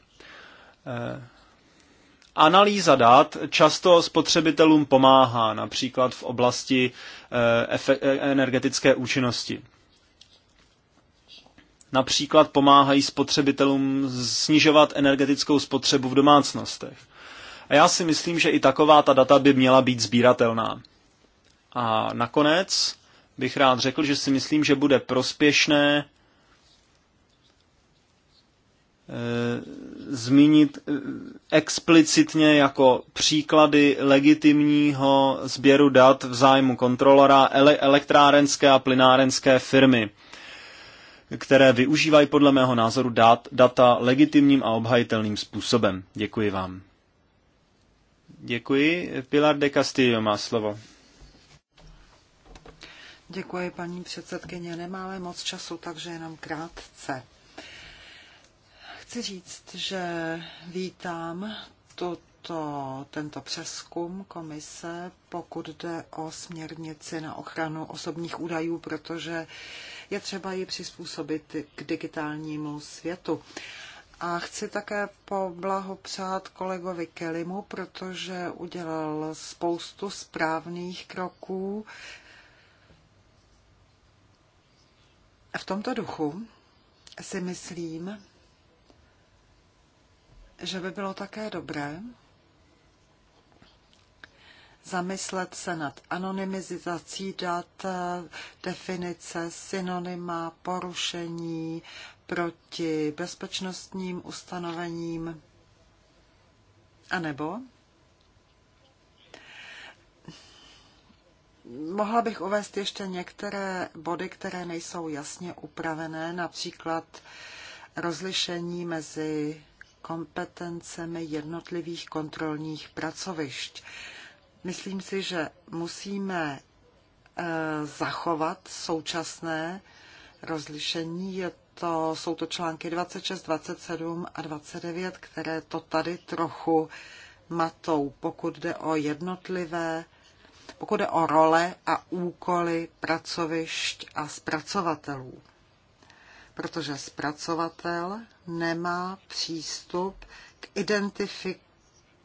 Analýza dat často spotřebitelům pomáhá, například v oblasti energetické účinnosti. Například pomáhají spotřebitelům snižovat energetickou spotřebu v domácnostech. A já si myslím, že i taková ta data by měla být sbíratelná. A nakonec bych rád řekl, že si myslím, že bude prospěšné e, zmínit e, explicitně jako příklady legitimního sběru dat v zájmu kontrolora elektrárenské a plynárenské firmy které využívají podle mého názoru dát data legitimním a obhajitelným způsobem. Děkuji vám. Děkuji. Pilar de Castillo má slovo. Děkuji, paní předsedkyně. Nemáme moc času, takže jenom krátce. Chci říct, že vítám tuto, tento přeskum komise, pokud jde o směrnici na ochranu osobních údajů, protože je třeba ji přizpůsobit k digitálnímu světu. A chci také poblahopřát kolegovi Kelimu, protože udělal spoustu správných kroků. V tomto duchu si myslím, že by bylo také dobré, zamyslet se nad anonymizací dat, eh, definice, synonyma, porušení proti bezpečnostním ustanovením, anebo Mohla bych uvést ještě některé body, které nejsou jasně upravené, například rozlišení mezi kompetencemi jednotlivých kontrolních pracovišť. Myslím si, že musíme eh, zachovat současné rozlišení. Je to, jsou to články 26, 27 a 29, které to tady trochu matou, pokud jde o jednotlivé, pokud jde o role a úkoly pracovišť a zpracovatelů. Protože zpracovatel nemá přístup k identifikaci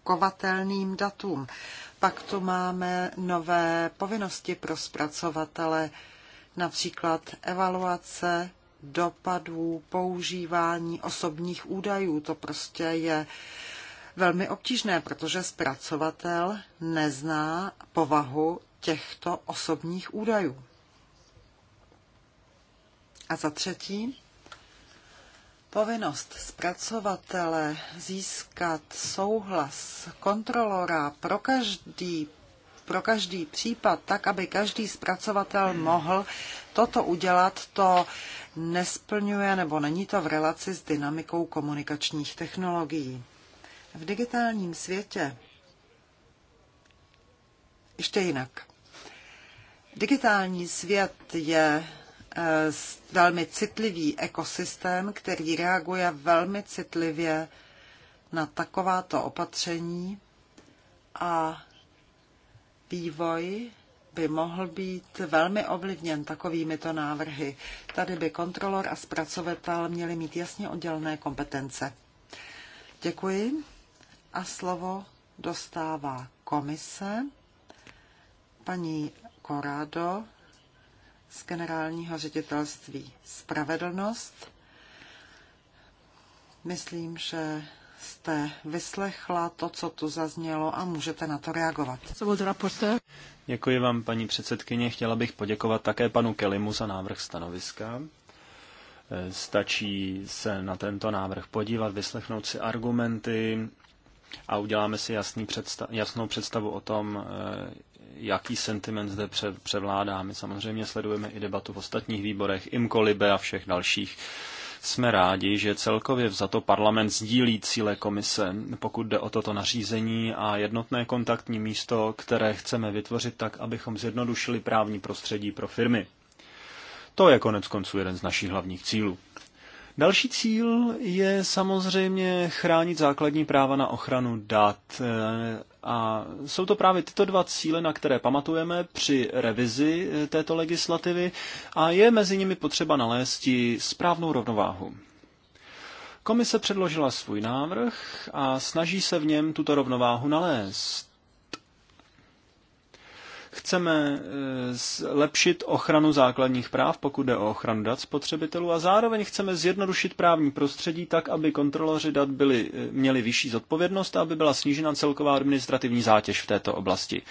kovatelným datům. Pak tu máme nové povinnosti pro zpracovatele, například evaluace dopadů používání osobních údajů. To prostě je velmi obtížné, protože zpracovatel nezná povahu těchto osobních údajů. A za třetí, Povinnost zpracovatele získat souhlas kontrolora pro každý, pro každý případ, tak aby každý zpracovatel mohl toto udělat, to nesplňuje nebo není to v relaci s dynamikou komunikačních technologií. V digitálním světě ještě jinak. Digitální svět je velmi citlivý ekosystém, který reaguje velmi citlivě na takováto opatření a vývoj by mohl být velmi ovlivněn takovýmito návrhy. Tady by kontrolor a zpracovatel měli mít jasně oddělené kompetence. Děkuji. A slovo dostává komise. Paní Corrado z generálního ředitelství Spravedlnost. Myslím, že jste vyslechla to, co tu zaznělo a můžete na to reagovat. Děkuji vám, paní předsedkyně. Chtěla bych poděkovat také panu Kelimu za návrh stanoviska. E, stačí se na tento návrh podívat, vyslechnout si argumenty a uděláme si jasný představ, jasnou představu o tom, e, jaký sentiment zde převládá. My samozřejmě sledujeme i debatu v ostatních výborech, IMCO, LIBE a všech dalších. Jsme rádi, že celkově za to parlament sdílí cíle komise, pokud jde o toto nařízení a jednotné kontaktní místo, které chceme vytvořit tak, abychom zjednodušili právní prostředí pro firmy. To je konec konců jeden z našich hlavních cílů. Další cíl je samozřejmě chránit základní práva na ochranu dat. Eh, a jsou to právě tyto dva cíle, na které pamatujeme při revizi eh, této legislativy a je mezi nimi potřeba nalézt správnou rovnováhu. Komise předložila svůj návrh a snaží se v něm tuto rovnováhu nalézt. Chceme e, zlepšit ochranu základních práv, pokud jde o ochranu dat spotřebitelů a zároveň chceme zjednodušit právní prostředí tak, aby kontroloři dat byli, e, měli vyšší zodpovědnost a aby byla snížena celková administrativní zátěž v této oblasti.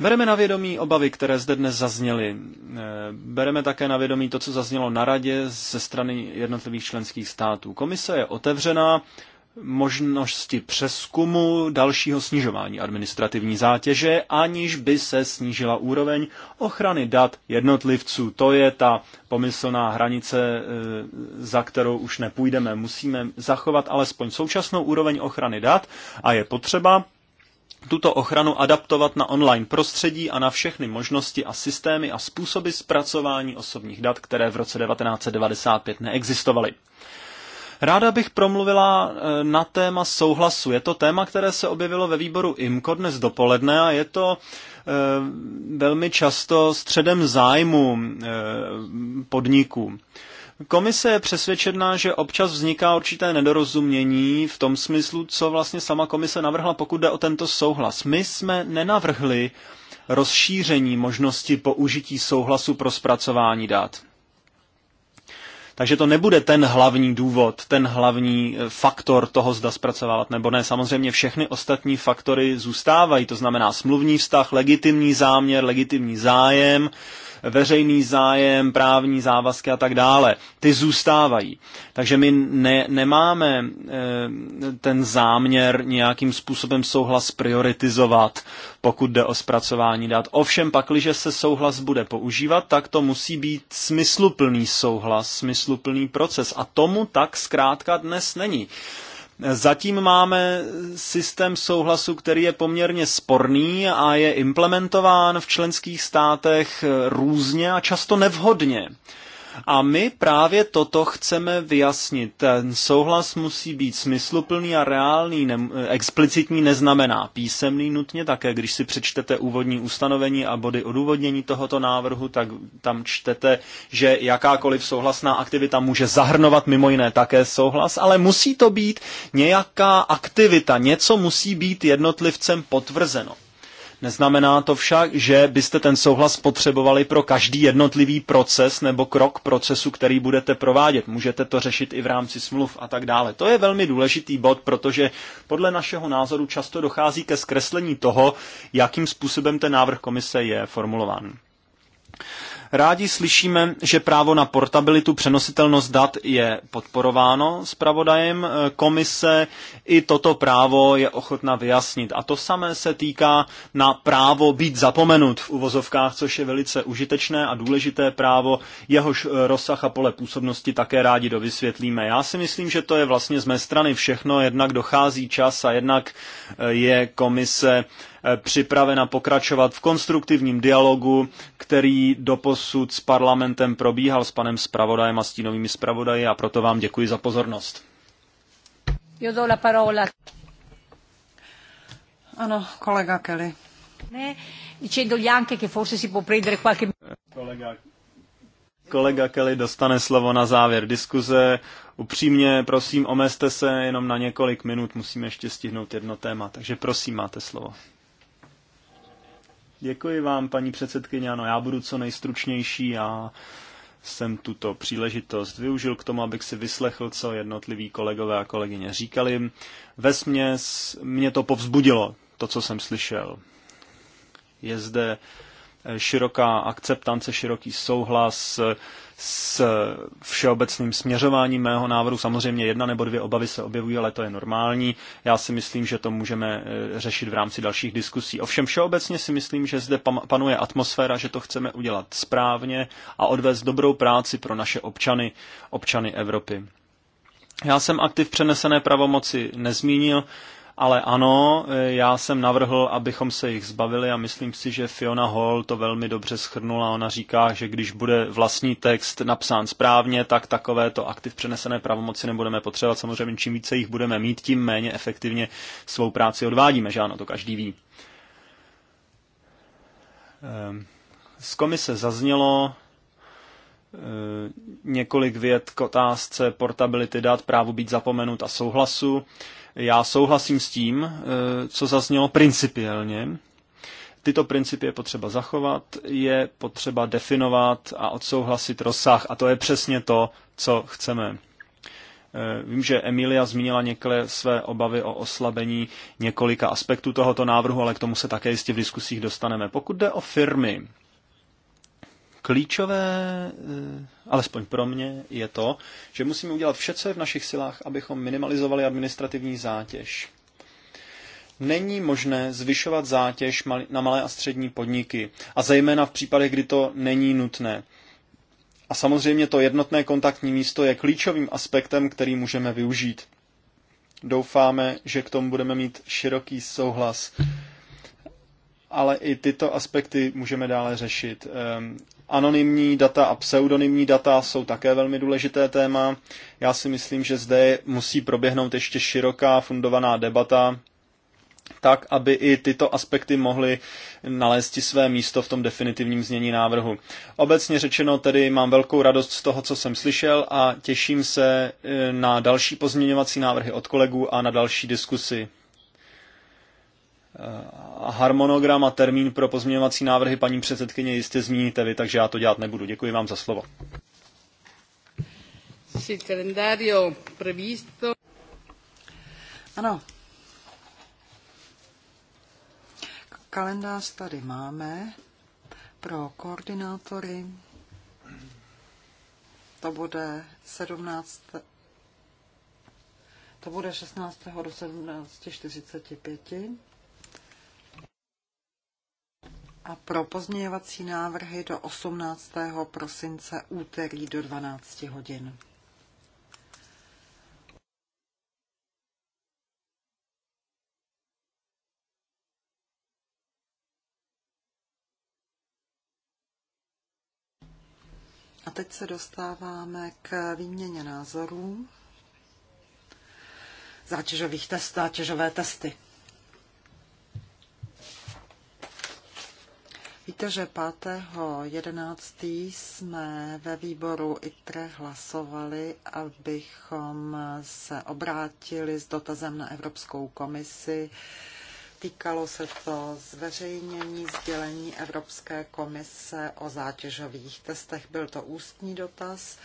Bereme na vědomí obavy, které zde dnes zazněly. E, bereme také na vědomí to, co zaznělo na radě ze strany jednotlivých členských států. Komise je otevřená možnosti přeskumu dalšího snižování administrativní zátěže, aniž by se snížila úroveň ochrany dat jednotlivců. To je ta pomyslná hranice, e, za kterou už nepůjdeme. Musíme zachovat alespoň současnou úroveň ochrany dat a je potřeba tuto ochranu adaptovat na online prostředí a na všechny možnosti a systémy a způsoby zpracování osobních dat, které v roce 1995 neexistovaly. Ráda bych promluvila e, na téma souhlasu. Je to téma, které se objevilo ve výboru IMCO dnes dopoledne a je to e, velmi často středem zájmu e, podniků. Komise je přesvědčená, že občas vzniká určité nedorozumění v tom smyslu, co vlastně sama komise navrhla, pokud jde o tento souhlas. My jsme nenavrhli rozšíření možnosti použití souhlasu pro zpracování dat. Takže to nebude ten hlavní důvod, ten hlavní eh, faktor toho, zda zpracovávat nebo ne. Samozřejmě všechny ostatní faktory zůstávají, to znamená smluvní vztah, legitimní záměr, legitimní zájem, veřejný zájem, právní závazky a tak dále. Ty zůstávají. Takže my ne, nemáme eh, ten záměr nějakým způsobem souhlas prioritizovat, pokud jde o zpracování dat. Ovšem, pakliže se souhlas bude používat, tak to musí být smysluplný souhlas, smysluplný proces. A tomu tak zkrátka dnes není. Zatím máme systém souhlasu, který je poměrně sporný a je implementován v členských státech různě a často nevhodně. A my právě toto chceme vyjasnit. Ten souhlas musí být smysluplný a reálný, ne, explicitní neznamená písemný nutně, také když si přečtete úvodní ustanovení a body odůvodnění tohoto návrhu, tak tam čtete, že jakákoliv souhlasná aktivita může zahrnovat mimo jiné také souhlas, ale musí to být nějaká aktivita, něco musí být jednotlivcem potvrzeno. Neznamená to však, že byste ten souhlas potřebovali pro každý jednotlivý proces nebo krok procesu, který budete provádět. Můžete to řešit i v rámci smluv a tak dále. To je velmi důležitý bod, protože podle našeho názoru často dochází ke zkreslení toho, jakým způsobem ten návrh komise je formulován. Rádi slyšíme, že právo na portabilitu, přenositelnost dat je podporováno zpravodajem eh, komise. I toto právo je ochotna vyjasnit. A to samé se týká na právo být zapomenut v uvozovkách, což je velice užitečné a důležité právo. Jehož eh, rozsah a pole působnosti také rádi dovysvětlíme. Já si myslím, že to je vlastně z mé strany všechno. Jednak dochází čas a jednak eh, je komise Eh, připravena pokračovat v konstruktivním dialogu, který doposud s parlamentem probíhal s panem zpravodajem a stínovými zpravodaji a proto vám děkuji za pozornost. Io do la parola. Ano, kolega Kelly. Ne, Dicendo gli anche che forse si può prendere qualche... Kolega, kolega Kelly dostane slovo na závěr diskuze. Upřímně, prosím, omezte se jenom na několik minut, musíme ještě stihnout jedno téma, takže prosím, máte slovo. Děkuji vám, paní předsedkyně. Ano, já budu co nejstručnější a jsem tuto příležitost využil k tomu, abych si vyslechl, co jednotliví kolegové a kolegyně říkali. Ve směs mě to povzbudilo, to, co jsem slyšel. Je zde široká akceptance, široký souhlas s všeobecným směřováním mého návrhu. Samozřejmě jedna nebo dvě obavy se objevují, ale to je normální. Já si myslím, že to můžeme eh, řešit v rámci dalších diskusí. Ovšem všeobecně si myslím, že zde panuje atmosféra, že to chceme udělat správně a odvést dobrou práci pro naše občany, občany Evropy. Já jsem aktiv přenesené pravomoci nezmínil. Ale ano, e, já jsem navrhl, abychom se jich zbavili a myslím si, že Fiona Hall to velmi dobře schrnula. Ona říká, že když bude vlastní text napsán správně, tak takovéto aktiv přenesené pravomoci nebudeme potřebovat. Samozřejmě čím více jich budeme mít, tím méně efektivně svou práci odvádíme, že ano, to každý ví. Ehm, z komise zaznělo, e, několik věd k otázce portability dat, právu být zapomenut a souhlasu. Já souhlasím s tím, eh, co zaznělo principiálně. Tyto principy je potřeba zachovat, je potřeba definovat a odsouhlasit rozsah a to je přesně to, co chceme. Eh, vím, že Emilia zmínila některé své obavy o oslabení několika aspektů tohoto návrhu, ale k tomu se také jistě v diskusích dostaneme. Pokud jde o firmy, Klíčové, eh, alespoň pro mě, je to, že musíme udělat vše, co je v našich silách, abychom minimalizovali administrativní zátěž. Není možné zvyšovat zátěž na malé a střední podniky, a zejména v případech, kdy to není nutné. A samozřejmě to jednotné kontaktní místo je klíčovým aspektem, který můžeme využít. Doufáme, že k tomu budeme mít široký souhlas. Ale i tyto aspekty můžeme dále řešit. Ehm, Anonymní data a pseudonymní data jsou také velmi důležité téma. Já si myslím, že zde musí proběhnout ještě široká fundovaná debata, tak, aby i tyto aspekty mohly nalézt své místo v tom definitivním znění návrhu. Obecně řečeno tedy mám velkou radost z toho, co jsem slyšel a těším se e, na další pozměňovací návrhy od kolegů a na další diskusy. Eh, harmonogram a termín pro pozměňovací návrhy paní předsedkyně jistě zmíníte vy, takže já to dělat nebudu. Děkuji vám za slovo. Ano. Kalendář tady máme pro koordinátory. To bude 17. To bude 16. do 17.45 a pro pozměňovací návrhy do 18. prosince úterý do 12 hodin. A teď se dostáváme k výměně názorů zátěžových testů, zátěžové testy. Víte, že 5.11. jsme ve výboru ITRE hlasovali, abychom se obrátili s dotazem na Evropskou komisi. Týkalo se to zveřejnění sdělení Evropské komise o zátěžových testech. Byl to ústní dotaz.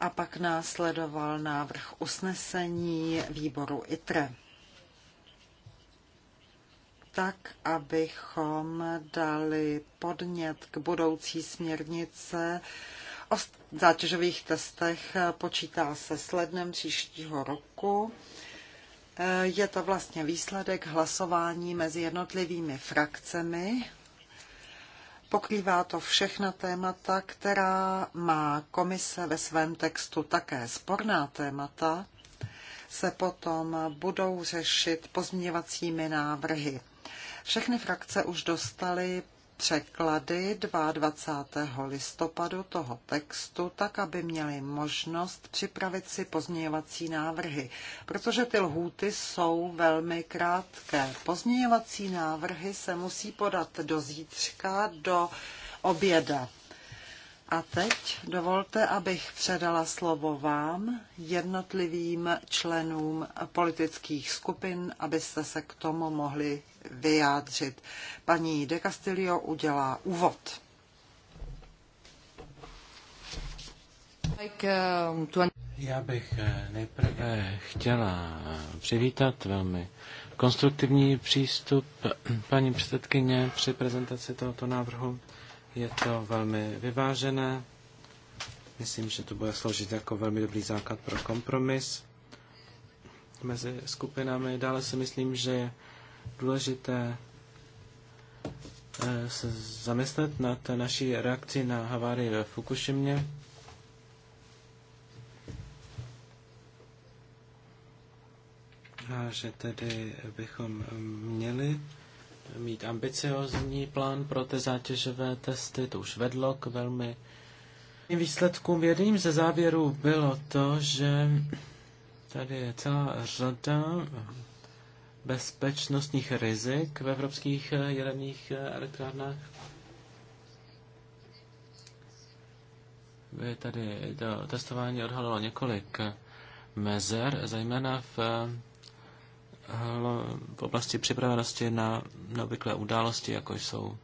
A pak následoval návrh usnesení výboru ITRE tak, abychom dali podnět k budoucí směrnice o zátěžových testech. Počítá se s lednem příštího roku. Je to vlastně výsledek hlasování mezi jednotlivými frakcemi. Pokrývá to všechna témata, která má komise ve svém textu také sporná témata, se potom budou řešit pozměňovacími návrhy. Všechny frakce už dostaly překlady 22. listopadu toho textu, tak aby měli možnost připravit si pozměňovací návrhy, protože ty lhůty jsou velmi krátké. Pozměňovací návrhy se musí podat do zítřka do oběda. A teď dovolte, abych předala slovo vám, jednotlivým členům politických skupin, abyste se k tomu mohli vyjádřit. Paní De Castillo udělá úvod. Já bych eh, nejprve chtěla přivítat velmi konstruktivní přístup paní předsedkyně při prezentaci tohoto návrhu je to velmi vyvážené. Myslím, že to bude sloužit jako velmi dobrý základ pro kompromis mezi skupinami. Dále si myslím, že je důležité eh, se zamyslet nad naší reakci na havárii ve Fukushimě. A že tedy bychom měli mít ambiciozní plán pro ty zátěžové testy, to už vedlo k velmi výsledkům. Jedním ze závěrů bylo to, že tady je celá řada bezpečnostních rizik v evropských jaderných elektrárnách. By tady to testování odhalilo několik mezer, zejména v v oblasti připravenosti na neobvyklé události, jako jsou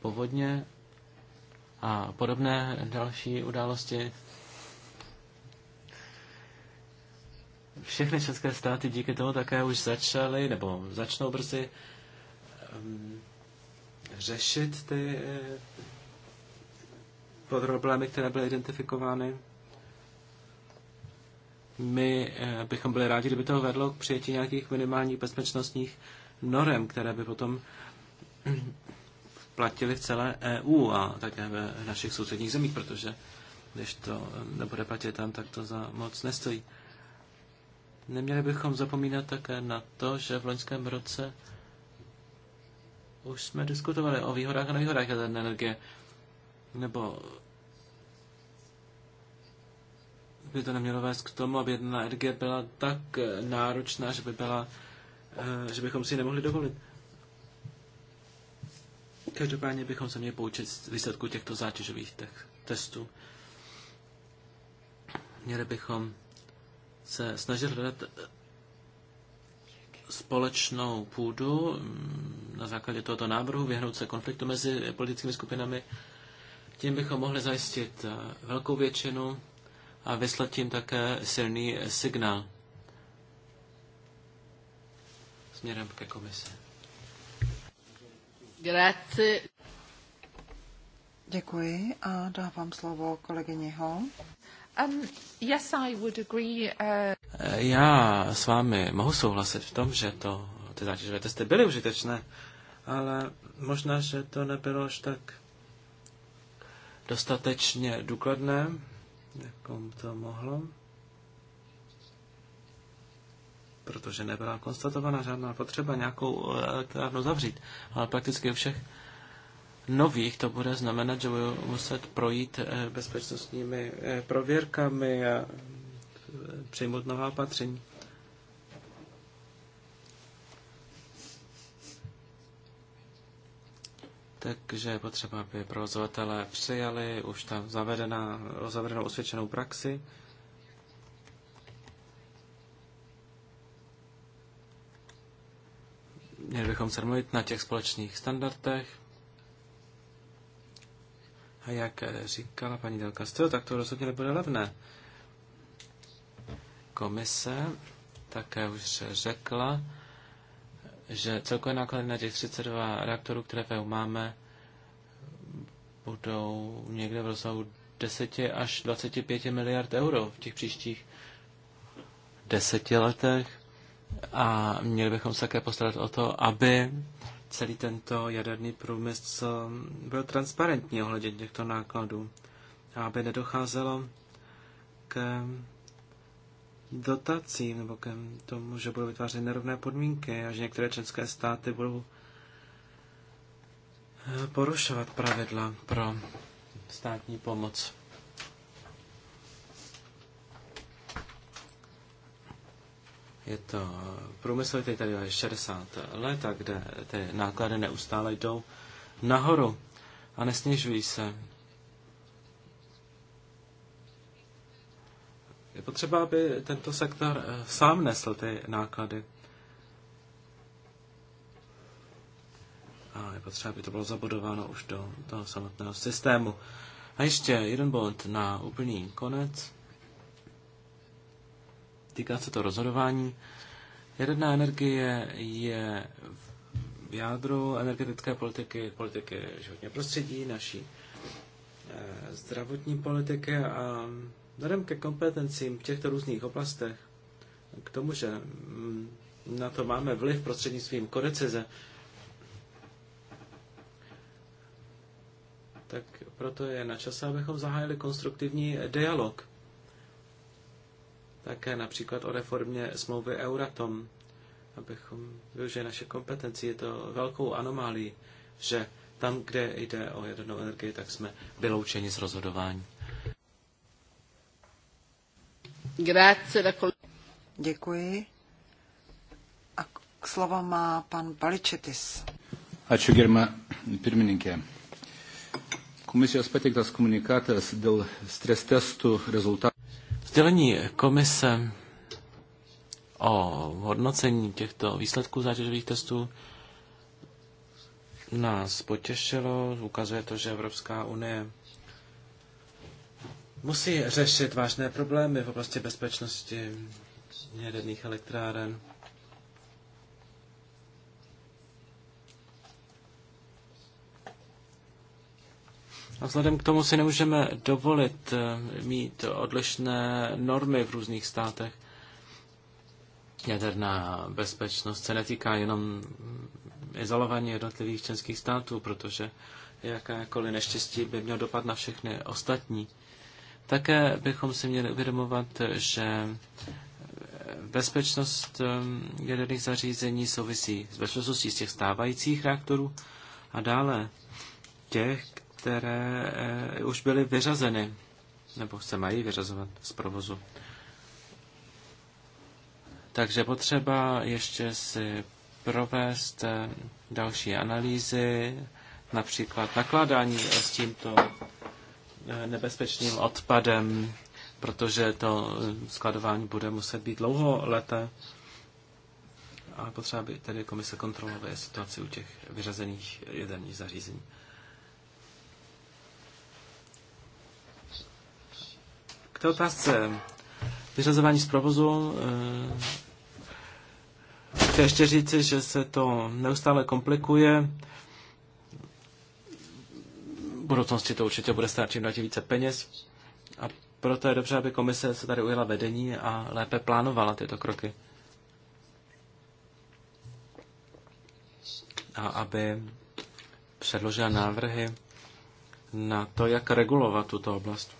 povodně a podobné další události. Všechny české státy díky tomu také už začaly, nebo začnou brzy um, řešit ty uh, eh, problémy, které byly identifikovány my eh, bychom byli rádi, kdyby to vedlo k přijetí nějakých minimálních bezpečnostních norem, které by potom platily v celé EU a také v našich sousedních zemích, protože když to eh, nebude platit tam, tak to za moc nestojí. Neměli bychom zapomínat také na to, že v loňském roce už jsme diskutovali o výhodách a nevýhodách jaderné energie, nebo by to nemělo vést k tomu, aby jedna energie byla tak eh, náročná, že, by byla, eh, že bychom si ji nemohli dovolit. Každopádně bychom se měli poučit z výsledku těchto zátěžových te- testů. Měli bychom se snažit hledat eh, společnou půdu mm, na základě tohoto návrhu, vyhnout se konfliktu mezi politickými skupinami. Tím bychom mohli zajistit velkou většinu a vyslat tím také silný signál směrem ke komisi. Grazie. Děkuji a dávám slovo kolegyni Ho. Um, yes, I would agree, uh... Já s vámi mohu souhlasit v tom, že to, ty zátěžové testy byly užitečné, ale možná, že to nebylo až tak dostatečně důkladné jakom to mohlo, protože nebyla konstatována žádná potřeba nějakou eh, elektrárnu zavřít. Ale prakticky u všech nových to bude znamenat, že budou muset projít eh, bezpečnostními eh, prověrkami a přijmout nová opatření. Takže je potřeba, aby provozovatelé přijali už tam zavedená, zavedenou osvědčenou praxi. Měli bychom se mluvit na těch společných standardech. A jak říkala paní Delka Stil, tak to rozhodně nebude levné. Komise také už řekla, že celkové náklady na těch 32 reaktorů, které v EU máme, budou někde v rozsahu 10 až 25 miliard euro v těch příštích deseti letech. A měli bychom se také postarat o to, aby celý tento jaderný průmysl byl transparentní ohledně těchto nákladů a aby nedocházelo k dotacím nebo k tomu, že budou vytvářet nerovné podmínky a že některé české státy budou eh, porušovat pravidla pro státní pomoc. Je to eh, průmysl, který tady je 60 let a kde ty náklady neustále jdou nahoru a nesnižují se. Je potřeba, aby tento sektor eh, sám nesl ty náklady. A je potřeba, aby to bylo zabudováno už do toho samotného systému. A ještě jeden bod na úplný konec. Týká se to rozhodování. Jaderná energie je v jádru energetické politiky, politiky životního prostředí, naší eh, zdravotní politiky a Vzhledem ke kompetencím v těchto různých oblastech, k tomu, že mm, na to máme vliv prostřednictvím kodecize, tak proto je na čase, abychom zahájili konstruktivní dialog. Také například o reformě smlouvy Euratom, abychom využili naše kompetenci. Je to velkou anomálí, že tam, kde jde o jadernou energii, tak jsme vyloučeni z rozhodování. Děkuji. A k slovo má pan Baličetis. Ačiū germa pirmininkė. Komisijos pateiktas komunikatas dėl stres testų rezultatų. Sdělení komise o hodnocení těchto výsledků zátěžových testů nás potěšilo. Ukazuje to, že Evropská unie musí řešit vážné problémy v oblasti bezpečnosti jaderných elektráren. A vzhledem k tomu si nemůžeme dovolit eh, mít odlišné normy v různých státech. Jaderná bezpečnost se netýká jenom izolování jednotlivých členských států, protože jakékoliv neštěstí by mělo dopad na všechny ostatní. Také bychom si měli uvědomovat, že bezpečnost um, jaderných zařízení souvisí s bezpečností z těch stávajících reaktorů a dále těch, které eh, už byly vyřazeny nebo se mají vyřazovat z provozu. Takže potřeba ještě si provést eh, další analýzy, například nakládání s tímto nebezpečným odpadem, protože to skladování bude muset být dlouho leté. A potřeba by tedy komise kontrolovat situaci u těch vyřazených jaderných zařízení. K té otázce vyřazování z provozu eh, chci ještě říci, že se to neustále komplikuje budoucnosti to určitě bude stát čím dál více peněz a proto je dobře, aby komise se tady ujela vedení a lépe plánovala tyto kroky. A aby předložila návrhy na to, jak regulovat tuto oblast.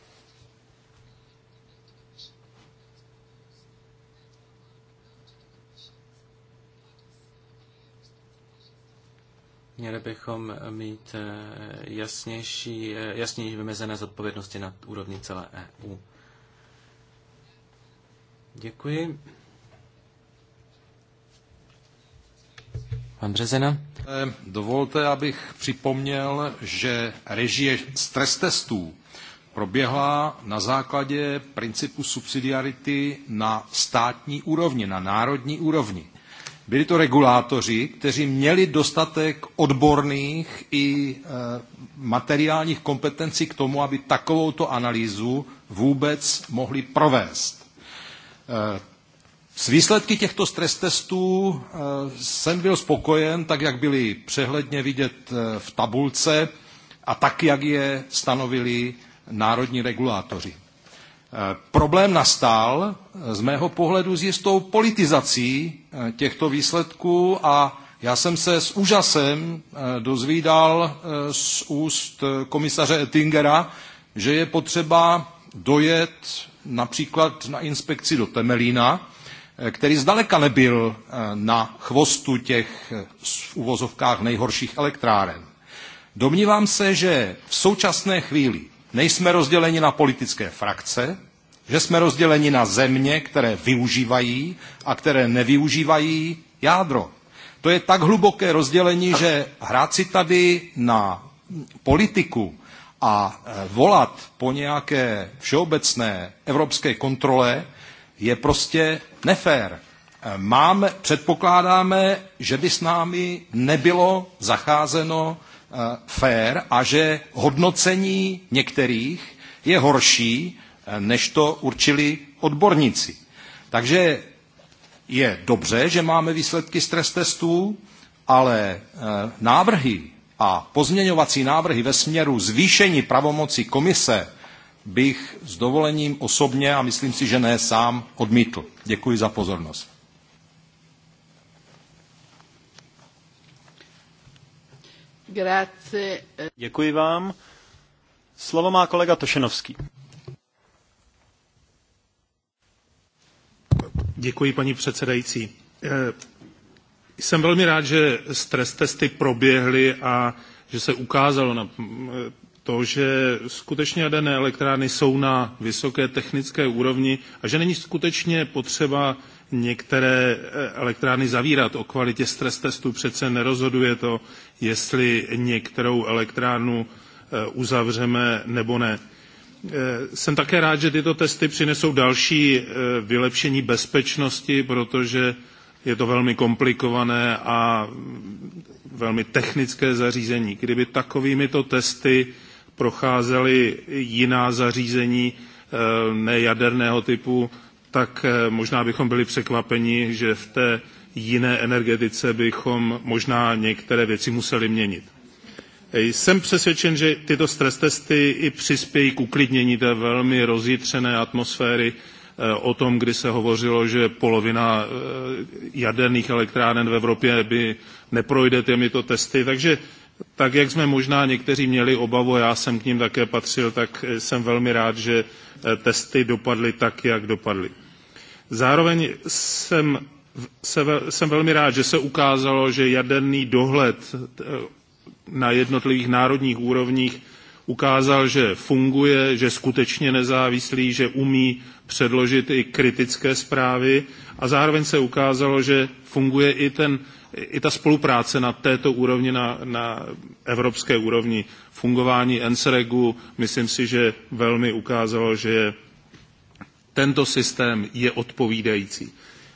Měli bychom mít eh, jasnější, eh, jasněji vymezené zodpovědnosti na úrovni celé EU. Děkuji. Pan Březena. Eh, dovolte, abych připomněl, že režie stres testů proběhla na základě principu subsidiarity na státní úrovni, na národní úrovni. Byli to regulátoři, kteří měli dostatek odborných i e, materiálních kompetencí k tomu, aby takovouto analýzu vůbec mohli provést. E, s výsledky těchto stres testů e, jsem byl spokojen, tak jak byly přehledně vidět v tabulce a tak, jak je stanovili národní regulátoři. Eh, problém nastal eh, z mého pohledu s jistou politizací eh, těchto výsledků a já jsem se s úžasem dozvídal z úst komisaře Ettingera, že je potřeba dojet například na inspekci do Temelína, který zdaleka nebyl na chvostu těch v uvozovkách nejhorších elektráren. Domnívám se, že v současné chvíli nejsme rozděleni na politické frakce, že jsme rozděleni na země, které využívají a které nevyužívají jádro. To je tak hluboké rozdělení, že hrát si tady na politiku a e, volat po nějaké všeobecné evropské kontrole je prostě nefér. E, Máme, předpokládáme, že by s námi nebylo zacházeno Eh, fér a že hodnocení některých je horší, eh, než to určili odborníci. Takže je dobře, že máme výsledky stres testů, ale eh, návrhy a pozměňovací návrhy ve směru zvýšení pravomoci komise bych s dovolením osobně a myslím si, že ne sám odmítl. Děkuji za pozornost. Děkuji vám. Slovo má kolega Tošenovský. Děkuji, paní předsedající. Eh, jsem velmi rád, že stres testy proběhly a že se ukázalo na eh, to, že skutečně jaderné elektrárny jsou na vysoké technické úrovni a že není skutečně potřeba některé eh, elektrárny zavírat. O kvalitě stres testů přece nerozhoduje to, jestli některou elektrárnu eh, uzavřeme nebo ne. Eh, jsem také rád, že tyto testy přinesou další eh, vylepšení bezpečnosti, protože je to velmi komplikované a mm, velmi technické zařízení. Kdyby takovýmito testy procházely jiná zařízení nejaderného typu, tak možná bychom byli překvapeni, že v té jiné energetice bychom možná některé věci museli měnit. Jsem přesvědčen, že tyto stres testy i přispějí k uklidnění té velmi rozjitřené atmosféry eh, o tom, kdy se hovořilo, že polovina eh, jaderných elektráren v Evropě by neprojde těmito testy. Takže tak, jak jsme možná někteří měli obavu, já jsem k ním také patřil, tak eh, jsem velmi rád, že testy dopadly tak, jak dopadly. Zároveň jsem se, jsem velmi rád, že se ukázalo, že jaderný dohled eh, na jednotlivých národních úrovních ukázal, že funguje, že skutečně nezávislý, že umí předložit i kritické zprávy a zároveň se ukázalo, že funguje i, ten, i ta spolupráce na této úrovni, na, na evropské úrovni. Fungování NSREGu, myslím si, že velmi ukázalo, že tento systém je odpovídající.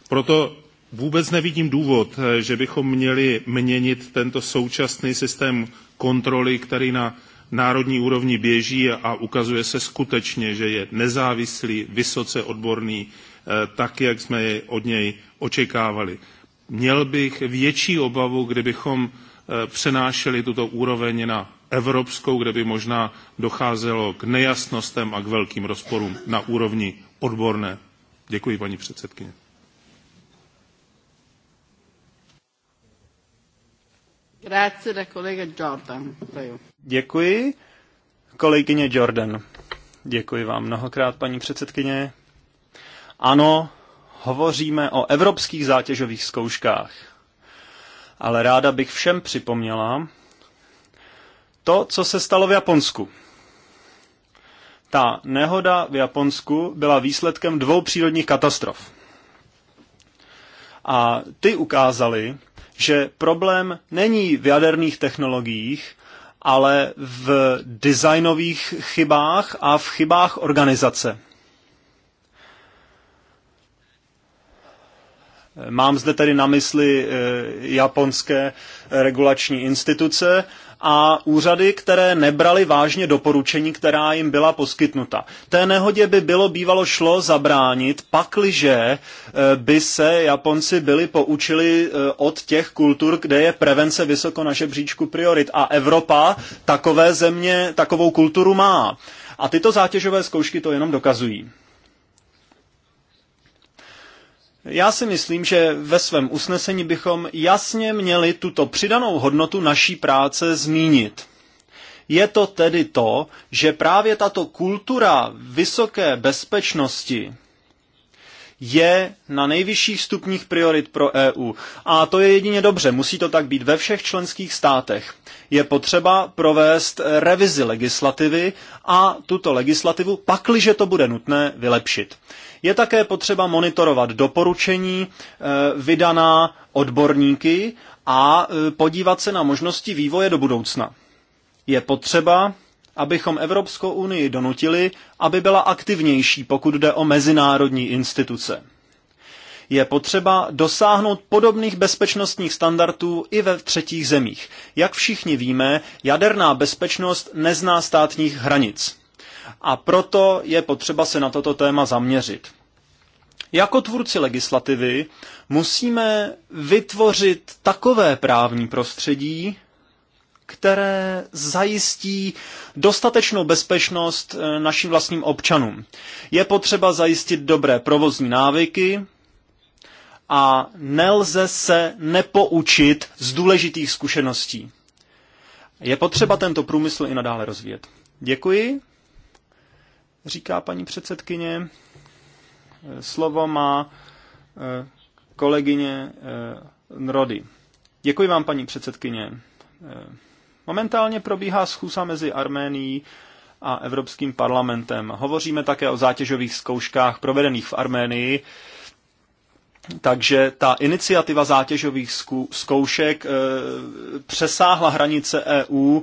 Proto Vůbec nevidím důvod, eh, že bychom měli měnit tento současný systém kontroly, který na národní úrovni běží a ukazuje se skutečně, že je nezávislý, vysoce odborný, eh, tak, jak jsme jej od něj očekávali. Měl bych větší obavu, kdybychom eh, přenášeli tuto úroveň na evropskou, kde by možná docházelo k nejasnostem a k velkým rozporům na úrovni odborné. Děkuji, paní předsedkyně. Děkuji. Kolegyně Jordan. Děkuji vám mnohokrát, paní předsedkyně. Ano, hovoříme o evropských zátěžových zkouškách. Ale ráda bych všem připomněla to, co se stalo v Japonsku. Ta nehoda v Japonsku byla výsledkem dvou přírodních katastrof. A ty ukázaly, že problém není v jaderných technologiích, ale v designových chybách a v chybách organizace. Mám zde tedy na mysli eh, japonské regulační instituce a úřady, které nebrali vážně doporučení, která jim byla poskytnuta. Té nehodě by bylo bývalo šlo zabránit, pakliže eh, by se Japonci byli poučili eh, od těch kultur, kde je prevence vysoko na žebříčku priorit. A Evropa takové země, takovou kulturu má. A tyto zátěžové zkoušky to jenom dokazují. Já si myslím, že ve svém usnesení bychom jasně měli tuto přidanou hodnotu naší práce zmínit. Je to tedy to, že právě tato kultura vysoké bezpečnosti je na nejvyšších stupních priorit pro EU. A to je jedině dobře, musí to tak být ve všech členských státech. Je potřeba provést revizi legislativy a tuto legislativu, pakliže to bude nutné, vylepšit. Je také potřeba monitorovat doporučení eh, vydaná odborníky a eh, podívat se na možnosti vývoje do budoucna. Je potřeba, abychom Evropskou unii donutili, aby byla aktivnější, pokud jde o mezinárodní instituce je potřeba dosáhnout podobných bezpečnostních standardů i ve třetích zemích. Jak všichni víme, jaderná bezpečnost nezná státních hranic a proto je potřeba se na toto téma zaměřit. Jako tvůrci legislativy musíme vytvořit takové právní prostředí, které zajistí dostatečnou bezpečnost eh, našim vlastním občanům. Je potřeba zajistit dobré provozní návyky a nelze se nepoučit z důležitých zkušeností. Je potřeba tento průmysl i nadále rozvíjet. Děkuji říká paní předsedkyně. Eh, slovo má eh, kolegyně eh, Nrody. Děkuji vám, paní předsedkyně. Momentálně probíhá schůza mezi Arménií a Evropským parlamentem. Hovoříme také o zátěžových zkouškách provedených v Arménii. Takže ta iniciativa zátěžových zkoušek přesáhla hranice EU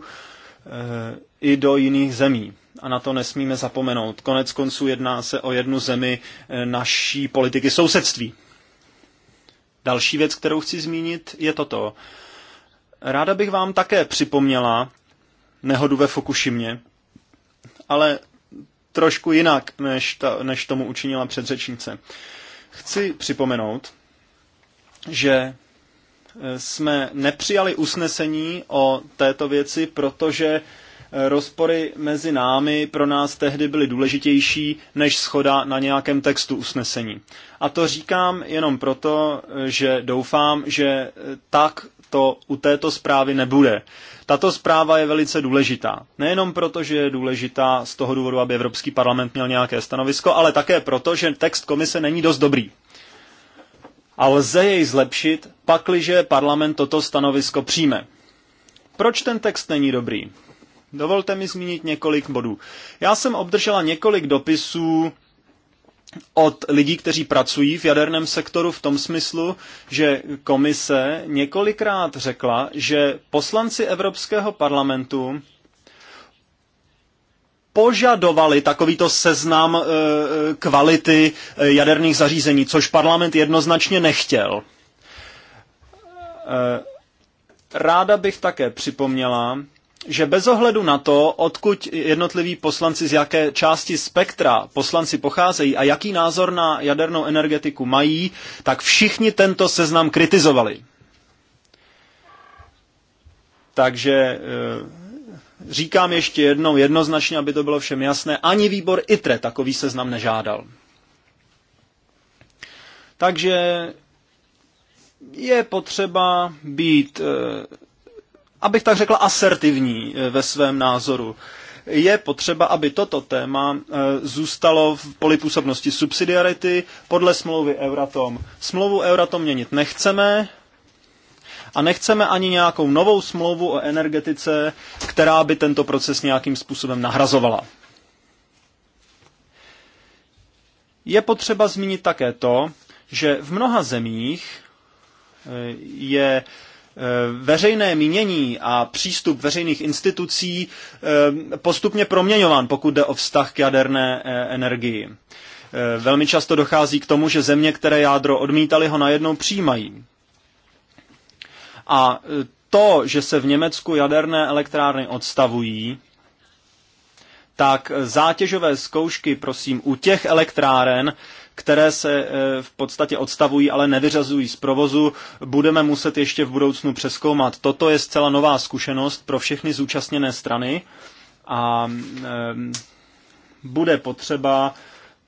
i do jiných zemí a na to nesmíme zapomenout. Konec konců jedná se o jednu zemi eh, naší politiky sousedství. Další věc, kterou chci zmínit, je toto. Ráda bych vám také připomněla nehodu ve Fukušimě, ale trošku jinak, než, ta, než tomu učinila předřečnice. Chci připomenout, že eh, jsme nepřijali usnesení o této věci, protože Eh, rozpory mezi námi pro nás tehdy byly důležitější než schoda na nějakém textu usnesení. A to říkám jenom proto, eh, že doufám, že eh, tak to u této zprávy nebude. Tato zpráva je velice důležitá. Nejenom proto, že je důležitá z toho důvodu, aby Evropský parlament měl nějaké stanovisko, ale také proto, že text komise není dost dobrý. A lze jej zlepšit, pakliže parlament toto stanovisko přijme. Proč ten text není dobrý? Dovolte mi zmínit několik bodů. Já jsem obdržela několik dopisů od lidí, kteří pracují v jaderném sektoru v tom smyslu, že komise několikrát řekla, že poslanci Evropského parlamentu požadovali takovýto seznam eh, eh, kvality eh, jaderných zařízení, což parlament jednoznačně nechtěl. Ráda bych také připomněla, že bez ohledu na to, odkud jednotliví poslanci z jaké části spektra poslanci pocházejí a jaký názor na jadernou energetiku mají, tak všichni tento seznam kritizovali. Takže eh, říkám ještě jednou jednoznačně, aby to bylo všem jasné, ani výbor ITRE takový seznam nežádal. Takže je potřeba být eh, abych tak řekla, asertivní eh, ve svém názoru. Je potřeba, aby toto téma eh, zůstalo v polipůsobnosti subsidiarity podle smlouvy Euratom. Smlouvu Euratom měnit nechceme, a nechceme ani nějakou novou smlouvu o energetice, která by tento proces nějakým způsobem nahrazovala. Je potřeba zmínit také to, že v mnoha zemích eh, je Eh, veřejné mínění a přístup veřejných institucí eh, postupně proměňován, pokud jde o vztah k jaderné eh, energii. Velmi často dochází k tomu, že země, které jádro odmítali, ho najednou přijímají. A to, že se v Německu jaderné elektrárny odstavují, tak zátěžové zkoušky, prosím, u těch elektráren, které se eh, v podstatě odstavují, ale nevyřazují z provozu, budeme muset ještě v budoucnu přeskoumat. Toto je zcela nová zkušenost pro všechny zúčastněné strany a eh, bude potřeba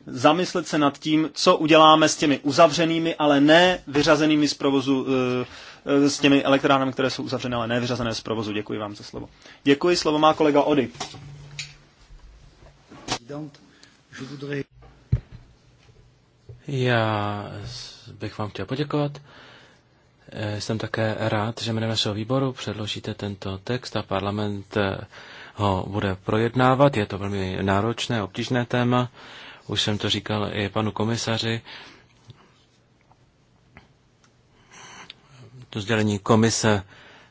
zamyslet se nad tím, co uděláme s těmi uzavřenými, ale ne vyřazenými z provozu, eh, s těmi elektrárnami, které jsou uzavřené, ale ne vyřazené z provozu. Děkuji vám za slovo. Děkuji, slovo má kolega Ody. Já bych vám chtěl poděkovat. Eh, jsem také rád, že jménem našeho výboru předložíte tento text a parlament eh, ho bude projednávat. Je to velmi náročné, obtížné téma. Už jsem to říkal i panu komisaři. To sdělení komise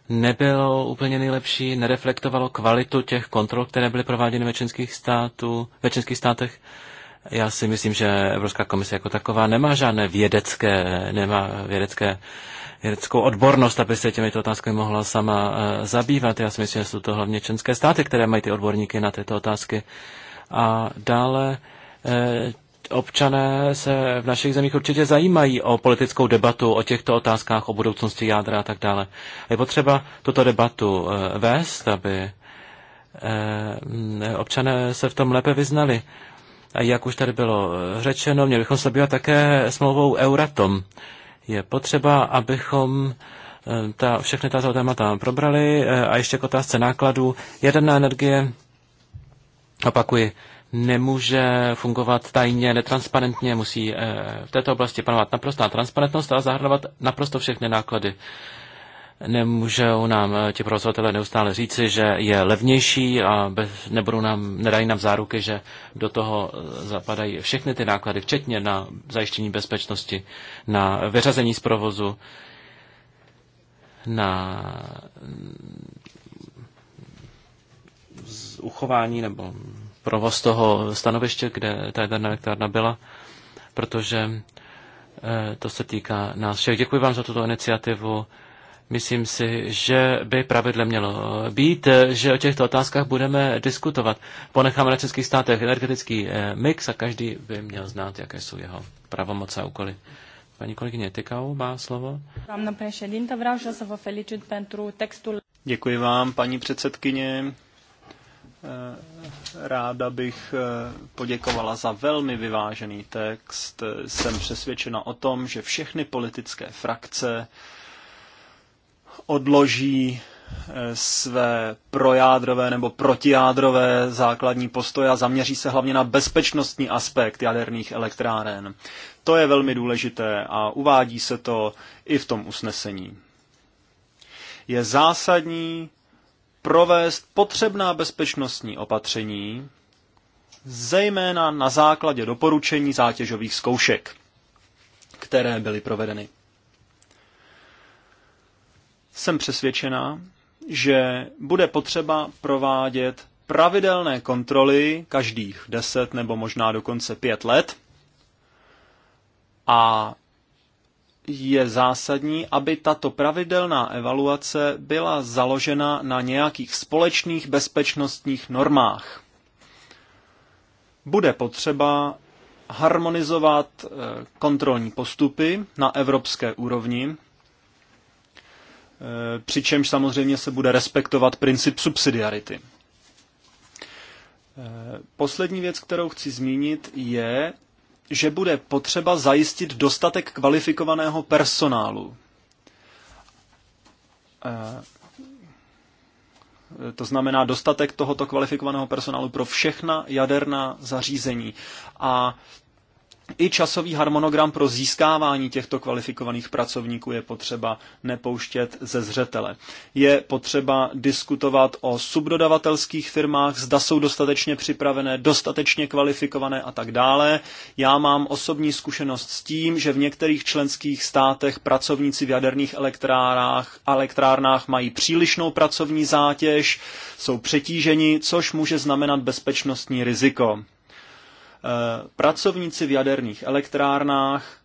nebylo úplně nejlepší, nereflektovalo kvalitu těch kontrol, které byly prováděny ve členských, států, ve členských státech. Já si myslím, že Evropská komise jako taková nemá žádné vědecké, nemá vědecké, vědeckou odbornost, aby se těmito otázkami mohla sama eh, zabývat. Já si myslím, že jsou to hlavně členské státy, které mají ty odborníky na tyto otázky. A dále eh, občané se v našich zemích určitě zajímají o politickou debatu, o těchto otázkách, o budoucnosti jádra a tak dále. Je potřeba tuto debatu eh, vést, aby občané se v tom lépe vyznali jak už tady bylo eh, řečeno, měli bychom se bývat také smlouvou Euratom. Je potřeba, abychom eh, ta, všechny tato témata probrali eh, a ještě k otázce nákladů. Jaderná energie, opakuji, nemůže fungovat tajně, netransparentně, musí v této oblasti panovat naprostá transparentnost a zahrnovat naprosto všechny náklady. Nemůžou nám eh, ti provozovatelé neustále říci, že je levnější a bez, nebudou nám, nedají nám záruky, že do toho eh, zapadají všechny ty náklady, včetně na zajištění bezpečnosti, na vyřazení z provozu, na mm, uchování nebo provoz toho stanoviště, kde ta jedna elektrárna byla, protože eh, to se týká nás všech. Děkuji vám za tuto iniciativu. Myslím si, že by pravidle mělo být, že o těchto otázkách budeme diskutovat. Ponecháme na českých státech energetický eh, mix a každý by měl znát, jaké jsou jeho pravomoce a úkoly. Paní kolegyně Tykau má slovo. Děkuji vám, paní předsedkyně. Eh, ráda bych eh, poděkovala za velmi vyvážený text. Jsem přesvědčena o tom, že všechny politické frakce odloží eh, své projádrové nebo protijádrové základní postoje a zaměří se hlavně na bezpečnostní aspekt jaderných elektráren. To je velmi důležité a uvádí se to i v tom usnesení. Je zásadní provést potřebná bezpečnostní opatření, zejména na základě doporučení zátěžových zkoušek, které byly provedeny jsem přesvědčená, že bude potřeba provádět pravidelné kontroly každých deset nebo možná dokonce pět let a je zásadní, aby tato pravidelná evaluace byla založena na nějakých společných bezpečnostních normách. Bude potřeba harmonizovat eh, kontrolní postupy na evropské úrovni, Eh, přičemž samozřejmě se bude respektovat princip subsidiarity. Eh, poslední věc, kterou chci zmínit, je, že bude potřeba zajistit dostatek kvalifikovaného personálu. Eh, to znamená dostatek tohoto kvalifikovaného personálu pro všechna jaderná zařízení. A i časový harmonogram pro získávání těchto kvalifikovaných pracovníků je potřeba nepouštět ze zřetele. Je potřeba diskutovat o subdodavatelských firmách, zda jsou dostatečně připravené, dostatečně kvalifikované a tak dále. Já mám osobní zkušenost s tím, že v některých členských státech pracovníci v jaderných elektrárnách, elektrárnách mají přílišnou pracovní zátěž, jsou přetíženi, což může znamenat bezpečnostní riziko. Eh, pracovníci v jaderných elektrárnách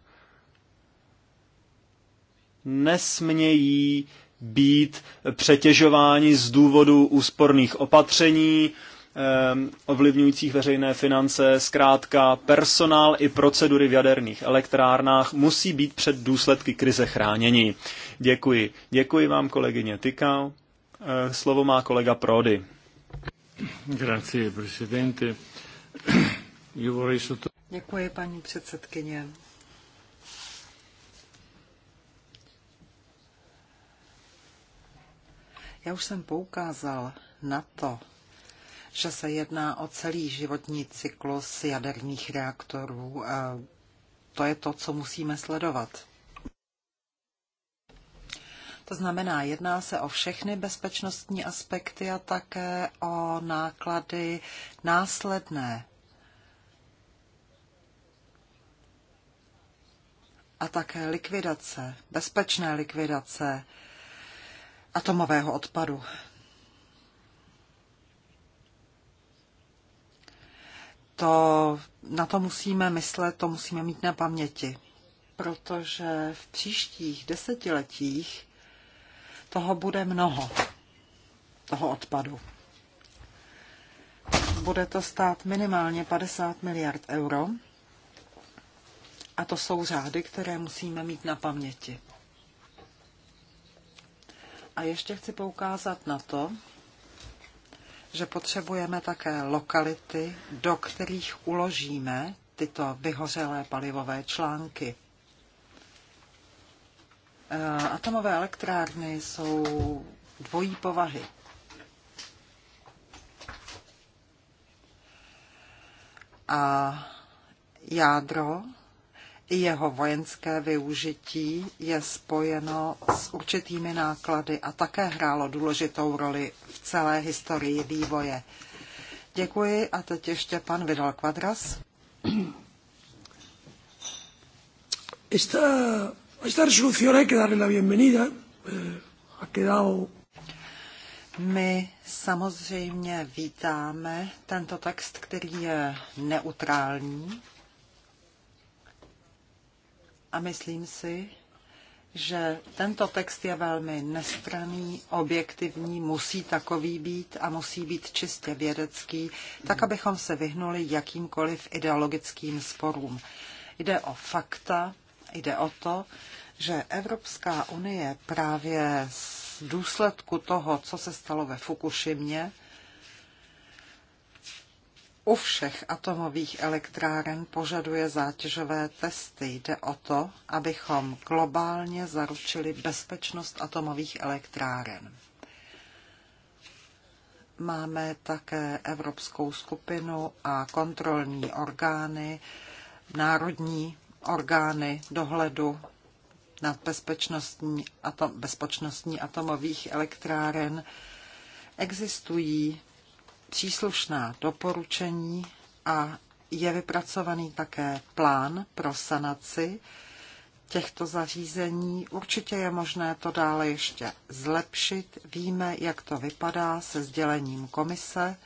nesmějí být přetěžováni z důvodu úsporných opatření, eh, ovlivňujících veřejné finance, zkrátka personál i procedury v jaderných elektrárnách musí být před důsledky krize chráněni. Děkuji. Děkuji vám, kolegyně Tykal. Eh, slovo má kolega Prody. Grazie, presidente. Děkuji, paní předsedkyně. Já už jsem poukázal na to, že se jedná o celý životní cyklus jaderných reaktorů. A to je to, co musíme sledovat. To znamená, jedná se o všechny bezpečnostní aspekty a také o náklady následné a také likvidace, bezpečné likvidace atomového odpadu. To, na to musíme myslet, to musíme mít na paměti, protože v příštích desetiletích toho bude mnoho, toho odpadu. Bude to stát minimálně 50 miliard euro. A to jsou řády, které musíme mít na paměti. A ještě chci poukázat na to, že potřebujeme také lokality, do kterých uložíme tyto vyhořelé palivové články. E, atomové elektrárny jsou dvojí povahy. A jádro i jeho vojenské využití je spojeno s určitými náklady a také hrálo důležitou roli v celé historii vývoje. Děkuji a teď ještě pan Vidal Quadras. Esta, esta que darle la bienvenida. Eh, ha quedado my samozřejmě vítáme tento text, který je neutrální, a myslím si, že tento text je velmi nestraný, objektivní, musí takový být a musí být čistě vědecký, tak abychom se vyhnuli jakýmkoliv ideologickým sporům. Jde o fakta, jde o to, že Evropská unie právě z důsledku toho, co se stalo ve Fukušimě, u všech atomových elektráren požaduje zátěžové testy. Jde o to, abychom globálně zaručili bezpečnost atomových elektráren. Máme také Evropskou skupinu a kontrolní orgány, národní orgány dohledu nad bezpečnostní, atom, bezpečnostní atomových elektráren. Existují příslušná doporučení a je vypracovaný také plán pro sanaci těchto zařízení. Určitě je možné to dále ještě zlepšit. Víme, jak to vypadá se sdělením komise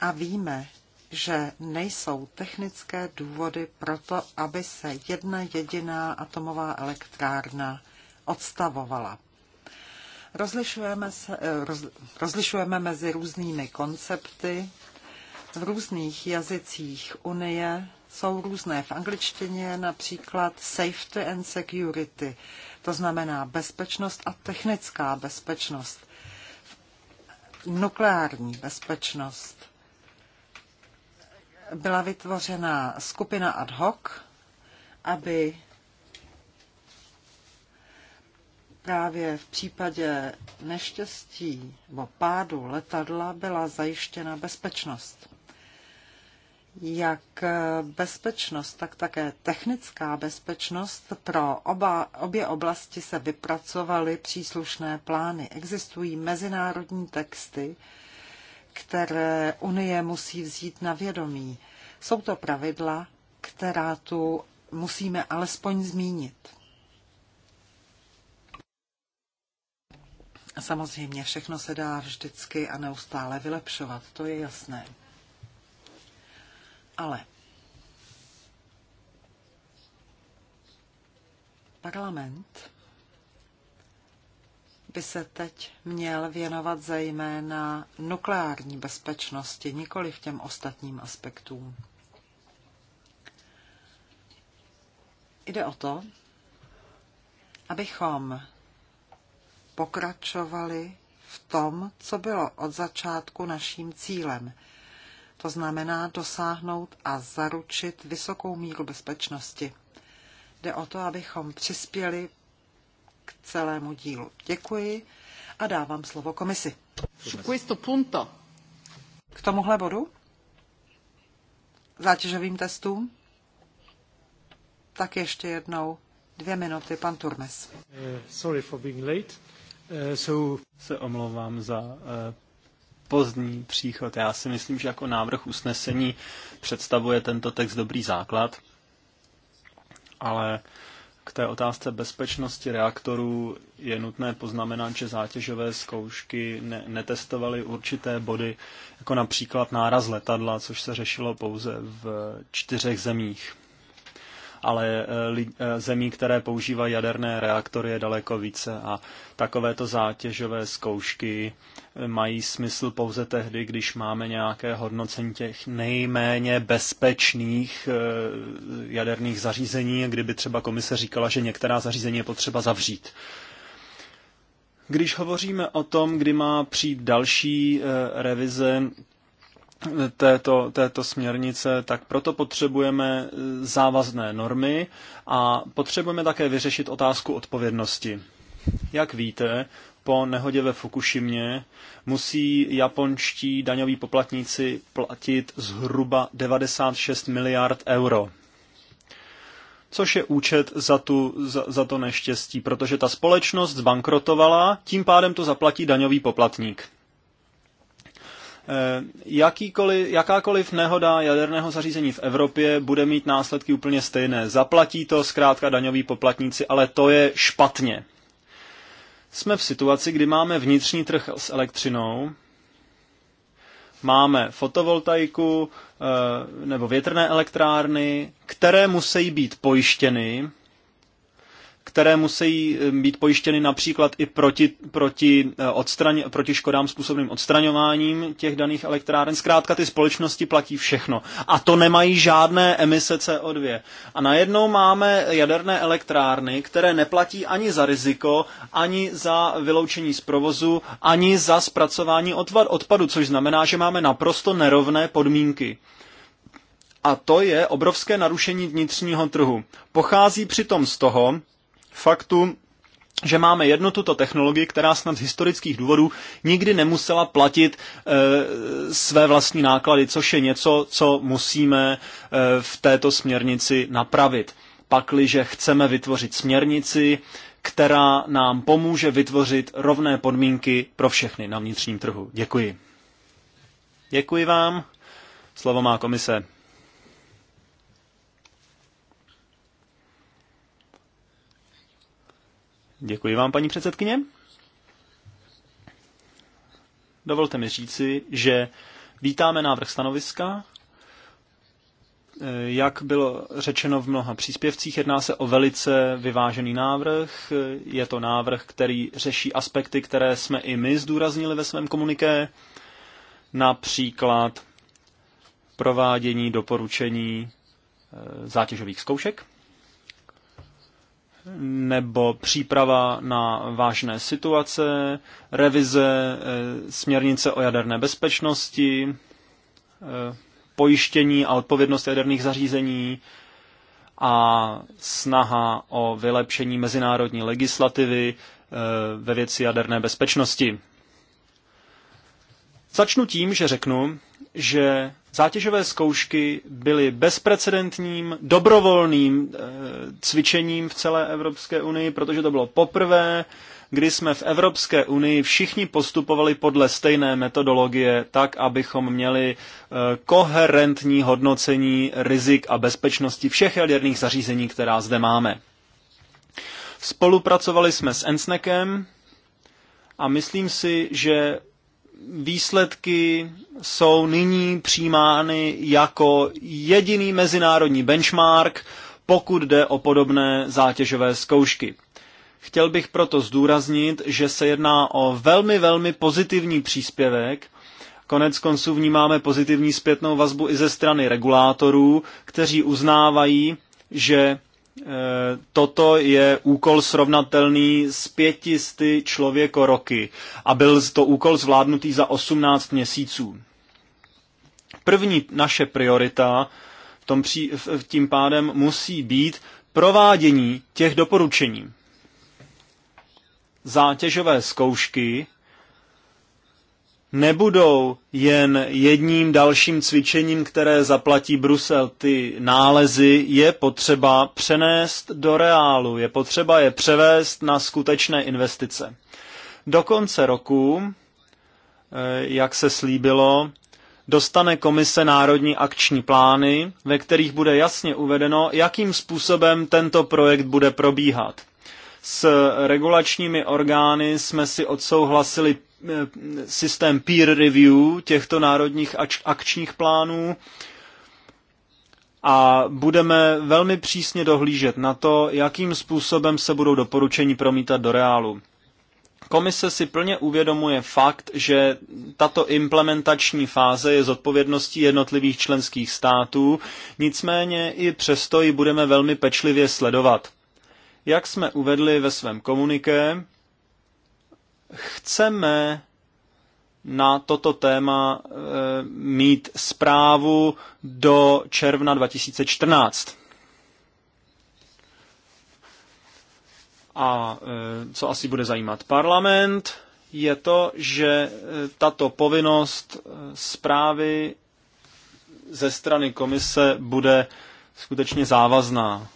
a víme, že nejsou technické důvody pro to, aby se jedna jediná atomová elektrárna odstavovala. Rozlišujeme, se, eh, roz, rozlišujeme mezi různými koncepty. V různých jazycích Unie jsou různé. V angličtině například safety and security, to znamená bezpečnost a technická bezpečnost, nukleární bezpečnost. Byla vytvořena skupina ad hoc, aby právě v případě neštěstí nebo pádu letadla byla zajištěna bezpečnost. Jak bezpečnost, tak také technická bezpečnost pro oba, obě oblasti se vypracovaly příslušné plány. Existují mezinárodní texty, které Unie musí vzít na vědomí. Jsou to pravidla, která tu musíme alespoň zmínit. A samozřejmě všechno se dá vždycky a neustále vylepšovat, to je jasné. Ale parlament by se teď měl věnovat zejména nukleární bezpečnosti, nikoli v těm ostatním aspektům. Jde o to, abychom pokračovali v tom, co bylo od začátku naším cílem. To znamená dosáhnout a zaručit vysokou míru bezpečnosti. Jde o to, abychom přispěli k celému dílu. Děkuji a dávám slovo komisi. K tomuhle bodu? Zátěžovým testům? Tak ještě jednou dvě minuty, pan Turmes. Eh, sorry for being late. Eh, jsou... Se omlouvám za eh, pozdní příchod. Já si myslím, že jako návrh usnesení představuje tento text dobrý základ, ale k té otázce bezpečnosti reaktorů je nutné poznamenat, že zátěžové zkoušky ne- netestovaly určité body, jako například náraz letadla, což se řešilo pouze v čtyřech zemích ale eh, eh, zemí, které používají jaderné reaktory, je daleko více a takovéto zátěžové zkoušky eh, mají smysl pouze tehdy, když máme nějaké hodnocení těch nejméně bezpečných jaderných zařízení, kdyby třeba komise říkala, že některá zařízení je potřeba zavřít. Když hovoříme o tom, kdy má přijít další revize této, této směrnice, tak proto potřebujeme eh, závazné normy a potřebujeme také vyřešit otázku odpovědnosti. Jak víte, po nehodě ve Fukushimě musí japonští daňoví poplatníci platit zhruba 96 miliard euro. Což je účet za, tu, za, za to neštěstí, protože ta společnost zbankrotovala, tím pádem to zaplatí daňový poplatník. Eh, Jakýkoliv, jakákoliv nehoda jaderného zařízení v Evropě bude mít následky úplně stejné. Zaplatí to zkrátka daňoví poplatníci, ale to je špatně. Jsme v situaci, kdy máme vnitřní trh s elektřinou, máme fotovoltaiku eh, nebo větrné elektrárny, které musí být pojištěny které musí eh, být pojištěny například i proti, proti, eh, odstraň, proti škodám způsobným odstraňováním těch daných elektráren. Zkrátka ty společnosti platí všechno a to nemají žádné emise CO2. A najednou máme jaderné elektrárny, které neplatí ani za riziko, ani za vyloučení z provozu, ani za zpracování odpadu, což znamená, že máme naprosto nerovné podmínky. A to je obrovské narušení vnitřního trhu. Pochází přitom z toho, faktu, že máme jednu tuto technologii, která snad z historických důvodů nikdy nemusela platit e, své vlastní náklady, což je něco, co musíme e, v této směrnici napravit. Pakliže chceme vytvořit směrnici, která nám pomůže vytvořit rovné podmínky pro všechny na vnitřním trhu. Děkuji. Děkuji vám. Slovo má komise. Děkuji vám, paní předsedkyně. Dovolte mi říci, že vítáme návrh stanoviska. Eh, jak bylo řečeno v mnoha příspěvcích, jedná se o velice vyvážený návrh. Je to návrh, který řeší aspekty, které jsme i my zdůraznili ve svém komuniké, například provádění doporučení eh, zátěžových zkoušek nebo příprava na vážné situace, revize eh, směrnice o jaderné bezpečnosti, eh, pojištění a odpovědnost jaderných zařízení a snaha o vylepšení mezinárodní legislativy eh, ve věci jaderné bezpečnosti. Začnu tím, že řeknu, že zátěžové zkoušky byly bezprecedentním, dobrovolným eh, cvičením v celé Evropské unii, protože to bylo poprvé, kdy jsme v Evropské unii všichni postupovali podle stejné metodologie, tak, abychom měli eh, koherentní hodnocení rizik a bezpečnosti všech jaderných zařízení, která zde máme. Spolupracovali jsme s Ensnekem a myslím si, že výsledky jsou nyní přijímány jako jediný mezinárodní benchmark, pokud jde o podobné zátěžové zkoušky. Chtěl bych proto zdůraznit, že se jedná o velmi, velmi pozitivní příspěvek. Konec konců vnímáme pozitivní zpětnou vazbu i ze strany regulátorů, kteří uznávají, že toto je úkol srovnatelný s pětisty člověko roky a byl to úkol zvládnutý za 18 měsíců. První naše priorita v tom pří, v, tím pádem musí být provádění těch doporučení. Zátěžové zkoušky nebudou jen jedním dalším cvičením, které zaplatí Brusel. Ty nálezy je potřeba přenést do reálu, je potřeba je převést na skutečné investice. Do konce roku, eh, jak se slíbilo, dostane komise národní akční plány, ve kterých bude jasně uvedeno, jakým způsobem tento projekt bude probíhat. S regulačními orgány jsme si odsouhlasili Eh, systém peer review těchto národních akčních plánů a budeme velmi přísně dohlížet na to, jakým způsobem se budou doporučení promítat do reálu. Komise si plně uvědomuje fakt, že tato implementační fáze je zodpovědností jednotlivých členských států, nicméně i přesto ji budeme velmi pečlivě sledovat. Jak jsme uvedli ve svém komuniké, chceme na toto téma eh, mít zprávu do června 2014. A eh, co asi bude zajímat parlament, je to, že eh, tato povinnost zprávy ze strany komise bude skutečně závazná.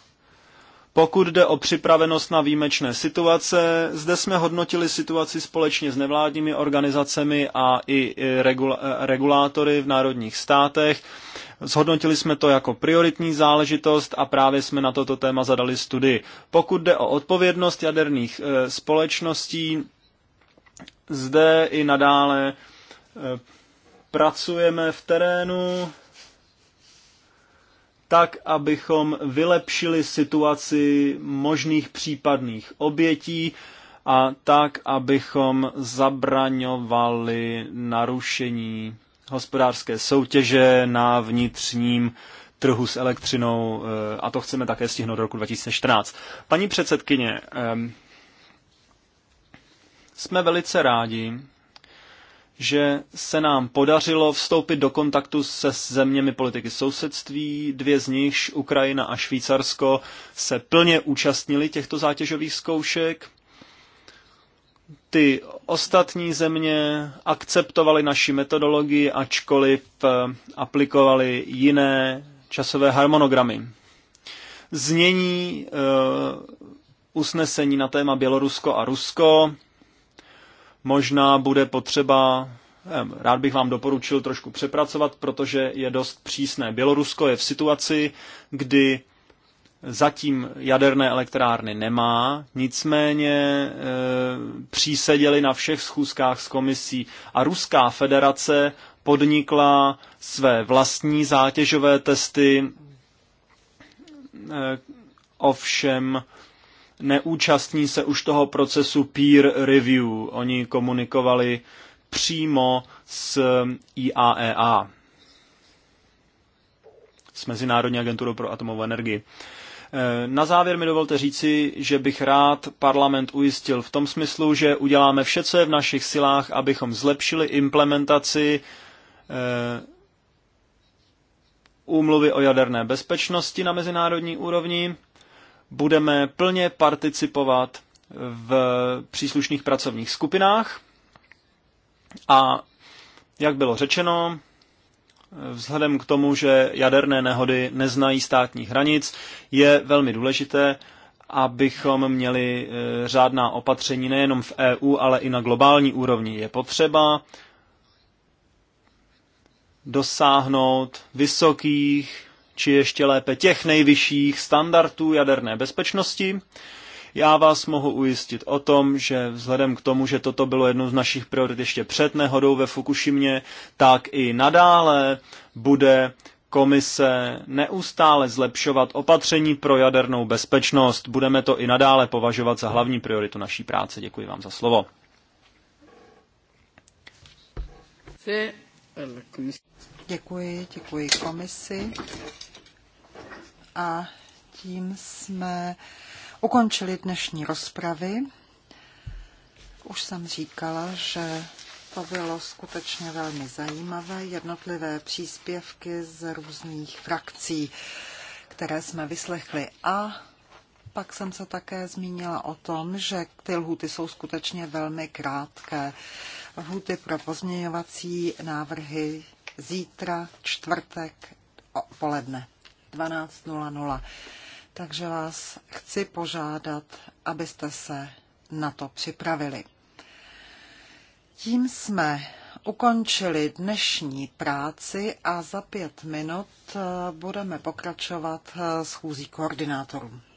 Pokud jde o připravenost na výjimečné situace, zde jsme hodnotili situaci společně s nevládními organizacemi a i regulátory v národních státech. Zhodnotili jsme to jako prioritní záležitost a právě jsme na toto téma zadali studii. Pokud jde o odpovědnost jaderných eh, společností, zde i nadále eh, pracujeme v terénu tak, abychom vylepšili situaci možných případných obětí a tak, abychom zabraňovali narušení hospodářské soutěže na vnitřním trhu s elektřinou eh, a to chceme také stihnout do roku 2014. Paní předsedkyně, eh, jsme velice rádi, že se nám podařilo vstoupit do kontaktu se zeměmi politiky sousedství. Dvě z nich, Ukrajina a Švýcarsko, se plně účastnili těchto zátěžových zkoušek. Ty ostatní země akceptovaly naši metodologii, ačkoliv eh, aplikovali jiné časové harmonogramy. Znění uh, usnesení na téma Bělorusko a Rusko možná bude potřeba, rád bych vám doporučil trošku přepracovat, protože je dost přísné. Bělorusko je v situaci, kdy zatím jaderné elektrárny nemá, nicméně e, příseděli na všech schůzkách s komisí a Ruská federace podnikla své vlastní zátěžové testy, e, ovšem e, neúčastní se už toho procesu peer review. Oni komunikovali přímo s IAEA, e s Mezinárodní agenturou pro atomovou energii. E, na závěr mi dovolte říci, že bych rád parlament ujistil v tom smyslu, že uděláme vše, co je v našich silách, abychom zlepšili implementaci e, úmluvy o jaderné bezpečnosti na mezinárodní úrovni budeme plně participovat v příslušných pracovních skupinách a jak bylo řečeno, vzhledem k tomu, že jaderné nehody neznají státních hranic, je velmi důležité, abychom měli e, řádná opatření nejenom v EU, ale i na globální úrovni. Je potřeba dosáhnout vysokých či ještě lépe těch nejvyšších standardů jaderné bezpečnosti. Já vás mohu ujistit o tom, že vzhledem k tomu, že toto bylo jednou z našich priorit ještě před nehodou ve Fukušimě, tak i nadále bude komise neustále zlepšovat opatření pro jadernou bezpečnost. Budeme to i nadále považovat za hlavní prioritu naší práce. Děkuji vám za slovo. Eh, Děkuji, děkuji komisi. A tím jsme ukončili dnešní rozpravy. Už jsem říkala, že to bylo skutečně velmi zajímavé, jednotlivé příspěvky z různých frakcí, které jsme vyslechli. A pak jsem se také zmínila o tom, že ty lhuty jsou skutečně velmi krátké. Lhuty pro pozměňovací návrhy zítra, čtvrtek, poledne 12.00. Takže vás chci požádat, abyste se na to připravili. Tím jsme ukončili dnešní práci a za pět minut eh, budeme pokračovat eh, schůzí koordinátorům.